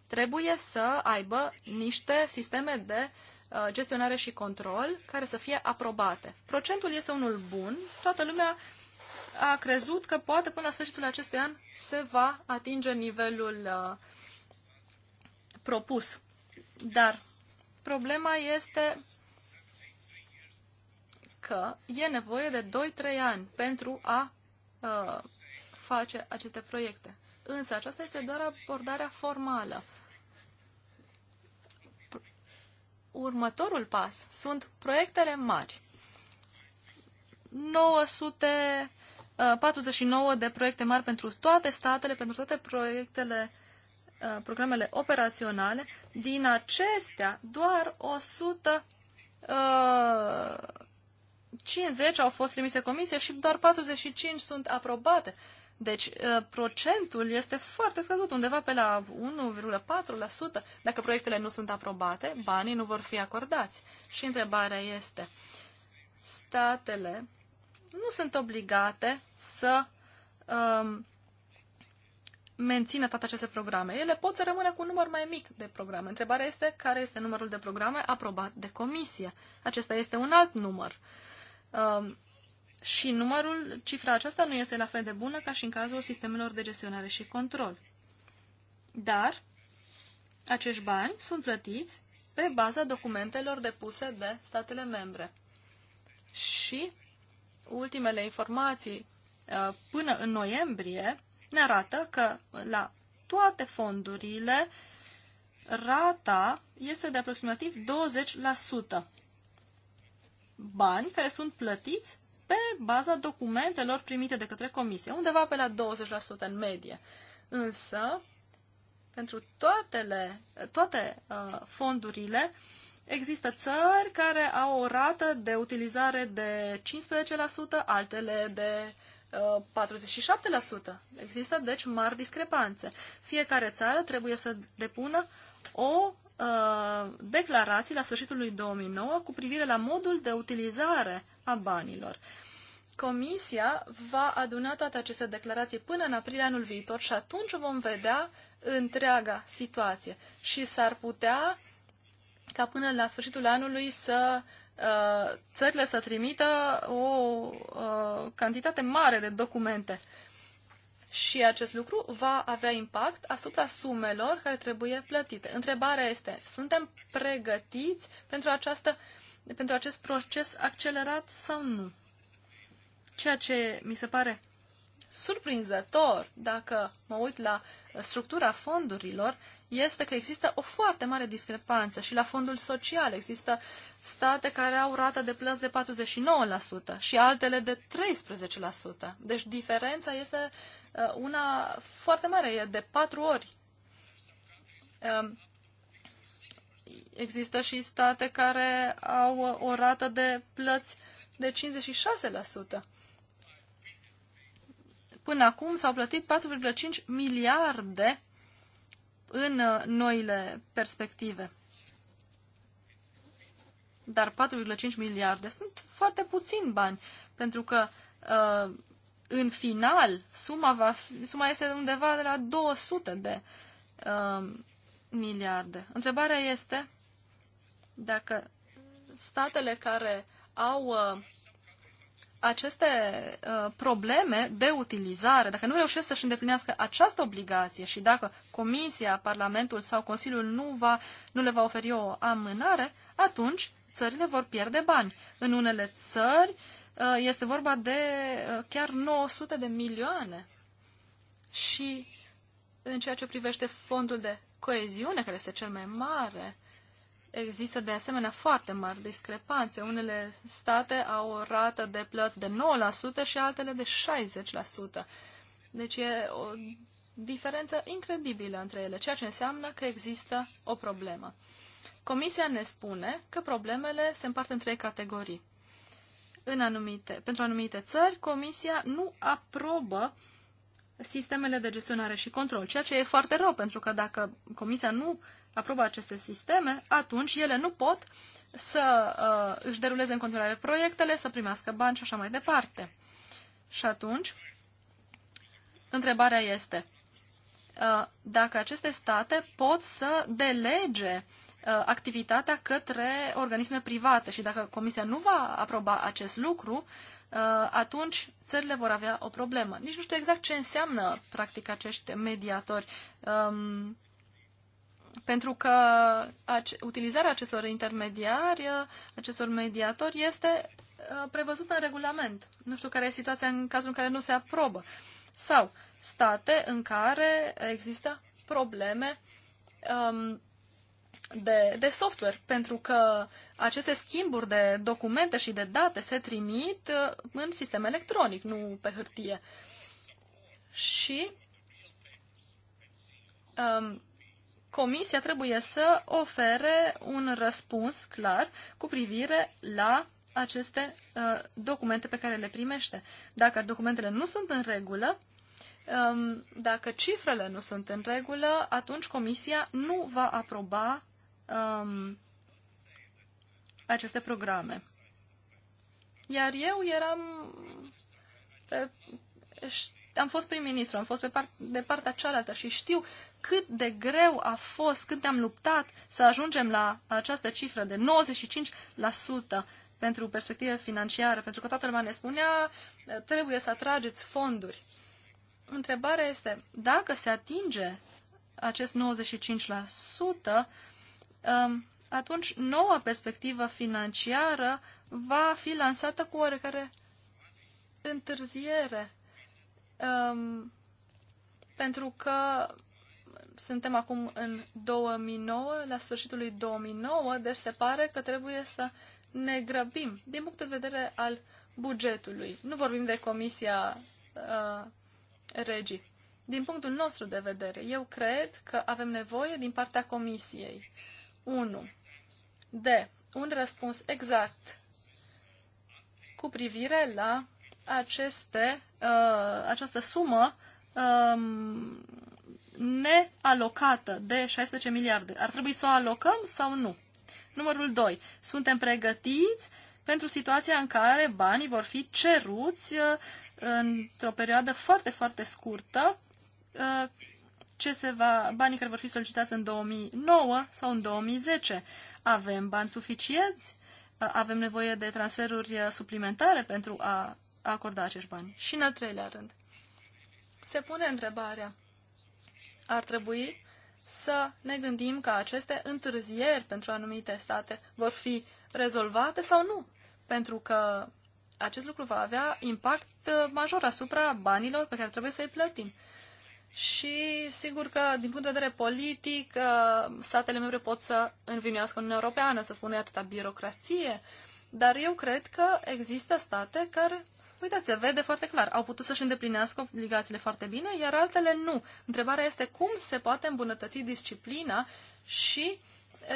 trebuie să aibă niște sisteme de uh, gestionare și control care să fie aprobate. Procentul este unul bun, toată lumea a crezut că poate până la sfârșitul acestui an se va atinge nivelul uh, propus. Dar problema este că e nevoie de 2-3 ani pentru a uh, face aceste proiecte. Însă aceasta este doar abordarea formală. Următorul pas sunt proiectele mari. 900 49 uh, de proiecte mari pentru toate statele, pentru toate proiectele, uh, programele operaționale. Din acestea, doar 150 uh, au fost trimise comisie și doar 45 sunt aprobate. Deci procentul este foarte scăzut, undeva pe la 1,4%. Dacă proiectele nu sunt aprobate, banii nu vor fi acordați. Și întrebarea este, statele nu sunt obligate să um, mențină toate aceste programe. Ele pot să rămână cu un număr mai mic de programe. Întrebarea este care este numărul de programe aprobat de comisie. Acesta este un alt număr. Um, și numărul, cifra aceasta nu este la fel de bună ca și în cazul sistemelor de gestionare și control. Dar acești bani sunt plătiți pe baza documentelor depuse de statele membre. Și ultimele informații uh, până în noiembrie ne arată că la toate fondurile rata este de aproximativ 20% bani care sunt plătiți pe baza documentelor primite de către comisie, undeva pe la 20% în medie. Însă, pentru toatele, toate uh, fondurile, Există țări care au o rată de utilizare de 15%, altele de 47%. Uh, Există, deci, mari discrepanțe. Fiecare țară trebuie să depună o uh, declarație la sfârșitul lui 2009 cu privire la modul de utilizare a banilor. Comisia va aduna toate aceste declarații până în aprilie anul viitor și atunci vom vedea întreaga situație și s-ar putea ca până la sfârșitul anului să uh, țările să trimită o uh, cantitate mare de documente. Și acest lucru va avea impact asupra sumelor care trebuie plătite. Întrebarea este, suntem pregătiți pentru, această, pentru acest proces accelerat sau nu? Ceea ce mi se pare surprinzător, dacă mă uit la structura fondurilor, este că există o foarte mare discrepanță și la fondul social există state care au rată de plăți de 49% și altele de 13%. Deci diferența este uh, una foarte mare, e de patru ori. Um, există și state care au uh, o rată de plăți de 56%. Până acum s-au plătit 4,5 miliarde în uh, noile perspective. Dar 4,5 miliarde sunt foarte puțini bani, pentru că uh, în final suma, va fi, suma este undeva de la 200 de uh, miliarde. Întrebarea este dacă statele care au aceste uh, probleme de utilizare, dacă nu reușesc să-și îndeplinească această obligație și dacă Comisia, Parlamentul sau Consiliul nu, va, nu le va oferi o amânare, atunci țările vor pierde bani. În unele țări uh, este vorba de uh, chiar 900 de milioane. Și în ceea ce privește fondul de coeziune, care este cel mai mare, Există de asemenea foarte mari discrepanțe. Unele state au o rată de plăți de 9% și altele de 60%. Deci e o diferență incredibilă între ele, ceea ce înseamnă că există o problemă. Comisia ne spune că problemele se împart în trei categorii. În anumite, pentru anumite țări, Comisia nu aprobă sistemele de gestionare și control, ceea ce e foarte rău, pentru că dacă Comisia nu aprobă aceste sisteme, atunci ele nu pot să uh, își deruleze în continuare proiectele, să primească bani și așa mai departe. Și atunci, întrebarea este uh, dacă aceste state pot să delege uh, activitatea către organisme private și dacă Comisia nu va aproba acest lucru, uh, atunci țările vor avea o problemă. Nici nu știu exact ce înseamnă, practic, acești mediatori. Um, pentru că utilizarea acestor intermediari, acestor mediatori, este uh, prevăzută în regulament. Nu știu care e situația în cazul în care nu se aprobă. Sau state în care există probleme um, de, de software, pentru că aceste schimburi de documente și de date se trimit uh, în sistem electronic, nu pe hârtie. Și um, Comisia trebuie să ofere un răspuns clar cu privire la aceste uh, documente pe care le primește. Dacă documentele nu sunt în regulă, um, dacă cifrele nu sunt în regulă, atunci Comisia nu va aproba um, aceste programe. Iar eu eram pe, am fost prim-ministru, am fost pe part, de partea cealaltă și știu cât de greu a fost, cât am luptat să ajungem la această cifră de 95% pentru perspectivă financiară, pentru că toată lumea ne spunea trebuie să atrageți fonduri. Întrebarea este, dacă se atinge acest 95%, um, atunci noua perspectivă financiară va fi lansată cu oarecare întârziere um, pentru că suntem acum în 2009, la sfârșitul lui 2009, deci se pare că trebuie să ne grăbim din punct de vedere al bugetului. Nu vorbim de Comisia uh, Regii. Din punctul nostru de vedere, eu cred că avem nevoie din partea Comisiei 1. De un răspuns exact cu privire la aceste, uh, această sumă um, nealocată de 16 miliarde, ar trebui să o alocăm sau nu? Numărul 2. Suntem pregătiți pentru situația în care banii vor fi ceruți uh, într-o perioadă foarte, foarte scurtă, uh, ce se va, banii care vor fi solicitați în 2009 sau în 2010. Avem bani suficienți? Uh, avem nevoie de transferuri uh, suplimentare pentru a acorda acești bani. Și în al treilea rând, se pune întrebarea, ar trebui să ne gândim că aceste întârzieri pentru anumite state vor fi rezolvate sau nu, pentru că acest lucru va avea impact major asupra banilor pe care trebuie să-i plătim. Și sigur că, din punct de vedere politic, uh, statele membre pot să învinuiască Uniunea Europeană, să spună atâta birocrație, dar eu cred că există state care uitați, se vede foarte clar. Au putut să-și îndeplinească obligațiile foarte bine, iar altele nu. Întrebarea este cum se poate îmbunătăți disciplina și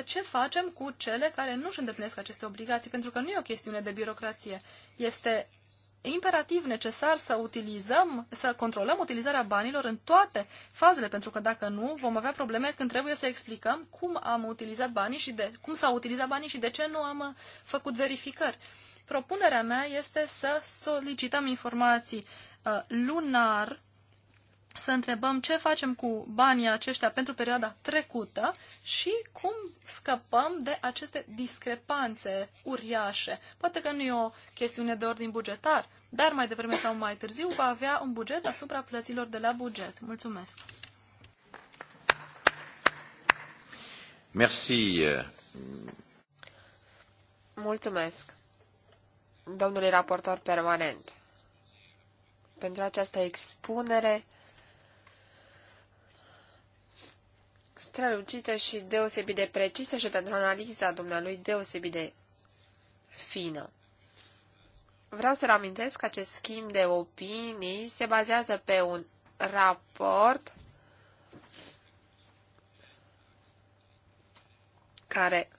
ce facem cu cele care nu și îndeplinesc aceste obligații, pentru că nu e o chestiune de birocrație. Este imperativ necesar să utilizăm, să controlăm utilizarea banilor în toate fazele, pentru că dacă nu, vom avea probleme când trebuie să explicăm cum am utilizat banii și de, cum s-au utilizat banii și de ce nu am uh, făcut verificări propunerea mea este să solicităm informații uh, lunar, să întrebăm ce facem cu banii aceștia pentru perioada trecută și cum scăpăm de aceste discrepanțe uriașe. Poate că nu e o chestiune de ordin bugetar, dar mai devreme sau mai târziu va avea un buget asupra plăților de la buget. Mulțumesc! Merci. Euh, Mulțumesc! domnului raportor permanent pentru această expunere strălucită și deosebit de precisă și pentru analiza dumnealui deosebit de fină. Vreau să reamintesc că acest schimb de opinii se bazează pe un raport care,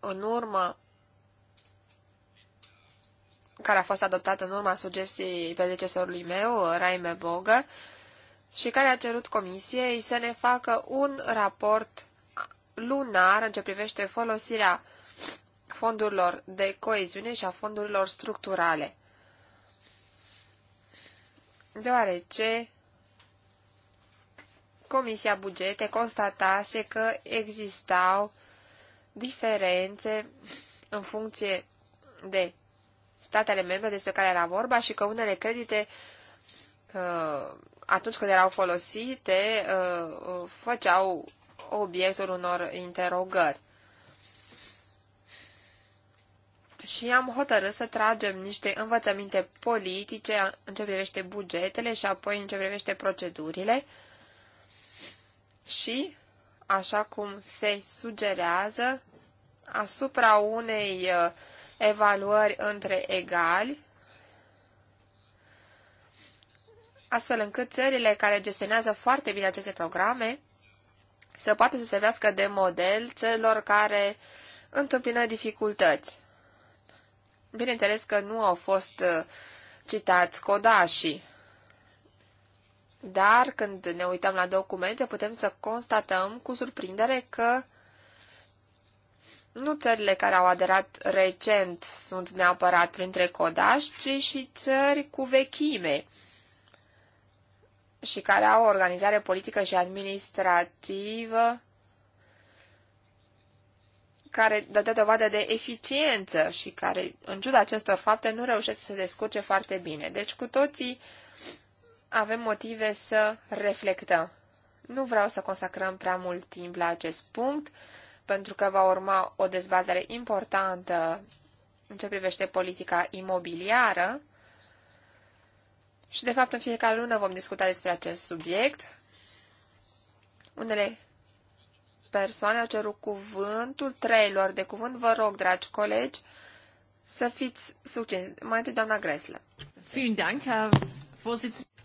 în urmă care a fost adoptat în urma sugestiei predecesorului meu, Raime Bogă, și care a cerut comisiei să ne facă un raport lunar în ce privește folosirea fondurilor de coeziune și a fondurilor structurale. Deoarece Comisia Bugete constatase că existau diferențe în funcție de statele membre despre care era vorba și că unele credite uh, atunci când erau folosite uh, uh, făceau obiectul unor interogări. Și am hotărât să tragem niște învățăminte politice în ce privește bugetele și apoi în ce privește procedurile și, așa cum se sugerează, asupra unei uh, evaluări între egali, astfel încât țările care gestionează foarte bine aceste programe să poată să servească de model țărilor care întâmpină dificultăți. Bineînțeles că nu au fost uh, citați codașii, dar când ne uităm la documente putem să constatăm cu surprindere că nu țările care au aderat recent sunt neapărat printre codași, ci și țări cu vechime și care au o organizare politică și administrativă care dă dovadă de eficiență și care, în ciuda acestor fapte, nu reușesc să se descurce foarte bine. Deci, cu toții avem motive să reflectăm. Nu vreau să consacrăm prea mult timp la acest punct, pentru că va urma o dezbatere importantă în ce privește politica imobiliară. Și, de fapt, în fiecare lună vom discuta despre acest subiect. Unele persoane au cerut cuvântul, trei lor de cuvânt. Vă rog, dragi colegi, să fiți succinți. Mai întâi, doamna Greslă.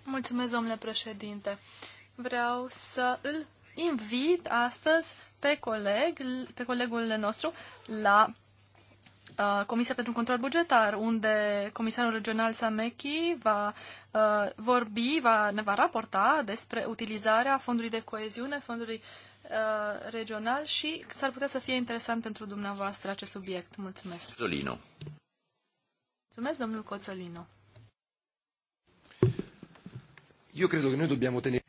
Mulțumesc, domnule președinte. Vreau să îl invit astăzi pe, coleg, pe colegul nostru la uh, Comisia pentru Control Bugetar, unde comisarul regional Samechi va uh, vorbi, va, ne va raporta despre utilizarea fondului de coeziune, fondului uh, regional și s-ar putea să fie interesant pentru dumneavoastră acest subiect. Mulțumesc. Zolino. Mulțumesc, domnul Coțolino. Eu cred că noi dobbiamo tenere...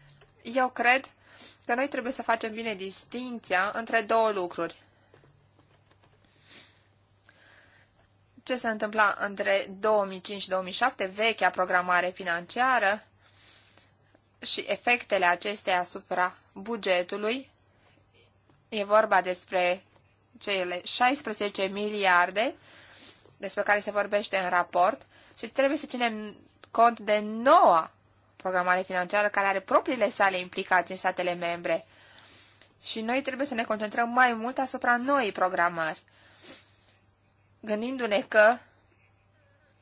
Eu cred dar noi trebuie să facem bine distinția între două lucruri. Ce se întâmpla între 2005 și 2007, vechea programare financiară și efectele acestea asupra bugetului. E vorba despre cele 16 miliarde despre care se vorbește în raport și trebuie să ținem cont de noua programare financiară care are propriile sale implicații în statele membre. Și noi trebuie să ne concentrăm mai mult asupra noii programări, gândindu-ne că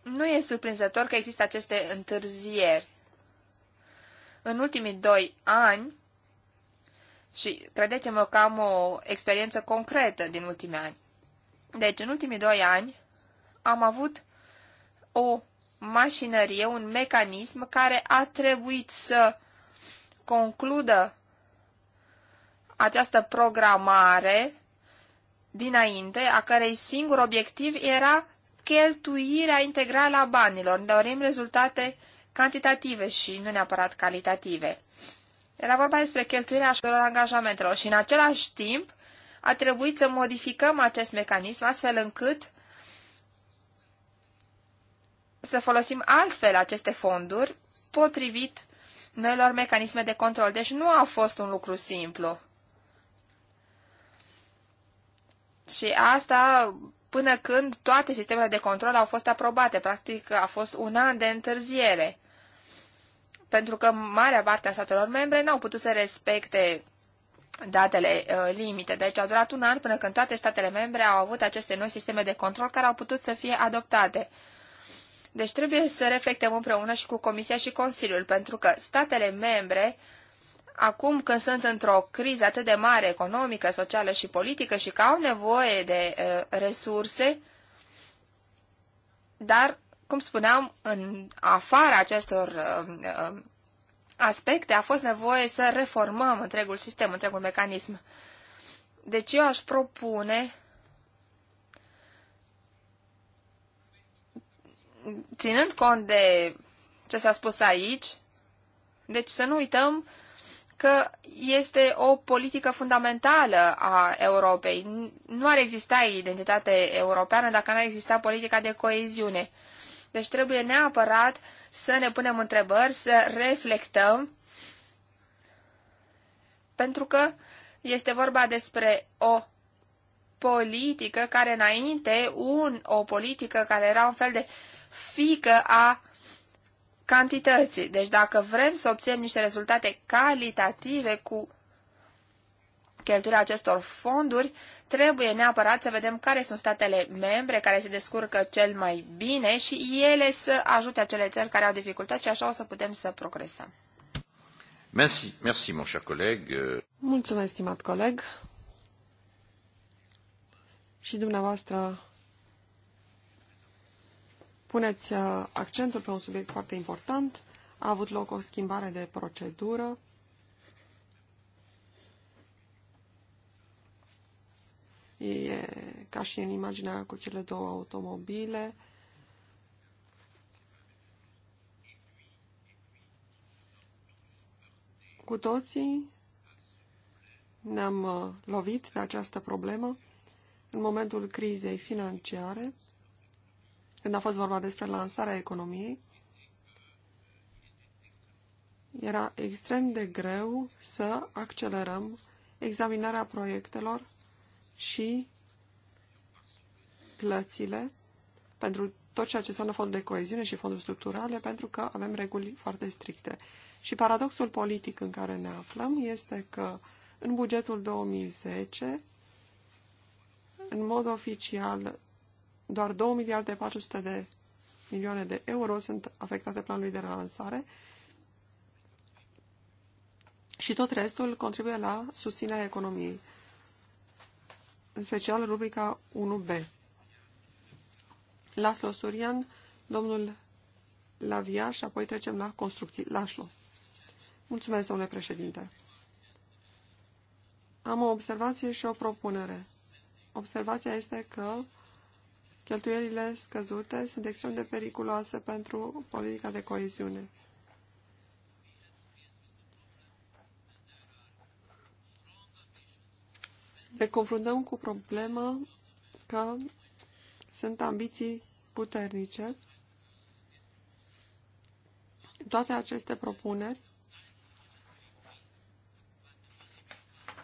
nu e surprinzător că există aceste întârzieri. În ultimii doi ani, și credeți-mă că am o experiență concretă din ultimii ani. Deci, în ultimii doi ani am avut o mașinărie, un mecanism care a trebuit să concludă această programare dinainte, a cărei singur obiectiv era cheltuirea integrală a banilor. Dorim rezultate cantitative și nu neapărat calitative. Era vorba despre cheltuirea așelor angajamentelor și în același timp a trebuit să modificăm acest mecanism astfel încât să folosim altfel aceste fonduri potrivit noilor mecanisme de control. Deci nu a fost un lucru simplu. Și asta până când toate sistemele de control au fost aprobate. Practic a fost un an de întârziere. Pentru că marea parte a statelor membre n-au putut să respecte datele uh, limite. Deci a durat un an până când toate statele membre au avut aceste noi sisteme de control care au putut să fie adoptate. Deci trebuie să reflectăm împreună și cu Comisia și Consiliul, pentru că statele membre, acum când sunt într-o criză atât de mare economică, socială și politică și că au nevoie de uh, resurse, dar, cum spuneam, în afara acestor uh, uh aspecte a fost nevoie să reformăm întregul sistem, întregul mecanism. Deci eu aș propune ținând cont de ce s-a spus aici, deci să nu uităm că este o politică fundamentală a Europei. Nu ar exista identitate europeană dacă nu ar exista politica de coeziune. Deci trebuie neapărat să ne punem întrebări, să reflectăm, pentru că este vorba despre o politică care înainte, un, o politică care era un fel de uh, fică a cantității. Deci dacă vrem să obținem niște rezultate calitative cu cheltuirea acestor fonduri, trebuie neapărat să vedem care sunt statele membre care se descurcă cel mai bine și ele să ajute acele țări care au dificultăți și așa o să putem să progresăm. Merci, merci, mon cher coleg. Mulțumesc, stimat coleg. Și dumneavoastră puneți uh, accentul pe un subiect foarte important. A avut loc o schimbare de procedură. E ca și în imaginea cu cele două automobile. Cu toții ne-am uh, lovit de această problemă în momentul crizei financiare când a fost vorba despre lansarea economiei, era extrem de greu să accelerăm examinarea proiectelor și plățile pentru tot ceea ce înseamnă fond de coeziune și fonduri structurale, pentru că avem reguli foarte stricte. Și paradoxul politic în care ne aflăm este că în bugetul 2010, în mod oficial, doar 2 miliarde 400 de milioane de euro sunt afectate planului de relansare și tot restul contribuie la susținerea economiei, în special rubrica 1B. Laslo Surian, domnul Lavia și apoi trecem la construcții. Laslo. Mulțumesc, domnule președinte. Am o observație și o propunere. Observația este că Cheltuielile scăzute sunt extrem de periculoase pentru politica de coeziune. Ne confruntăm cu problema că sunt ambiții puternice. Toate aceste propuneri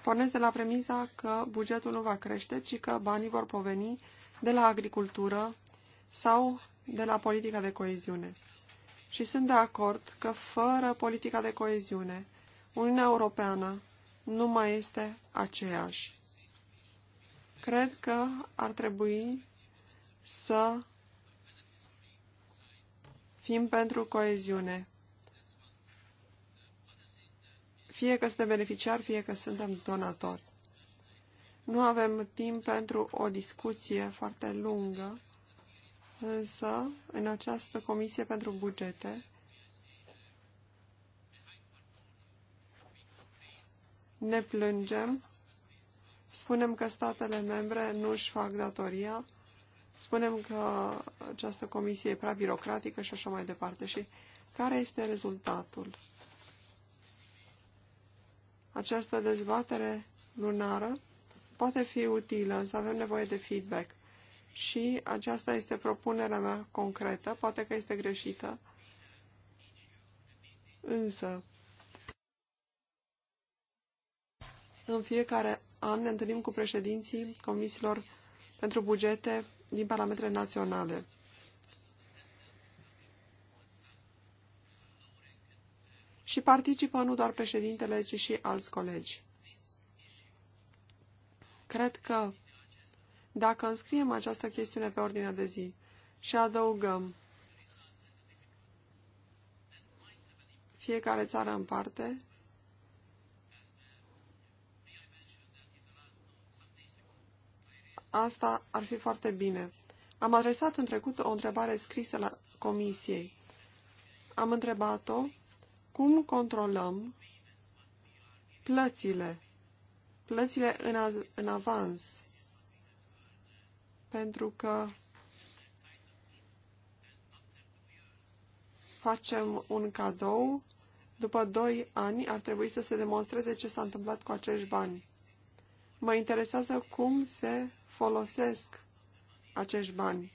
pornesc de la premisa că bugetul nu va crește, ci că banii vor proveni de la agricultură sau de la politica de coeziune. Și sunt de acord că fără politica de coeziune, Uniunea Europeană nu mai este aceeași. Cred că ar trebui să fim pentru coeziune. Fie că suntem beneficiari, fie că suntem donatori. Nu avem timp pentru o discuție foarte lungă, însă în această comisie pentru bugete ne plângem, spunem că statele membre nu își fac datoria, spunem că această comisie e prea birocratică și așa mai departe. Și care este rezultatul? Această dezbatere lunară poate fi utilă, însă avem nevoie de feedback. Și aceasta este propunerea mea concretă, poate că este greșită, însă în fiecare an ne întâlnim cu președinții comisiilor pentru bugete din parametre naționale. Și participă nu doar președintele, ci și alți colegi. Cred că dacă înscriem această chestiune pe ordinea de zi și adăugăm fiecare țară în parte, asta ar fi foarte bine. Am adresat în trecut o întrebare scrisă la comisiei. Am întrebat-o cum controlăm plățile plățile în, în avans. Pentru că facem un cadou, după 2 ani ar trebui să se demonstreze ce s-a întâmplat cu acești bani. Mă interesează cum se folosesc acești bani.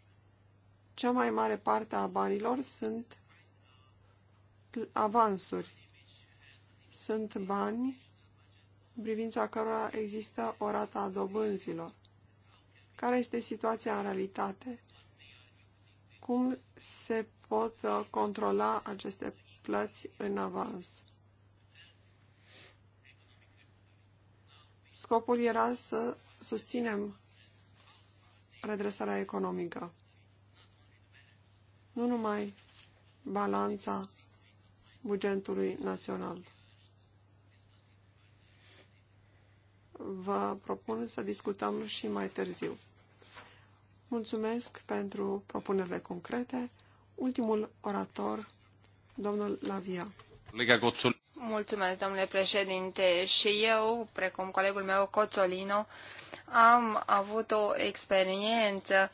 Cea mai mare parte a banilor sunt avansuri. Sunt bani în privința cărora există o rată a dobânzilor. Care este situația în realitate? Cum se pot uh, controla aceste plăți în avans? Scopul era să susținem redresarea economică. Nu numai balanța bugetului național. vă propun să discutăm și mai târziu. Mulțumesc pentru propunerile concrete. Ultimul orator, domnul Lavia. Lega Mulțumesc, domnule președinte. Și eu, precum colegul meu Coțolino, am avut o experiență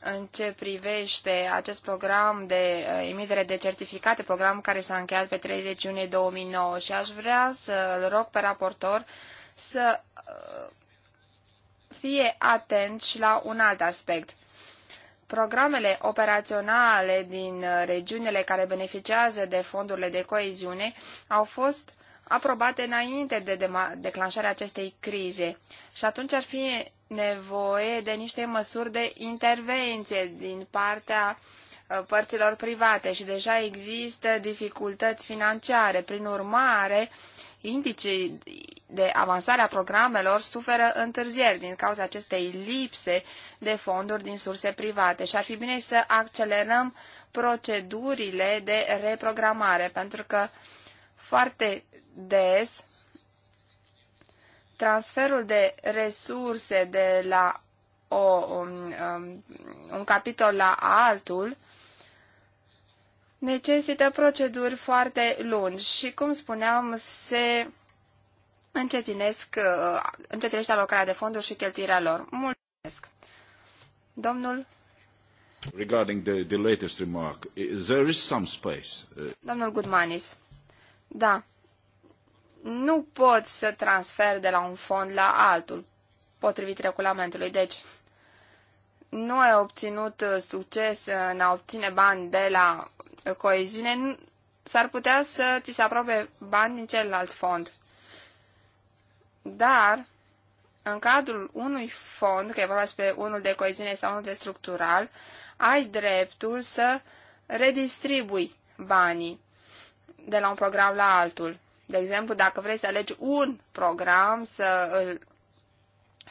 în ce privește acest program de uh, emitere de certificate, program care s-a încheiat pe 30 iunie 2009 și aș vrea să-l rog pe raportor să Uh, fie atent și la un alt aspect. Programele operaționale din uh, regiunile care beneficiază de fondurile de coeziune au fost aprobate înainte de declanșarea acestei crize și atunci ar fi nevoie de niște măsuri de intervenție din partea uh, părților private și deja există dificultăți financiare. Prin urmare, indicii, de avansare a programelor suferă întârzieri din cauza acestei lipse de fonduri din surse private și ar fi bine să accelerăm procedurile de reprogramare, pentru că foarte des transferul de resurse de la o, un, um, um, un capitol la altul necesită proceduri foarte lungi și, cum spuneam, se încetinesc, uh, încetinește alocarea de fonduri și cheltuirea lor. Mulțumesc. Domnul Regarding the, the latest remark, there is some space. Uh, Domnul Goodmanis, da, nu pot să transfer de la un fond la altul, potrivit regulamentului. Deci, nu ai obținut uh, succes în a obține bani de la coeziune, s-ar putea să ți se aprobe bani din celălalt fond dar în cadrul unui fond, că e vorba despre unul de coeziune sau unul de structural, ai dreptul să redistribui banii de la un program la altul. De exemplu, dacă vrei să alegi un program să îl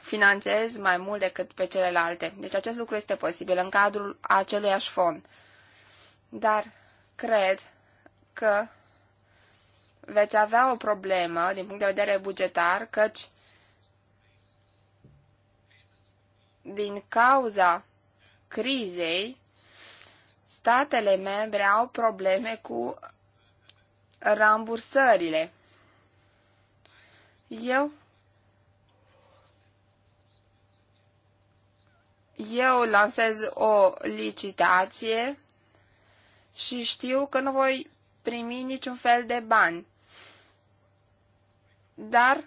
finanțezi mai mult decât pe celelalte. Deci acest lucru este posibil în cadrul aceluiași fond. Dar cred că veți avea o problemă din punct de vedere bugetar, căci din cauza crizei, statele membre au probleme cu rambursările. Eu eu lansez o licitație și știu că nu voi primi niciun fel de bani dar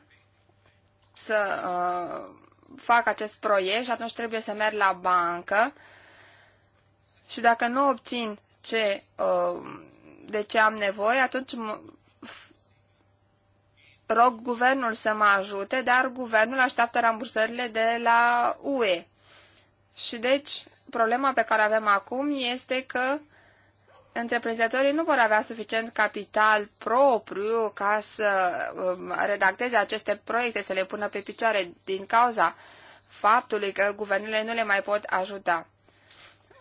să uh, fac acest proiect și atunci trebuie să merg la bancă și dacă nu obțin ce, uh, de ce am nevoie, atunci rog guvernul să mă ajute, dar guvernul așteaptă rambursările de la UE. Și deci, problema pe care avem acum este că uh, întreprinzătorii nu vor avea suficient capital propriu ca să um, redacteze aceste proiecte, să le pună pe picioare din cauza faptului că guvernele nu le mai pot ajuta.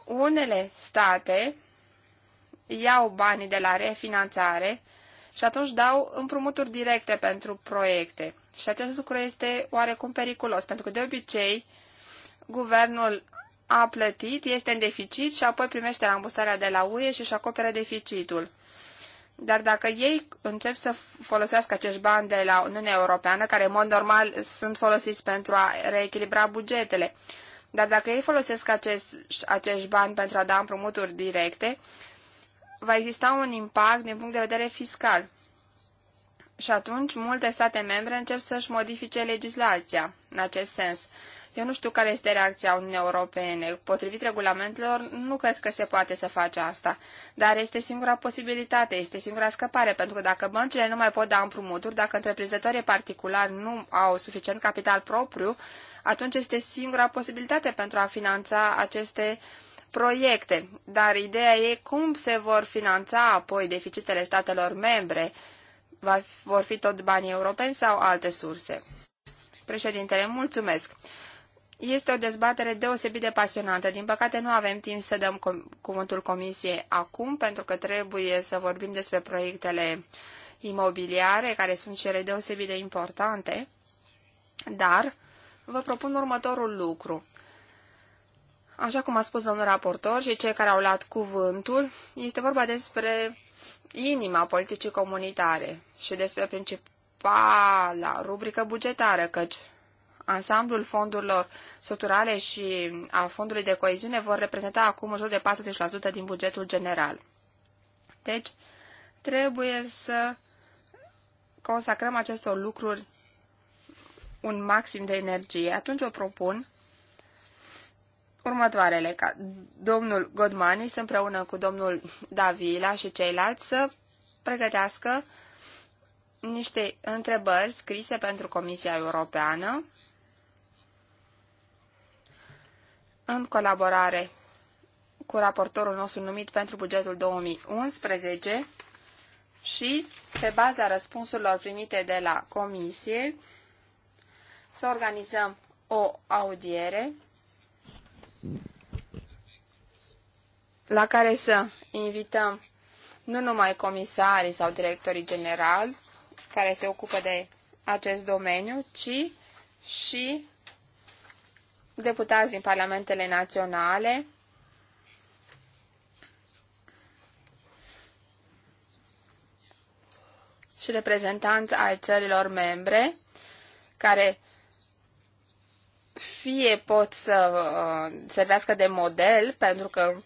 Unele state iau banii de la refinanțare și atunci dau împrumuturi directe pentru proiecte. Și acest lucru este oarecum periculos, pentru că de obicei guvernul a plătit, este în deficit și apoi primește rambursarea de la UE și își acoperă deficitul. Dar dacă ei încep să folosească acești bani de la Uniunea Europeană, care în mod normal sunt folosiți pentru a reechilibra bugetele, dar dacă ei folosesc acest, acești bani pentru a da împrumuturi directe, va exista un impact din punct de vedere fiscal. Și atunci multe state membre încep să-și modifice legislația în acest sens. Eu nu știu care este reacția Uniunii Europene. Potrivit regulamentelor, nu cred că se poate să face asta. Dar este singura posibilitate, este singura scăpare, pentru că dacă băncile nu mai pot da împrumuturi, dacă întreprinzătorii particulari nu au suficient capital propriu, atunci este singura posibilitate pentru a finanța aceste proiecte. Dar ideea e cum se vor finanța apoi deficitele statelor membre. Va, vor fi tot banii europeni sau alte surse? Președintele, mulțumesc. Este o dezbatere deosebit de pasionantă. Din păcate nu avem timp să dăm cuvântul comisiei acum, pentru că trebuie să vorbim despre proiectele imobiliare, care sunt cele deosebit de importante. Dar vă propun următorul lucru. Așa cum a spus domnul raportor și cei care au luat cuvântul, este vorba despre inima politicii comunitare și despre principala rubrică bugetară, căci ansamblul fondurilor structurale și a fondului de coeziune vor reprezenta acum în jur de 40% din bugetul general. Deci, trebuie să consacrăm acestor lucruri un maxim de energie. Atunci o propun următoarele, ca domnul Godmanis împreună cu domnul Davila și ceilalți să pregătească niște întrebări scrise pentru Comisia Europeană în colaborare cu raportorul nostru numit pentru bugetul 2011 și, pe baza răspunsurilor primite de la comisie, să organizăm o audiere la care să invităm nu numai comisarii sau directorii generali care se ocupă de acest domeniu, ci și deputați din parlamentele naționale, și reprezentanți ai țărilor membre, care fie pot să uh, servească de model, pentru că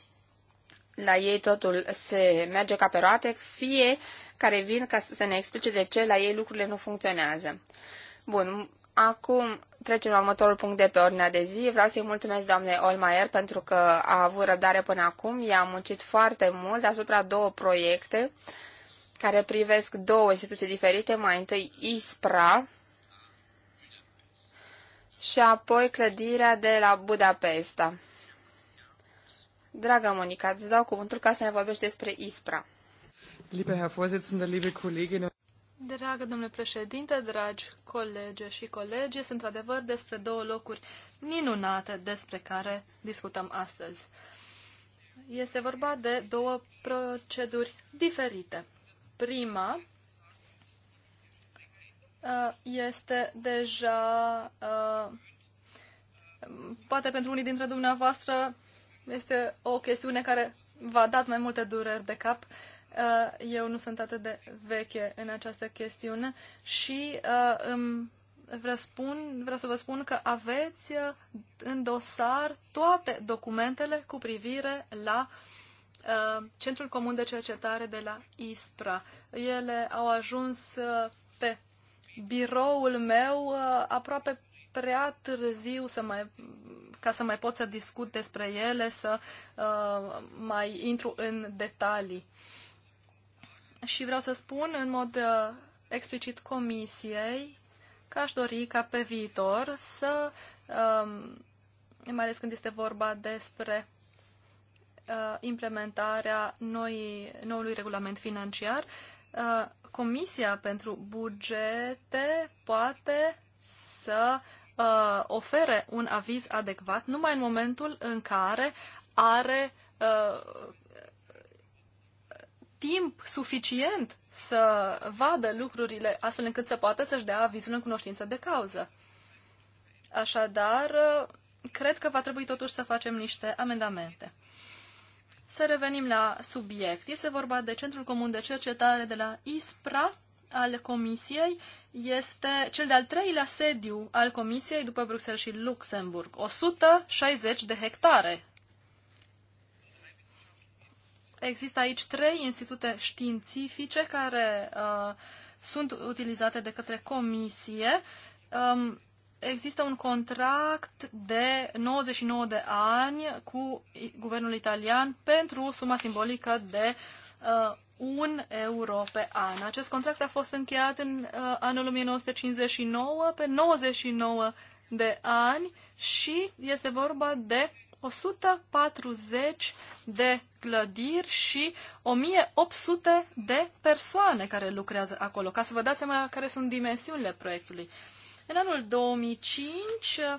la ei totul se merge ca pe roate, fie care vin ca să ne explice de ce la ei lucrurile nu funcționează. Bun, Acum trecem la următorul punct de pe ordinea de zi. Vreau să-i mulțumesc doamnei Olmaier pentru că a avut răbdare până acum. Ea a muncit foarte mult asupra două proiecte care privesc două instituții diferite. Mai întâi ISPRA și apoi clădirea de la Budapesta. Dragă Monica, îți dau cuvântul ca să ne vorbești despre ISPRA. Liebe Herr Vorsitzender, liebe Kolleginnen Dragă domnule președinte, dragi colegi și colegi, este într-adevăr despre două locuri minunate despre care discutăm astăzi. Este vorba de două proceduri diferite. Prima uh, este deja, uh, poate pentru unii dintre dumneavoastră, este o chestiune care v-a dat mai multe dureri de cap, Uh, eu nu sunt atât de veche în această chestiune și uh, îmi răspund, vreau să vă spun că aveți uh, în dosar toate documentele cu privire la Centrul Comun de Cercetare de la ISPRA. Ele au ajuns pe biroul meu aproape prea târziu să mai, ca să mai pot să discut despre ele, să uh, mai intru în detalii. Uh, și vreau să spun în mod uh, explicit comisiei că aș dori ca pe viitor să, um, mai ales când este vorba despre uh, implementarea noi, noului regulament financiar, uh, Comisia pentru bugete poate să uh, ofere un aviz adecvat numai în momentul în care are uh, timp suficient să vadă lucrurile astfel încât să poată să-și dea avizul în cunoștință de cauză. Așadar, cred că va trebui totuși să facem niște amendamente. Să revenim la subiect. Este vorba de Centrul Comun de Cercetare de la ISPRA al Comisiei. Este cel de-al treilea sediu al Comisiei după Bruxelles și Luxemburg. 160 de hectare există aici trei institute științifice care uh, sunt utilizate de către comisie. Um, există un contract de 99 de ani cu guvernul italian pentru suma simbolică de uh, un euro pe an. Acest contract a fost încheiat în uh, anul 1959 pe 99 de ani și este vorba de 140 de clădiri și 1800 de persoane care lucrează acolo, ca să vă dați seama care sunt dimensiunile proiectului. În anul 2005 uh,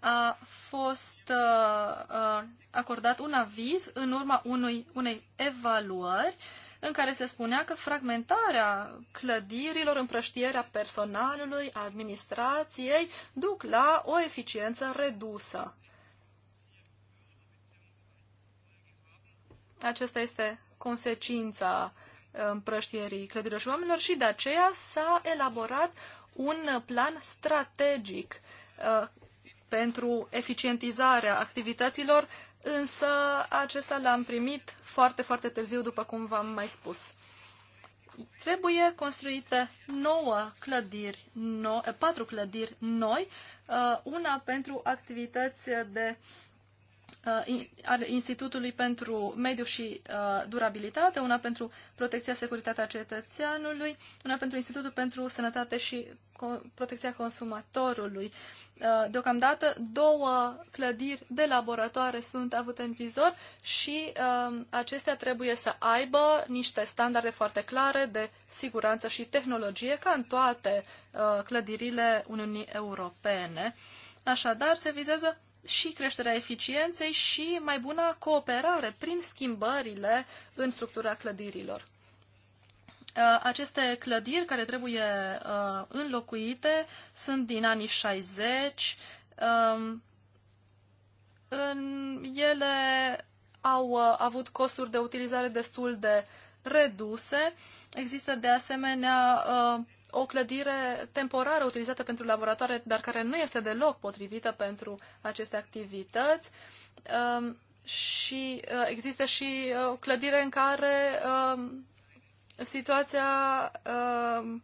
a fost uh, uh, acordat un aviz în urma unui, unei evaluări în care se spunea că fragmentarea clădirilor, împrăștierea personalului, a administrației, duc la o eficiență redusă. Acesta este consecința uh, împrăștierii clădirilor și oamenilor și de aceea s-a elaborat un plan strategic uh, pentru eficientizarea activităților, însă acesta l-am primit foarte, foarte târziu, după cum v-am mai spus. Trebuie construite nouă clădiri, nou, patru clădiri noi, uh, una pentru activități de Uh, al Institutului pentru Mediu și uh, Durabilitate, una pentru Protecția Securitatea Cetățeanului, una pentru Institutul pentru Sănătate și Protecția Consumatorului. Uh, deocamdată, două clădiri de laboratoare sunt avute în vizor și uh, acestea trebuie să aibă niște standarde foarte clare de siguranță și tehnologie, ca în toate uh, clădirile Uniunii Europene. Așadar, se vizează și creșterea eficienței și mai bună cooperare prin schimbările în structura clădirilor. Uh, aceste clădiri care trebuie uh, înlocuite sunt din anii 60. Um, în ele au uh, avut costuri de utilizare destul de reduse. Există de asemenea o clădire temporară utilizată pentru laboratoare, dar care nu este deloc potrivită pentru aceste activități. Um, și uh, există și uh, o clădire în care um, situația um,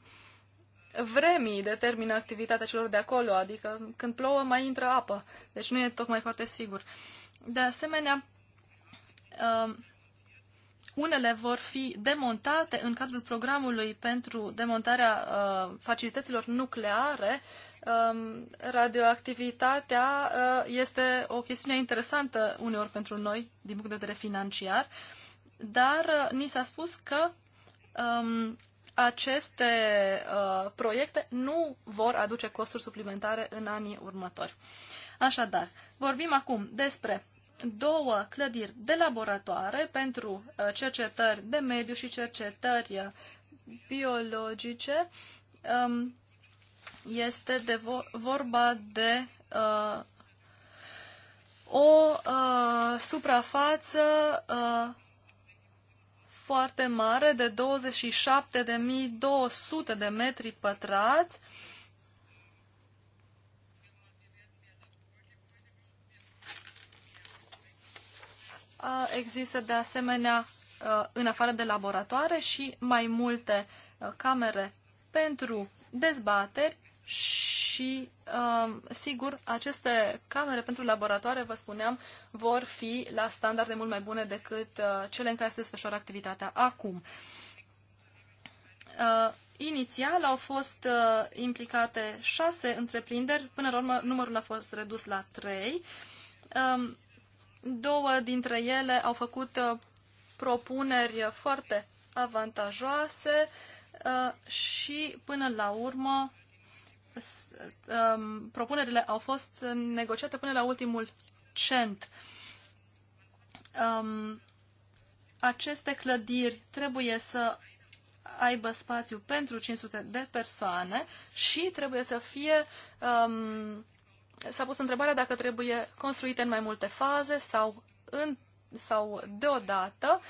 vremii determină activitatea celor de acolo, adică când plouă mai intră apă, deci nu e tocmai foarte sigur. De asemenea, unele vor fi demontate în cadrul programului pentru demontarea uh, facilităților nucleare. Um, radioactivitatea uh, este o chestiune interesantă uneori pentru noi, din punct de vedere financiar, dar uh, ni s-a spus că um, aceste uh, proiecte nu vor aduce costuri suplimentare în anii următori. Așadar, vorbim acum despre două clădiri de laboratoare pentru uh, cercetări de mediu și cercetări uh, biologice. Um, este de vorba de uh, o suprafață foarte mare de 27.200 de metri pătrați Există de asemenea, în afară de laboratoare, și mai multe camere pentru dezbateri și, sigur, aceste camere pentru laboratoare, vă spuneam, vor fi la standarde mult mai bune decât cele în care se desfășoară activitatea acum. Inițial au fost implicate șase întreprinderi, până la urmă numărul a fost redus la trei. Două dintre ele au făcut uh, propuneri foarte avantajoase uh, și până la urmă um, propunerile au fost negociate până la ultimul cent. Um, aceste clădiri trebuie să aibă spațiu pentru 500 de persoane și trebuie să fie um, s-a pus întrebarea dacă trebuie construite în mai multe faze sau, în, sau deodată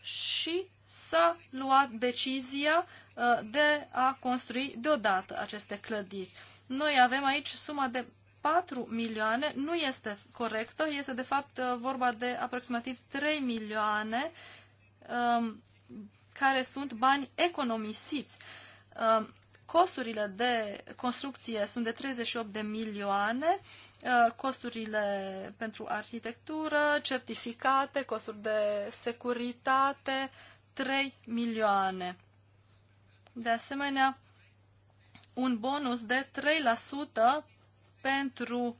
și să lua luat decizia uh, de a construi deodată aceste clădiri. Noi avem aici suma de 4 milioane, nu este corectă, este de fapt uh, vorba de aproximativ 3 milioane um, care sunt bani economisiți. Um, Costurile de construcție sunt de 38 de milioane, uh, costurile pentru arhitectură, certificate, costuri de securitate, 3 milioane. De asemenea, un bonus de 3% pentru,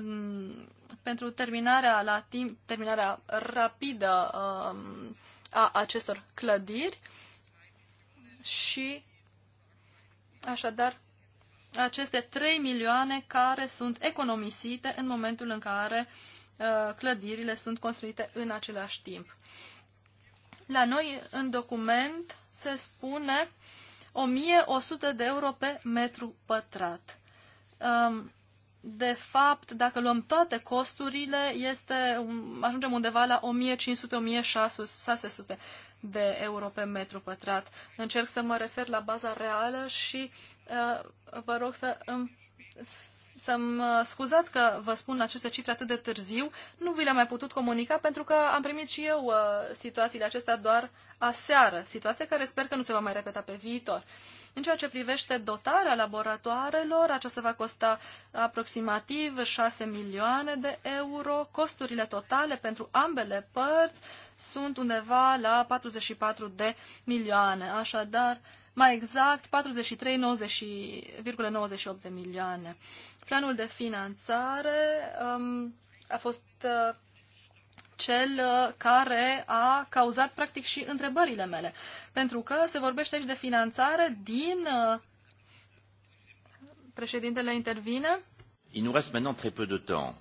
um, pentru terminarea, la timp, terminarea rapidă um, a acestor clădiri și Așadar, aceste 3 milioane care sunt economisite în momentul în care uh, clădirile sunt construite în același timp. La noi, în document, se spune 1100 de euro pe metru pătrat. Um, de fapt, dacă luăm toate costurile, este, ajungem undeva la 1500-1600 de euro pe metru pătrat. Încerc să mă refer la baza reală și uh, vă rog să îmi să-mi uh, scuzați că vă spun aceste cifre atât de târziu, nu vi le-am mai putut comunica pentru că am primit și eu uh, situațiile acestea doar aseară, situație care sper că nu se va mai repeta pe viitor. În ceea ce privește dotarea laboratoarelor, aceasta va costa aproximativ 6 milioane de euro. Costurile totale pentru ambele părți sunt undeva la 44 de milioane. Așadar, uh, mai exact 43,98 de milioane. Planul de finanțare um, a fost uh, cel uh, care a cauzat practic și întrebările mele. Pentru că se vorbește aici de finanțare din... Uh, președintele intervine. Il nous reste maintenant très peu de temps.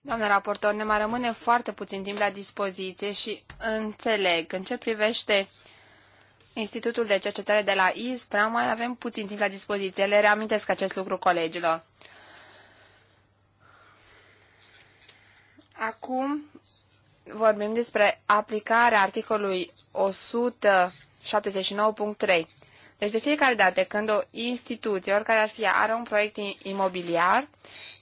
Doamne raportor, ne mai rămâne foarte puțin timp la dispoziție și înțeleg în ce privește Institutul de Cercetare de la IS, prea mai avem puțin timp la dispoziție. Le reamintesc acest lucru colegilor. Acum vorbim despre aplicarea articolului 179.3. Deci de fiecare dată când o instituție, oricare ar fi, are un proiect imobiliar,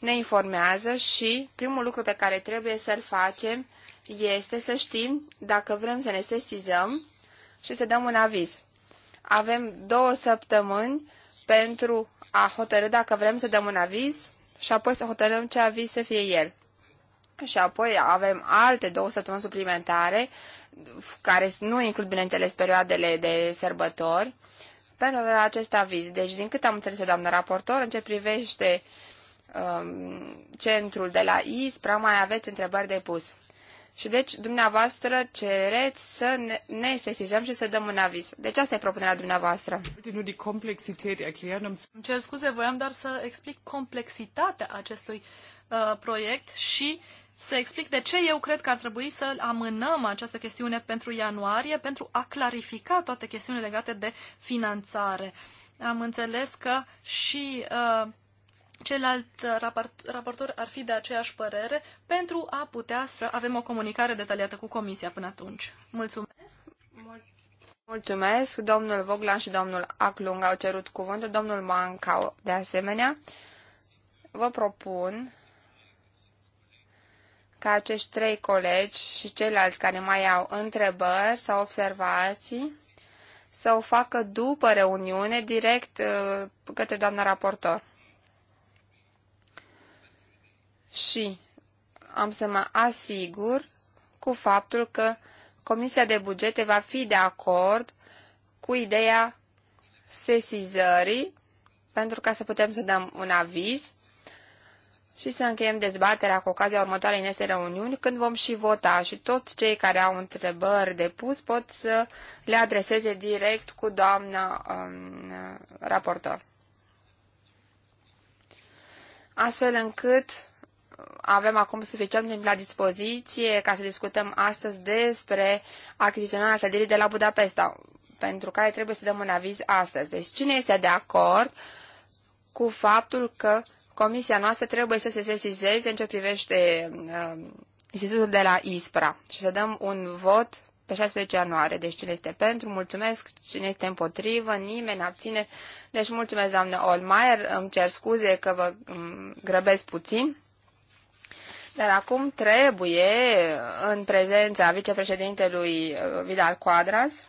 ne informează și primul lucru pe care trebuie să-l facem este să știm dacă vrem să ne sesizăm și să dăm un aviz. Avem două săptămâni pentru a hotărâ dacă vrem să dăm un aviz și apoi să hotărâm ce aviz să fie el. Și apoi avem alte două săptămâni suplimentare, care nu includ, bineînțeles, perioadele de sărbători, pentru acest aviz. Deci, din cât am înțeles, doamnă raportor, în ce privește um, centrul de la ISPRA, mai aveți întrebări de pus. Și deci, dumneavoastră, cereți să ne, ne sesizăm și să dăm un aviz. Deci asta e propunerea dumneavoastră. Um Îmi cer scuze, voiam doar să explic complexitatea acestui uh, proiect și să explic de ce eu cred că ar trebui să amânăm această chestiune pentru ianuarie, pentru a clarifica toate chestiunile legate de finanțare. Am înțeles că și uh, celălalt uh, raportor ar fi de aceeași părere pentru a putea să avem o comunicare detaliată cu Comisia până atunci. Mulțumesc! Mulțumesc! Domnul Voglan și domnul Aclung au cerut cuvântul, domnul Mancau de asemenea. Vă propun ca acești trei colegi și ceilalți care mai au întrebări sau observații să o facă după reuniune, direct uh, către doamna raportor. și am să mă asigur cu faptul că Comisia de Bugete va fi de acord cu ideea sesizării pentru ca să putem să dăm un aviz și să încheiem dezbaterea cu ocazia următoarei nese reuniuni, când vom și vota și toți cei care au întrebări de pus pot să le adreseze direct cu doamna um, raportor. Astfel încât avem acum suficient timp la dispoziție ca să discutăm astăzi despre achiziționarea clădirii de la Budapesta, pentru care trebuie să dăm un aviz astăzi. Deci cine este de acord cu faptul că comisia noastră trebuie să se sesizeze în ce privește uh, institutul de la ISPRA și să dăm un vot pe 16 ianuarie. Deci cine este pentru, mulțumesc, cine este împotrivă, nimeni abține. Deci mulțumesc, doamnă Olmaier, îmi cer scuze că vă um, grăbesc puțin. Dar acum trebuie, în prezența vicepreședintelui uh, Vidal Quadras,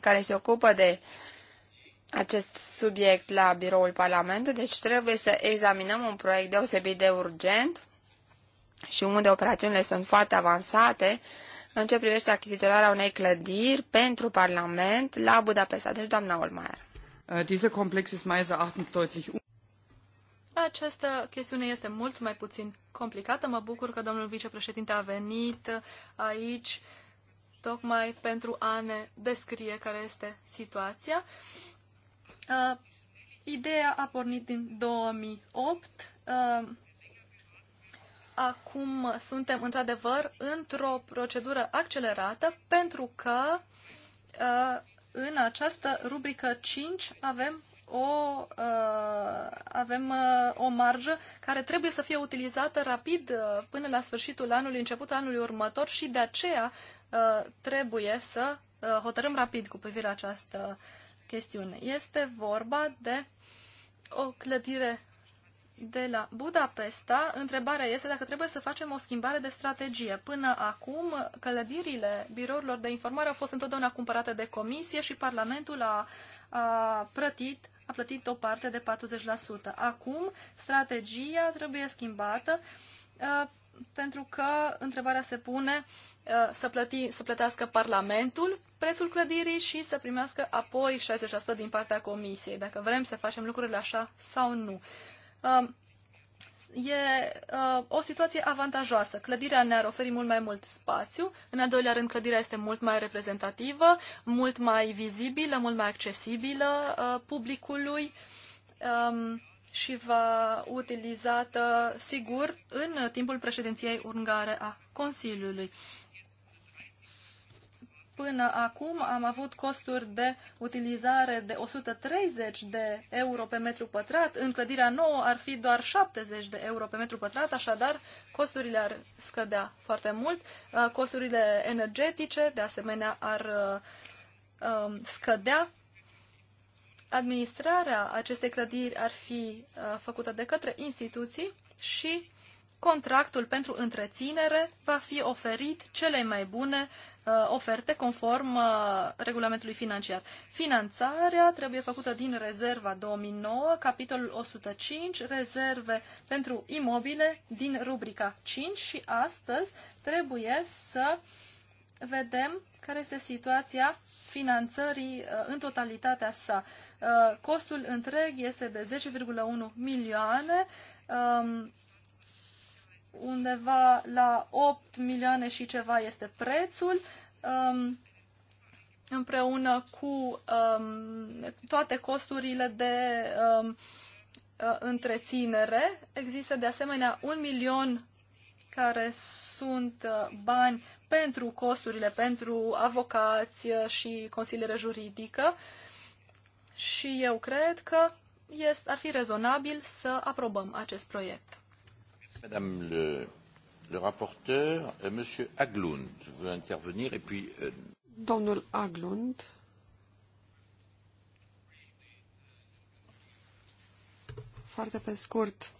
care se ocupă de acest subiect la biroul Parlamentului, deci trebuie să examinăm un proiect deosebit de urgent și unde operațiunile sunt foarte avansate în ce privește achiziționarea unei clădiri pentru Parlament la Budapesta. Deci, doamna Olmaier. Äh, diese Komplex ist meines Erachtens deutlich această chestiune este mult mai puțin complicată. Mă bucur că domnul vicepreședinte a venit aici tocmai pentru a ne descrie care este situația. Uh, ideea a pornit din 2008. Uh, acum suntem într-adevăr într-o procedură accelerată pentru că uh, în această rubrică 5 avem o, uh, avem uh, o marjă care trebuie să fie utilizată rapid uh, până la sfârșitul anului, începutul anului următor și de aceea uh, trebuie să uh, hotărâm rapid cu privire la această chestiune. Este vorba de o clădire de la Budapesta, întrebarea este dacă trebuie să facem o schimbare de strategie. Până acum, clădirile birourilor de informare au fost întotdeauna cumpărate de comisie și Parlamentul a, a prătit a plătit o parte de 40%. Acum, strategia trebuie schimbată uh, pentru că întrebarea se pune uh, să, plăti, să plătească Parlamentul prețul clădirii și să primească apoi 60% din partea Comisiei, dacă vrem să facem lucrurile așa sau nu. Uh, e uh, o situație avantajoasă. Clădirea ne-ar oferi mult mai mult spațiu. În al doilea rând, clădirea este mult mai reprezentativă, mult mai vizibilă, mult mai accesibilă uh, publicului um, și va utilizată, sigur, în timpul președinției ungare a Consiliului. Până acum am avut costuri de utilizare de 130 de euro pe metru pătrat. În clădirea nouă ar fi doar 70 de euro pe metru pătrat, așadar costurile ar scădea foarte mult. Uh, costurile energetice, de asemenea, ar uh, um, scădea. Administrarea acestei clădiri ar fi uh, făcută de către instituții și contractul pentru întreținere va fi oferit cele mai bune uh, oferte conform uh, regulamentului financiar. Finanțarea trebuie făcută din rezerva 2009, capitolul 105, rezerve pentru imobile din rubrica 5 și astăzi trebuie să vedem care este situația finanțării uh, în totalitatea sa. Uh, costul întreg este de 10,1 milioane. Um, undeva la 8 milioane și ceva este prețul, um, împreună cu um, toate costurile de um, uh, întreținere. Există de asemenea un milion care sunt uh, bani pentru costurile, pentru avocați uh, și consiliere juridică. Și eu cred că este, ar fi rezonabil să aprobăm acest proiect. Madame le, le rapporteur, euh, Monsieur Aglund veut intervenir et puis... Euh... Domnul Aglund. Foarte pe scurt.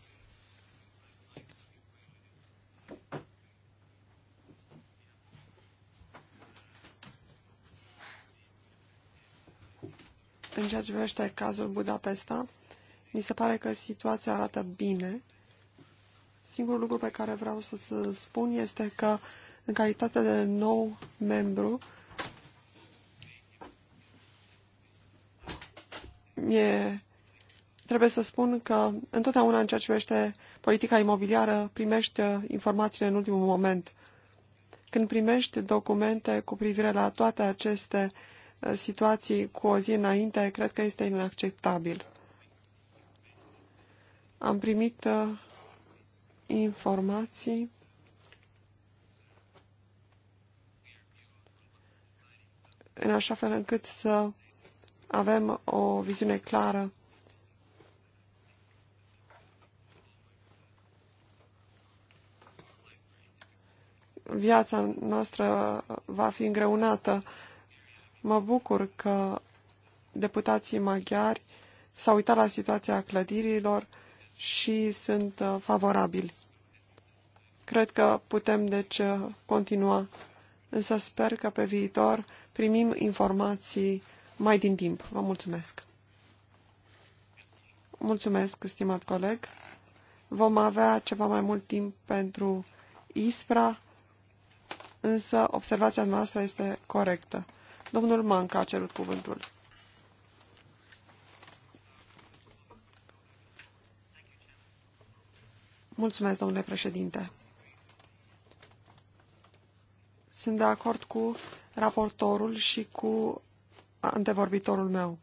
În ceea ce privește cazul Budapesta, mi se pare că situația arată bine Singurul lucru pe care vreau să spun este că în calitate de nou membru e trebuie să spun că întotdeauna în ceea ce privește politica imobiliară primești uh, informațiile în ultimul moment. Când primești documente cu privire la toate aceste uh, situații cu o zi înainte, cred că este inacceptabil. Am primit uh, informații în așa fel încât să avem o viziune clară viața noastră va fi îngreunată. Mă bucur că deputații maghiari s-au uitat la situația clădirilor și sunt uh, favorabili. Cred că putem, deci, continua, însă sper că pe viitor primim informații mai din timp. Vă mulțumesc! Mulțumesc, stimat coleg! Vom avea ceva mai mult timp pentru ISPRA, însă observația noastră este corectă. Domnul Manca a cerut cuvântul. Mulțumesc, domnule președinte. Sunt de acord cu raportorul și cu antevorbitorul meu.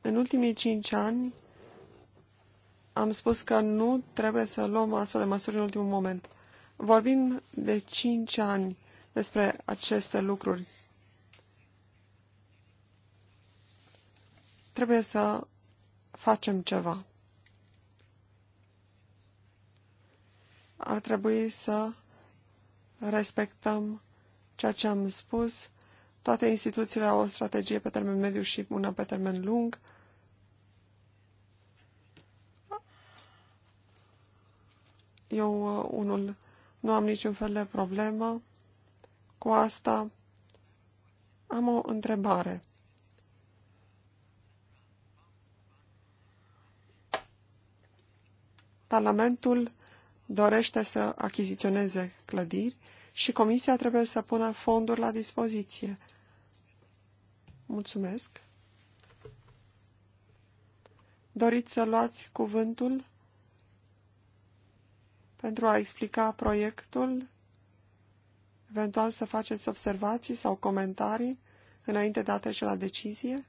În ultimii cinci ani am spus că nu trebuie să luăm astfel de măsuri în ultimul moment. Vorbim de cinci ani despre aceste lucruri. Trebuie să facem ceva. Ar trebui să respectăm ceea ce am spus. Toate instituțiile au o strategie pe termen mediu și una pe termen lung. Eu, uh, unul, nu am niciun fel de problemă cu asta. Am o întrebare. Parlamentul dorește să achiziționeze clădiri și Comisia trebuie să pună fonduri la dispoziție. Mulțumesc. Doriți să luați cuvântul pentru a explica proiectul, eventual să faceți observații sau comentarii înainte de a trece la decizie?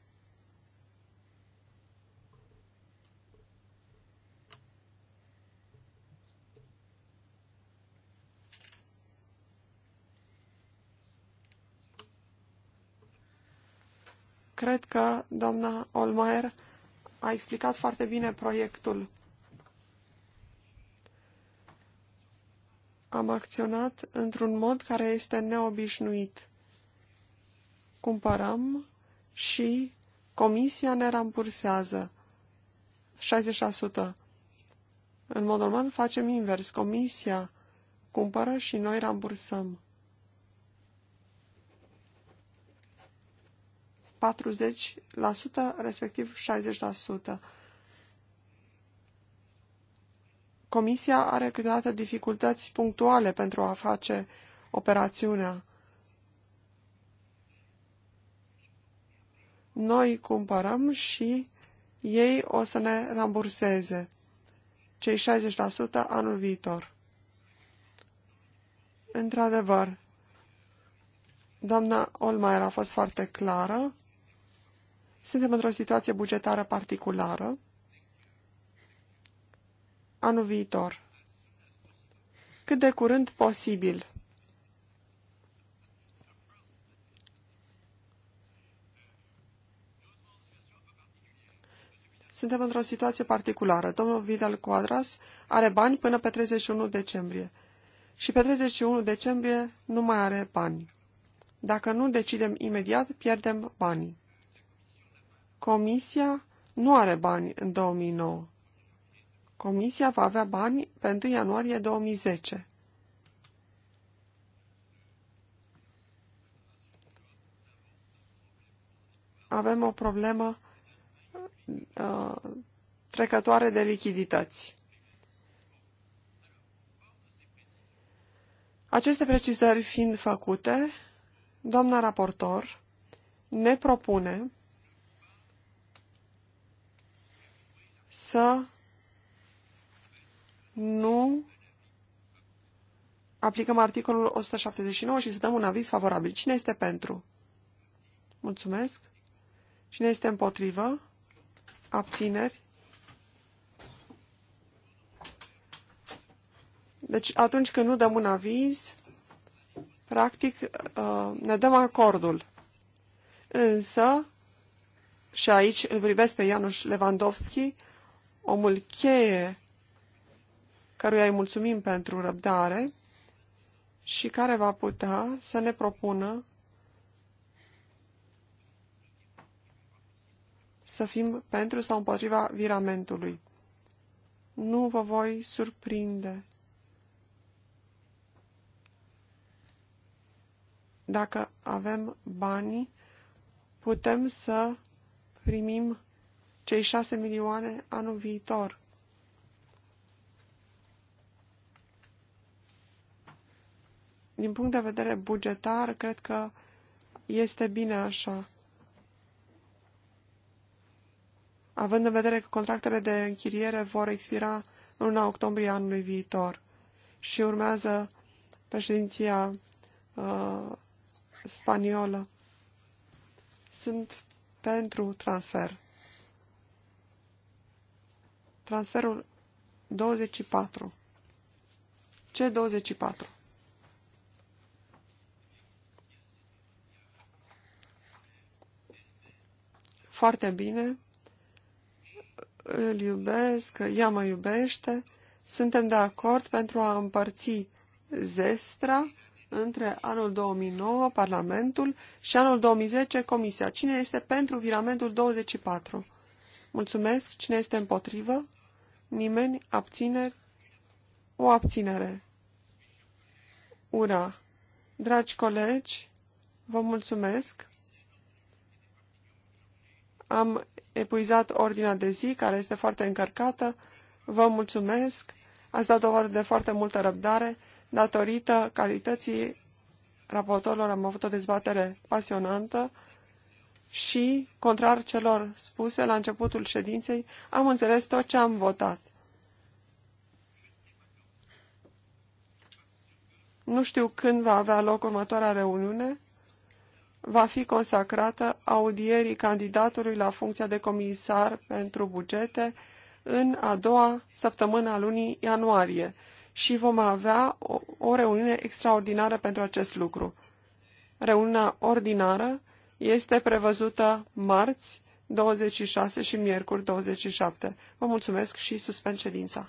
Cred că doamna Olmaier a explicat foarte bine proiectul. Am acționat într-un mod care este neobișnuit. Cumpărăm și comisia ne rambursează 60%. În mod normal facem invers. Comisia cumpără și noi rambursăm. 40%, respectiv 60%. Comisia are câteodată dificultăți punctuale pentru a face operațiunea. Noi cumpărăm și ei o să ne ramburseze cei 60% anul viitor. Într-adevăr, doamna Olmaier a fost foarte clară. Suntem într-o situație bugetară particulară. Anul viitor. Cât de curând posibil. Suntem într-o situație particulară. Domnul Vidal Quadras are bani până pe 31 decembrie. Și pe 31 decembrie nu mai are bani. Dacă nu decidem imediat, pierdem banii. Comisia nu are bani în 2009. Comisia va avea bani pe 1 ianuarie 2010. Avem o problemă uh, trecătoare de lichidități. Aceste precizări fiind făcute, doamna raportor ne propune să nu aplicăm articolul 179 și să dăm un aviz favorabil. Cine este pentru? Mulțumesc. Cine este împotrivă? Abțineri? Deci atunci când nu dăm un aviz, practic uh, ne dăm acordul. Însă, și aici îl privesc pe Ianuș Lewandowski, omul cheie căruia îi mulțumim pentru răbdare și care va putea să ne propună să fim pentru sau împotriva viramentului. Nu vă voi surprinde. Dacă avem banii, putem să primim cei șase milioane anul viitor. Din punct de vedere bugetar, cred că este bine așa. Având în vedere că contractele de închiriere vor expira în luna octombrie anului viitor și urmează președinția uh, spaniolă. Sunt pentru transfer. Transferul 24. C24. Foarte bine. Îl iubesc, ea mă iubește. Suntem de acord pentru a împărți zestra între anul 2009, Parlamentul, și anul 2010, Comisia. Cine este pentru viramentul 24? Mulțumesc. Cine este împotrivă? nimeni, abțineri, o abținere. Ura! Dragi colegi, vă mulțumesc! Am epuizat ordinea de zi, care este foarte încărcată. Vă mulțumesc! Ați dat dovadă de foarte multă răbdare. Datorită calității raportorilor am avut o dezbatere pasionantă și, contrar celor spuse la începutul ședinței, am înțeles tot ce am votat. Nu știu când va avea loc următoarea reuniune. Va fi consacrată audierii candidatului la funcția de comisar pentru bugete în a doua săptămână a lunii ianuarie și vom avea o, o reuniune extraordinară pentru acest lucru. Reuniunea ordinară este prevăzută marți 26 și miercuri 27. Vă mulțumesc și suspend ședința.